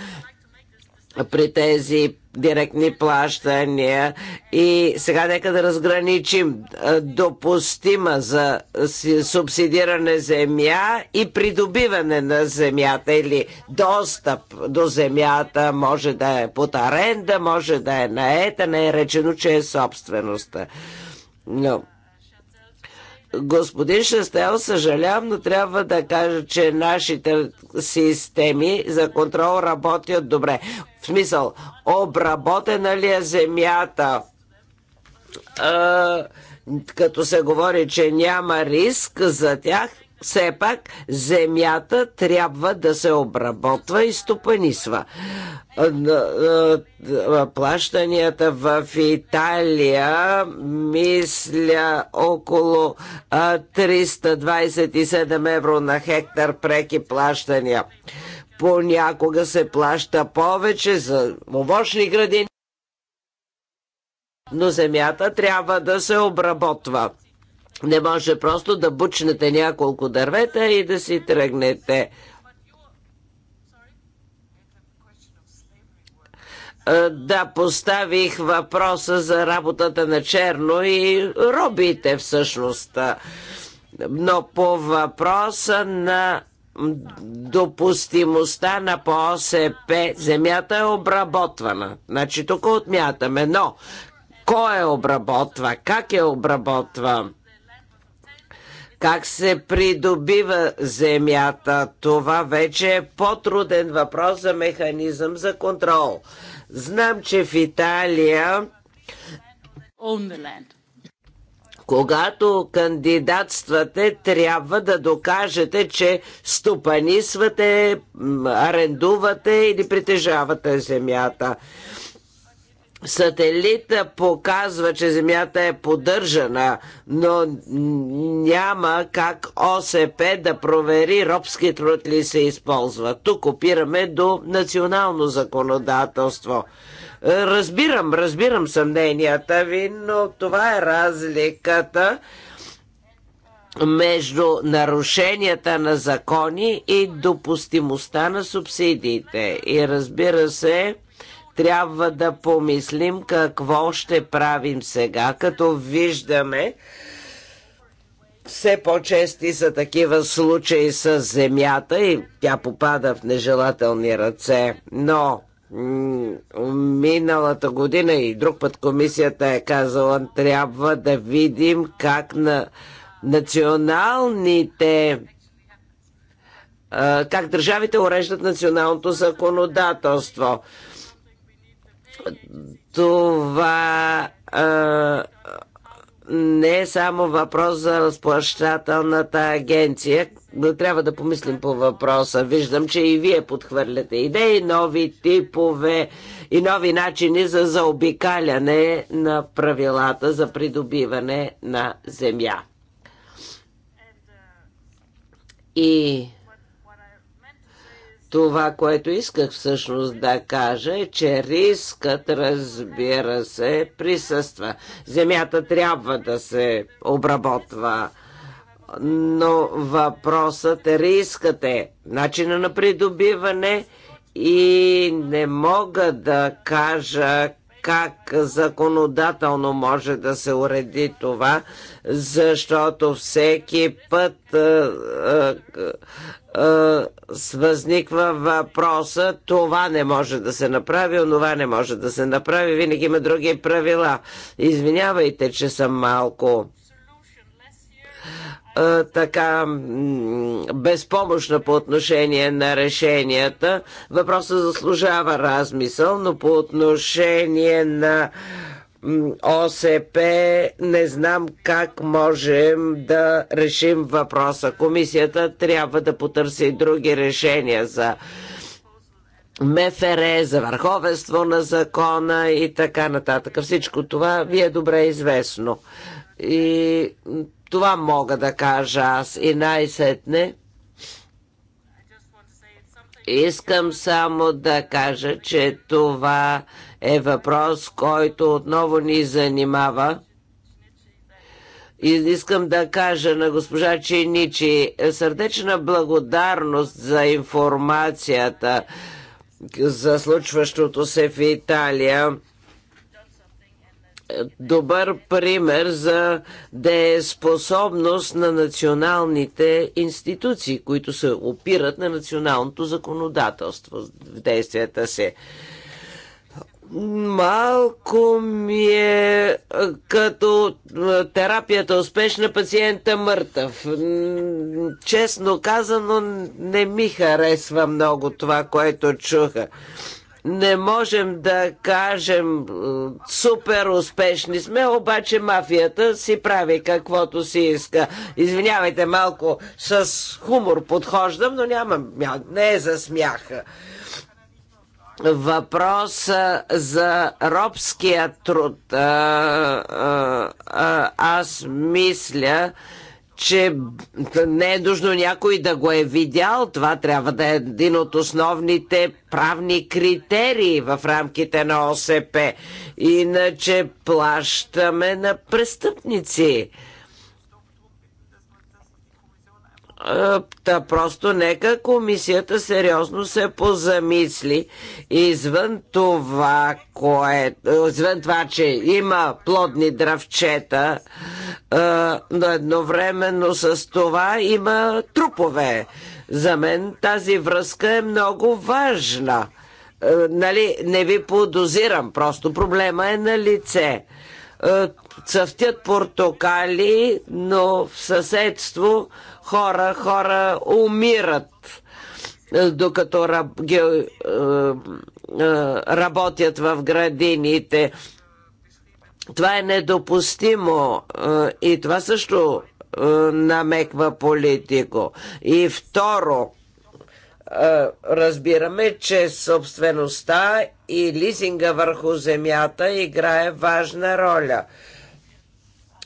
при тези директни плащания. И сега нека да разграничим допустима за субсидиране земя и придобиване на земята или достъп до земята. Може да е под аренда, може да е наета, не е речено, че е собствеността. Но Господин Шестел, съжалявам, но трябва да кажа, че нашите системи за контрол работят добре. В смисъл, обработена ли е земята? А, като се говори, че няма риск за тях, все пак земята трябва да се обработва и стопанисва. Плащанията в Италия, мисля, около 327 евро на хектар преки плащания. Понякога се плаща повече за овощни градини, но земята трябва да се обработва не може просто да бучнете няколко дървета и да си тръгнете. Е, да поставих въпроса за работата на черно и робите всъщност. Но по въпроса на допустимостта на по ОСП земята е обработвана. Значи тук отмятаме, но кой е обработва, как е обработва? Как се придобива земята? Това вече е по-труден въпрос за механизъм за контрол. Знам, че в Италия когато кандидатствате, трябва да докажете, че стопанисвате, арендувате или притежавате земята. Сателита показва, че Земята е поддържана, но няма как ОСП да провери робски труд ли се използва. Тук опираме до национално законодателство. Разбирам, разбирам съмненията ви, но това е разликата между нарушенията на закони и допустимостта на субсидиите. И разбира се, трябва да помислим какво ще правим сега, като виждаме все по-чести са такива случаи с земята и тя попада в нежелателни ръце. Но миналата година и друг път комисията е казала, трябва да видим как на националните как държавите уреждат националното законодателство. Това а, не е само въпрос за разплащателната агенция, но трябва да помислим по въпроса. Виждам, че и вие подхвърляте идеи, нови типове и нови начини за заобикаляне на правилата за придобиване на земя. И това, което исках всъщност да кажа е, че рискът, разбира се, присъства. Земята трябва да се обработва но въпросът, рискът е начина на придобиване и не мога да кажа как законодателно може да се уреди това, защото всеки път е, възниква въпроса, това не може да се направи, онова не може да се направи, винаги има други правила. Извинявайте, че съм малко е, така безпомощна по отношение на решенията. Въпросът заслужава размисъл, но по отношение на ОСП не знам как можем да решим въпроса. Комисията трябва да потърси други решения за МФР, за върховенство на закона и така нататък. Всичко това ви е добре известно. И това мога да кажа аз. И най-сетне искам само да кажа, че това е въпрос, който отново ни занимава. И искам да кажа на госпожа Чиничи сърдечна благодарност за информацията за случващото се в Италия добър пример за дееспособност на националните институции, които се опират на националното законодателство в действията си. Малко ми е като терапията успешна, пациента мъртъв. Честно казано, не ми харесва много това, което чуха не можем да кажем супер успешни сме, обаче мафията си прави каквото си иска. Извинявайте, малко с хумор подхождам, но няма, не е за смяха въпрос за робския труд. Аз мисля, че не е нужно някой да го е видял. Това трябва да е един от основните правни критерии в рамките на ОСП. Иначе плащаме на престъпници. Е, та просто нека комисията сериозно се позамисли извън това, кое, извън това, че има плодни дравчета, е, но едновременно с това има трупове. За мен тази връзка е много важна. Е, нали, не ви подозирам, просто проблема е на лице цъфтят портокали, но в съседство хора, хора умират, докато ги, е, е, работят в градините. Това е недопустимо е, и това също намеква политико. И второ, разбираме, че собствеността и лизинга върху земята играе важна роля –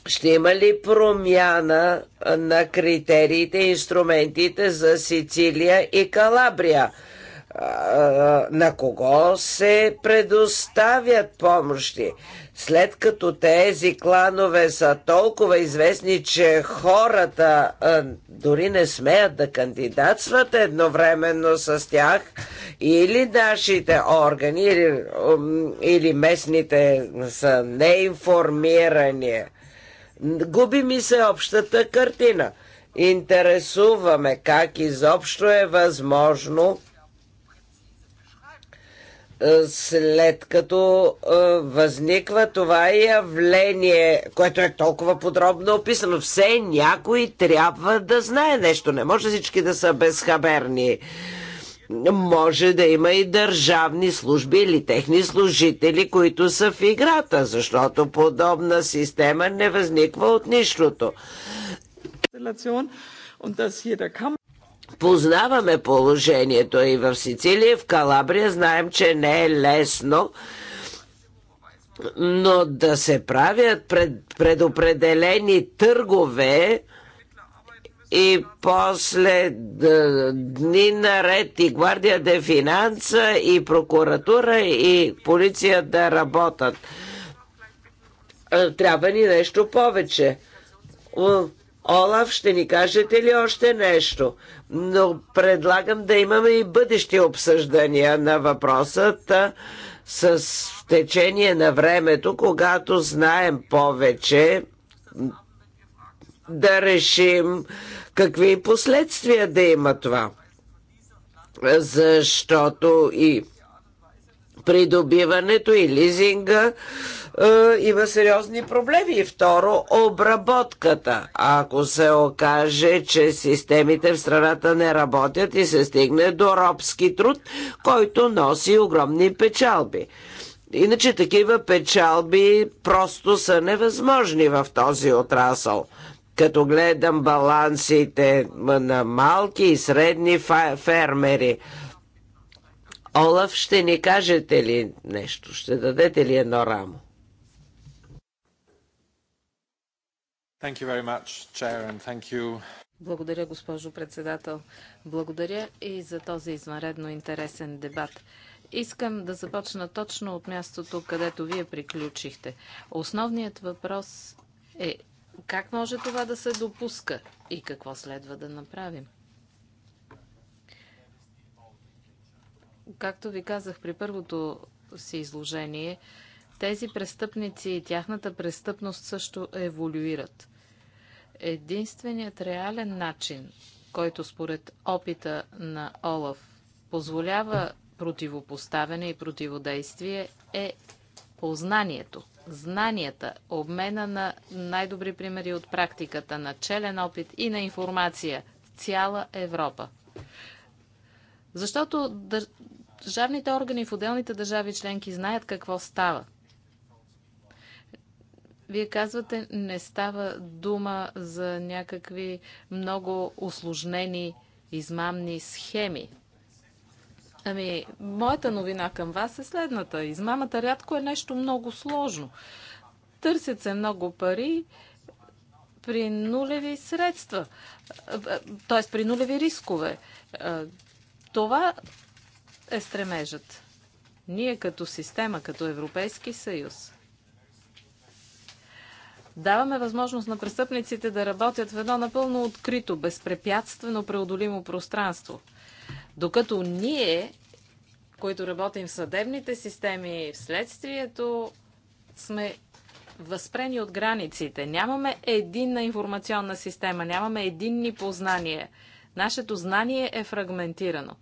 ще има ли промяна на критериите и инструментите за Сицилия и Калабрия? На кого се предоставят помощи? След като тези кланове са толкова известни, че хората дори не смеят да кандидатстват едновременно с тях, или нашите органи, или, или местните са неинформирани Губи ми се общата картина. Интересуваме как изобщо е възможно е, след като е, възниква това явление, което е толкова подробно описано. Все някой трябва да знае нещо. Не може всички да са безхаберни може да има и държавни служби или техни служители, които са в играта, защото подобна система не възниква от нищото. Познаваме положението и в Сицилия, и в Калабрия. Знаем, че не е лесно, но да се правят пред, предопределени търгове, и после е, дни наред и Гвардия де Финанса, и прокуратура, и полиция да работят. Е, трябва ни нещо повече. Олаф, ще ни кажете ли още нещо? Но предлагам да имаме и бъдещи обсъждания на въпросът с течение на времето, когато знаем повече да решим какви последствия да има това. Защото и придобиването и лизинга е, има сериозни проблеми. И второ, обработката. Ако се окаже, че системите в страната не работят и се стигне до робски труд, който носи огромни печалби. Иначе такива печалби просто са невъзможни в този отрасъл като гледам балансите на малки и средни фермери. Олаф, ще ни кажете ли нещо? Ще дадете ли едно рамо? Much, Chair, Благодаря, госпожо председател. Благодаря и за този извънредно интересен дебат. Искам да започна точно от мястото, където вие приключихте. Основният въпрос е как може това да се допуска и какво следва да направим? Както ви казах при първото си изложение, тези престъпници и тяхната престъпност също еволюират. Единственият реален начин, който според опита на Олаф позволява противопоставяне и противодействие, е познанието знанията, обмена на най-добри примери от практиката, на челен опит и на информация в цяла Европа. Защото държавните органи в отделните държави членки знаят какво става. Вие казвате, не става дума за някакви много осложнени измамни схеми. Ами, моята новина към вас е следната. Измамата рядко е нещо много сложно. Търсят се много пари при нулеви средства, т.е. при нулеви рискове. Това е стремежът. Ние като система, като Европейски съюз, даваме възможност на престъпниците да работят в едно напълно открито, безпрепятствено преодолимо пространство – докато ние, които работим в съдебните системи, в следствието, сме възпрени от границите. Нямаме единна информационна система, нямаме единни познания. Нашето знание е фрагментирано.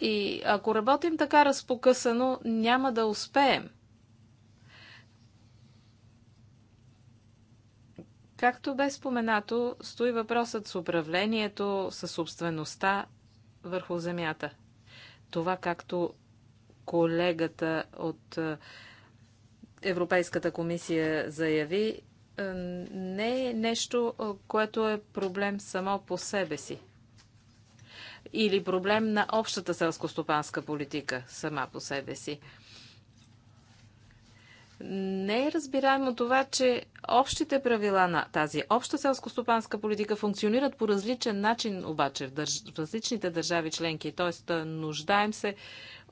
И ако работим така разпокъсано, няма да успеем. Както бе споменато, стои въпросът с управлението, със собствеността върху земята. Това, както колегата от е, Европейската комисия заяви, е, не е нещо, е, което е проблем само по себе си. Или проблем на общата селскостопанска политика сама по себе си. Не е разбираемо това, че общите правила на тази обща селско-стопанска политика функционират по различен начин обаче в, държ... в различните държави членки. Тоест, нуждаем се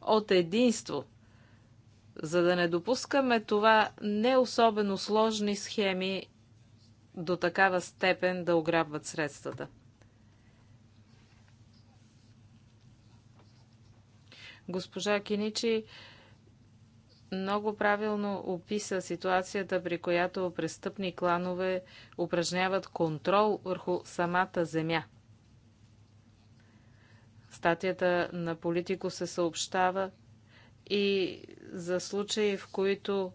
от единство, за да не допускаме това не особено сложни схеми до такава степен да ограбват средствата. Госпожа Киничи, много правилно описа ситуацията, при която престъпни кланове упражняват контрол върху самата земя. В статията на Политико се съобщава и за случаи, в които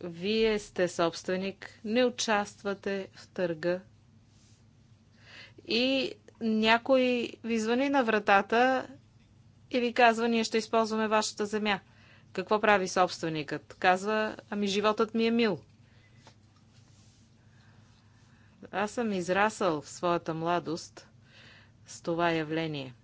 вие сте собственик, не участвате в търга и някой ви звъни на вратата и ви казва, ние ще използваме вашата земя – какво прави собственикът? Казва, ами животът ми е мил. Аз съм израсъл в своята младост с това явление.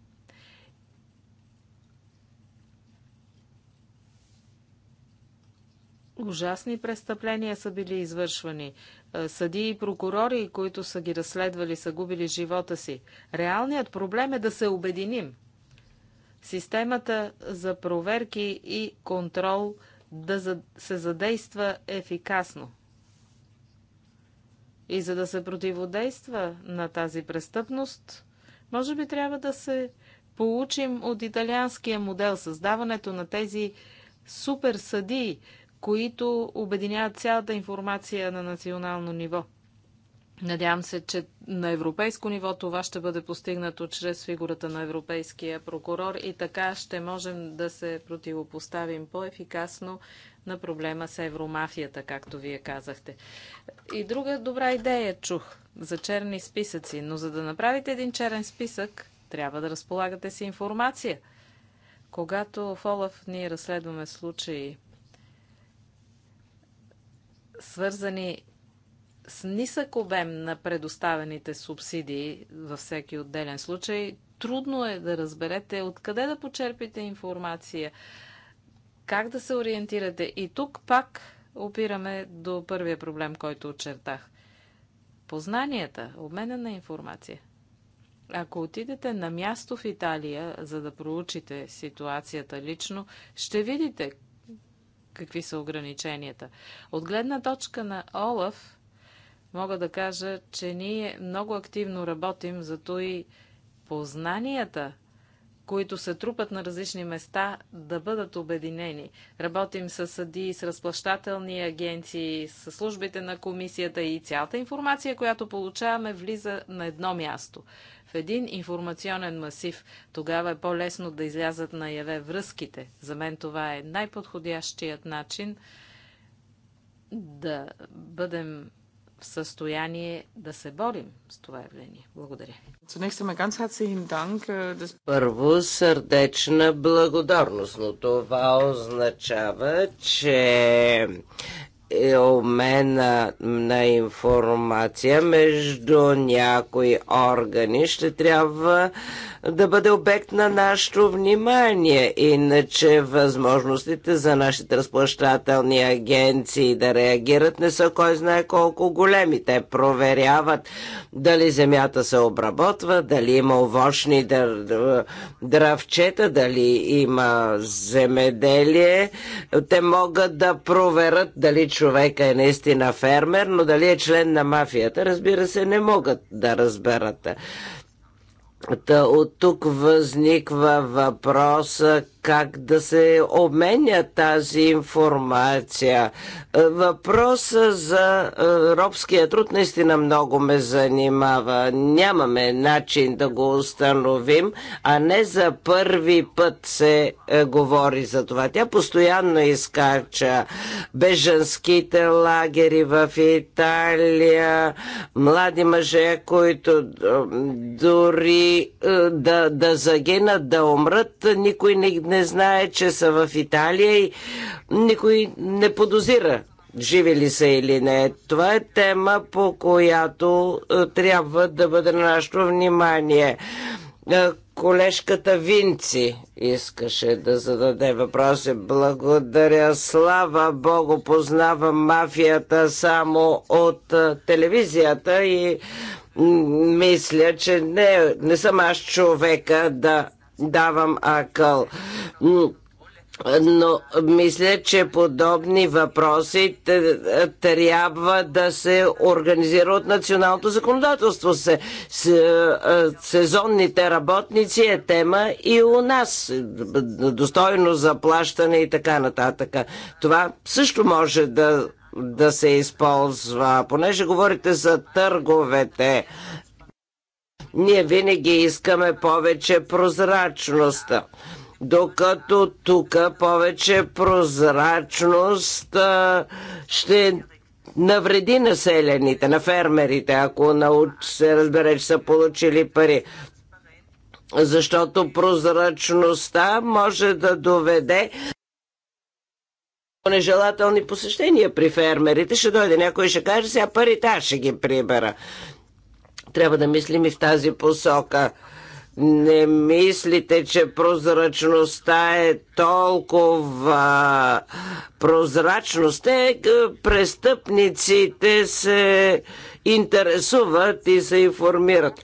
Ужасни престъпления са били извършвани. Е, съди и прокурори, които са ги разследвали, са губили живота си. Реалният проблем е да се обединим системата за проверки и контрол да се задейства ефикасно. И за да се противодейства на тази престъпност, може би трябва да се получим от италианския модел създаването на тези суперсъдии, които обединяват цялата информация на национално ниво. Надявам се, че на европейско ниво това ще бъде постигнато чрез фигурата на европейския прокурор и така ще можем да се противопоставим по-ефикасно на проблема с евромафията, както вие казахте. И друга добра идея чух за черни списъци, но за да направите един черен списък, трябва да разполагате с информация. Когато в Олаф ние разследваме случаи, свързани с нисък обем на предоставените субсидии във всеки отделен случай, трудно е да разберете откъде да почерпите информация, как да се ориентирате. И тук пак опираме до първия проблем, който очертах. Познанията, обмена на информация. Ако отидете на място в Италия, за да проучите ситуацията лично, ще видите какви са ограниченията. От гледна точка на Олаф, мога да кажа, че ние много активно работим за и познанията, които се трупат на различни места, да бъдат обединени. Работим с съди, с разплащателни агенции, с службите на комисията и цялата информация, която получаваме, влиза на едно място. В един информационен масив тогава е по-лесно да излязат на яве връзките. За мен това е най-подходящият начин да бъдем в състояние да се борим с това явление. Благодаря. Е, Първо сърдечна благодарност, но това означава, че е обмена на информация между някои органи ще трябва да бъде обект на нашето внимание. Иначе възможностите за нашите разплащателни агенции да реагират не са кой знае колко големи. Те проверяват дали земята се обработва, дали има овощни дър... дравчета, дали има земеделие. Те могат да проверят дали човека е наистина фермер, но дали е член на мафията, разбира се, не могат да разберат. Та от тук възниква въпроса как да се обменя тази информация. Е, въпроса за е, робския труд наистина много ме занимава. Нямаме начин да го установим, а не за първи път се е, говори за това. Тя постоянно изкача беженските лагери в Италия, млади мъже, които дори да, да загинат, да умрат, никой не не знае, че са в Италия и никой не подозира живи ли са или не. Това е тема, по която е, трябва да бъде на нашето внимание. Е, колежката Винци искаше да зададе въпроси. Благодаря. Слава Богу, познавам мафията само от е, телевизията и мисля, че не, не съм аз човека да давам акъл. Но мисля, че подобни въпроси е, трябва да се организира от националното законодателство. Е, сезонните работници е тема и у нас. Достойно заплащане и така нататък. Това също може да да се използва. Понеже говорите за търговете, ние винаги искаме повече прозрачност докато тук повече прозрачност ще навреди населените, на фермерите, ако науч, се разбере, че са получили пари. Защото прозрачността може да доведе нежелателни посещения при фермерите. Ще дойде някой и ще каже, сега парите аз ще ги прибера. Трябва да мислим и в тази посока. Не мислите, че прозрачността е толкова прозрачност. Е, престъпниците се интересуват и се информират.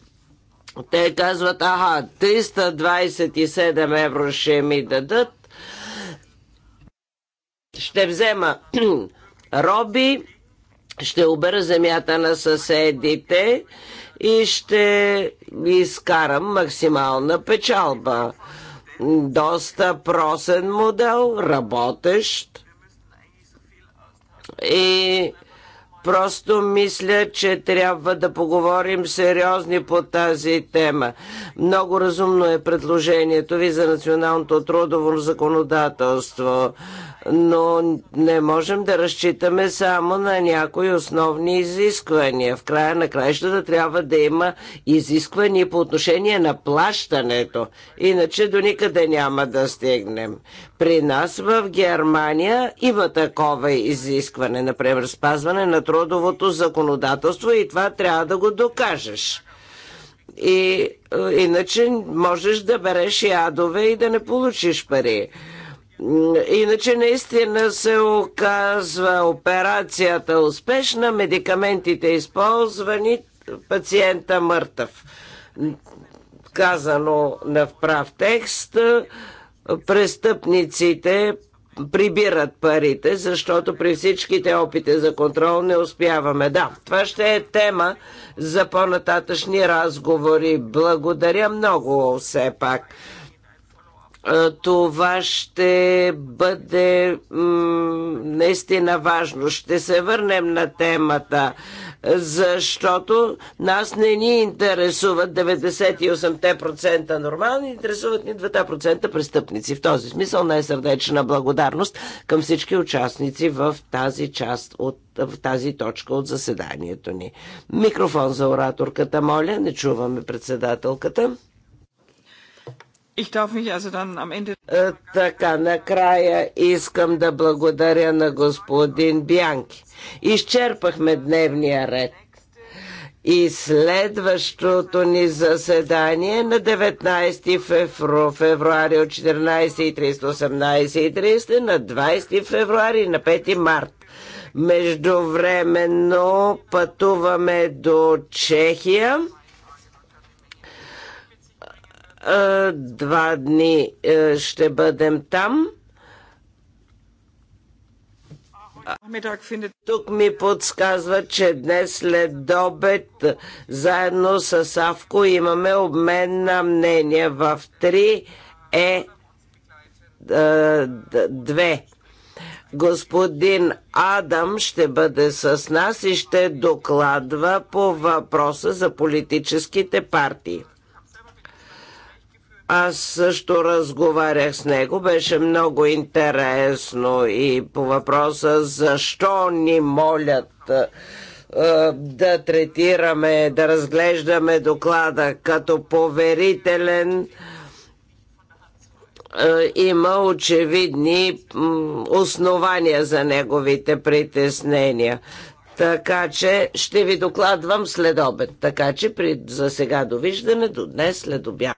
Те казват, аха, 327 евро ще ми дадат. Ще взема роби, ще обера земята на съседите и ще изкарам максимална печалба. Доста просен модел, работещ и Просто мисля, че трябва да поговорим сериозни по тази тема. Много разумно е предложението ви за националното трудово законодателство но не можем да разчитаме само на някои основни изисквания. В края на краищата трябва да има изисквания по отношение на плащането, иначе до никъде няма да стигнем. При нас в Германия има такова изискване, например спазване на трудовото законодателство и това трябва да го докажеш и иначе можеш да береш ядове и да не получиш пари. Иначе наистина се оказва операцията успешна, медикаментите използвани, пациента мъртъв. Казано на прав текст, престъпниците прибират парите, защото при всичките опити за контрол не успяваме. Да, това ще е тема за по-нататъчни разговори. Благодаря много все пак това ще бъде наистина важно. Ще се върнем на темата, защото нас не ни интересуват 98% нормални, интересуват ни 2% престъпници. В този смисъл най-сърдечна благодарност към всички участници в тази част от в тази точка от заседанието ни. Микрофон за ораторката, моля, не чуваме председателката. Е, така, накрая искам да благодаря на господин Бянки. Изчерпахме дневния ред. И следващото ни заседание на 19 февру, февруари от 14.30 18.30 на 20 февруари на 5 март. Междувременно пътуваме до Чехия Два дни е, ще бъдем там. Тук ми подсказва, че днес след добед, заедно с Савко имаме обмен на мнение в 3 е 2. Е, Господин Адам ще бъде с нас и ще докладва по въпроса за политическите партии. Аз също разговарях с него, беше много интересно и по въпроса защо ни молят да третираме, да разглеждаме доклада като поверителен има очевидни основания за неговите притеснения. Така че ще ви докладвам след обед. Така че при, за сега довиждане до днес след обяд.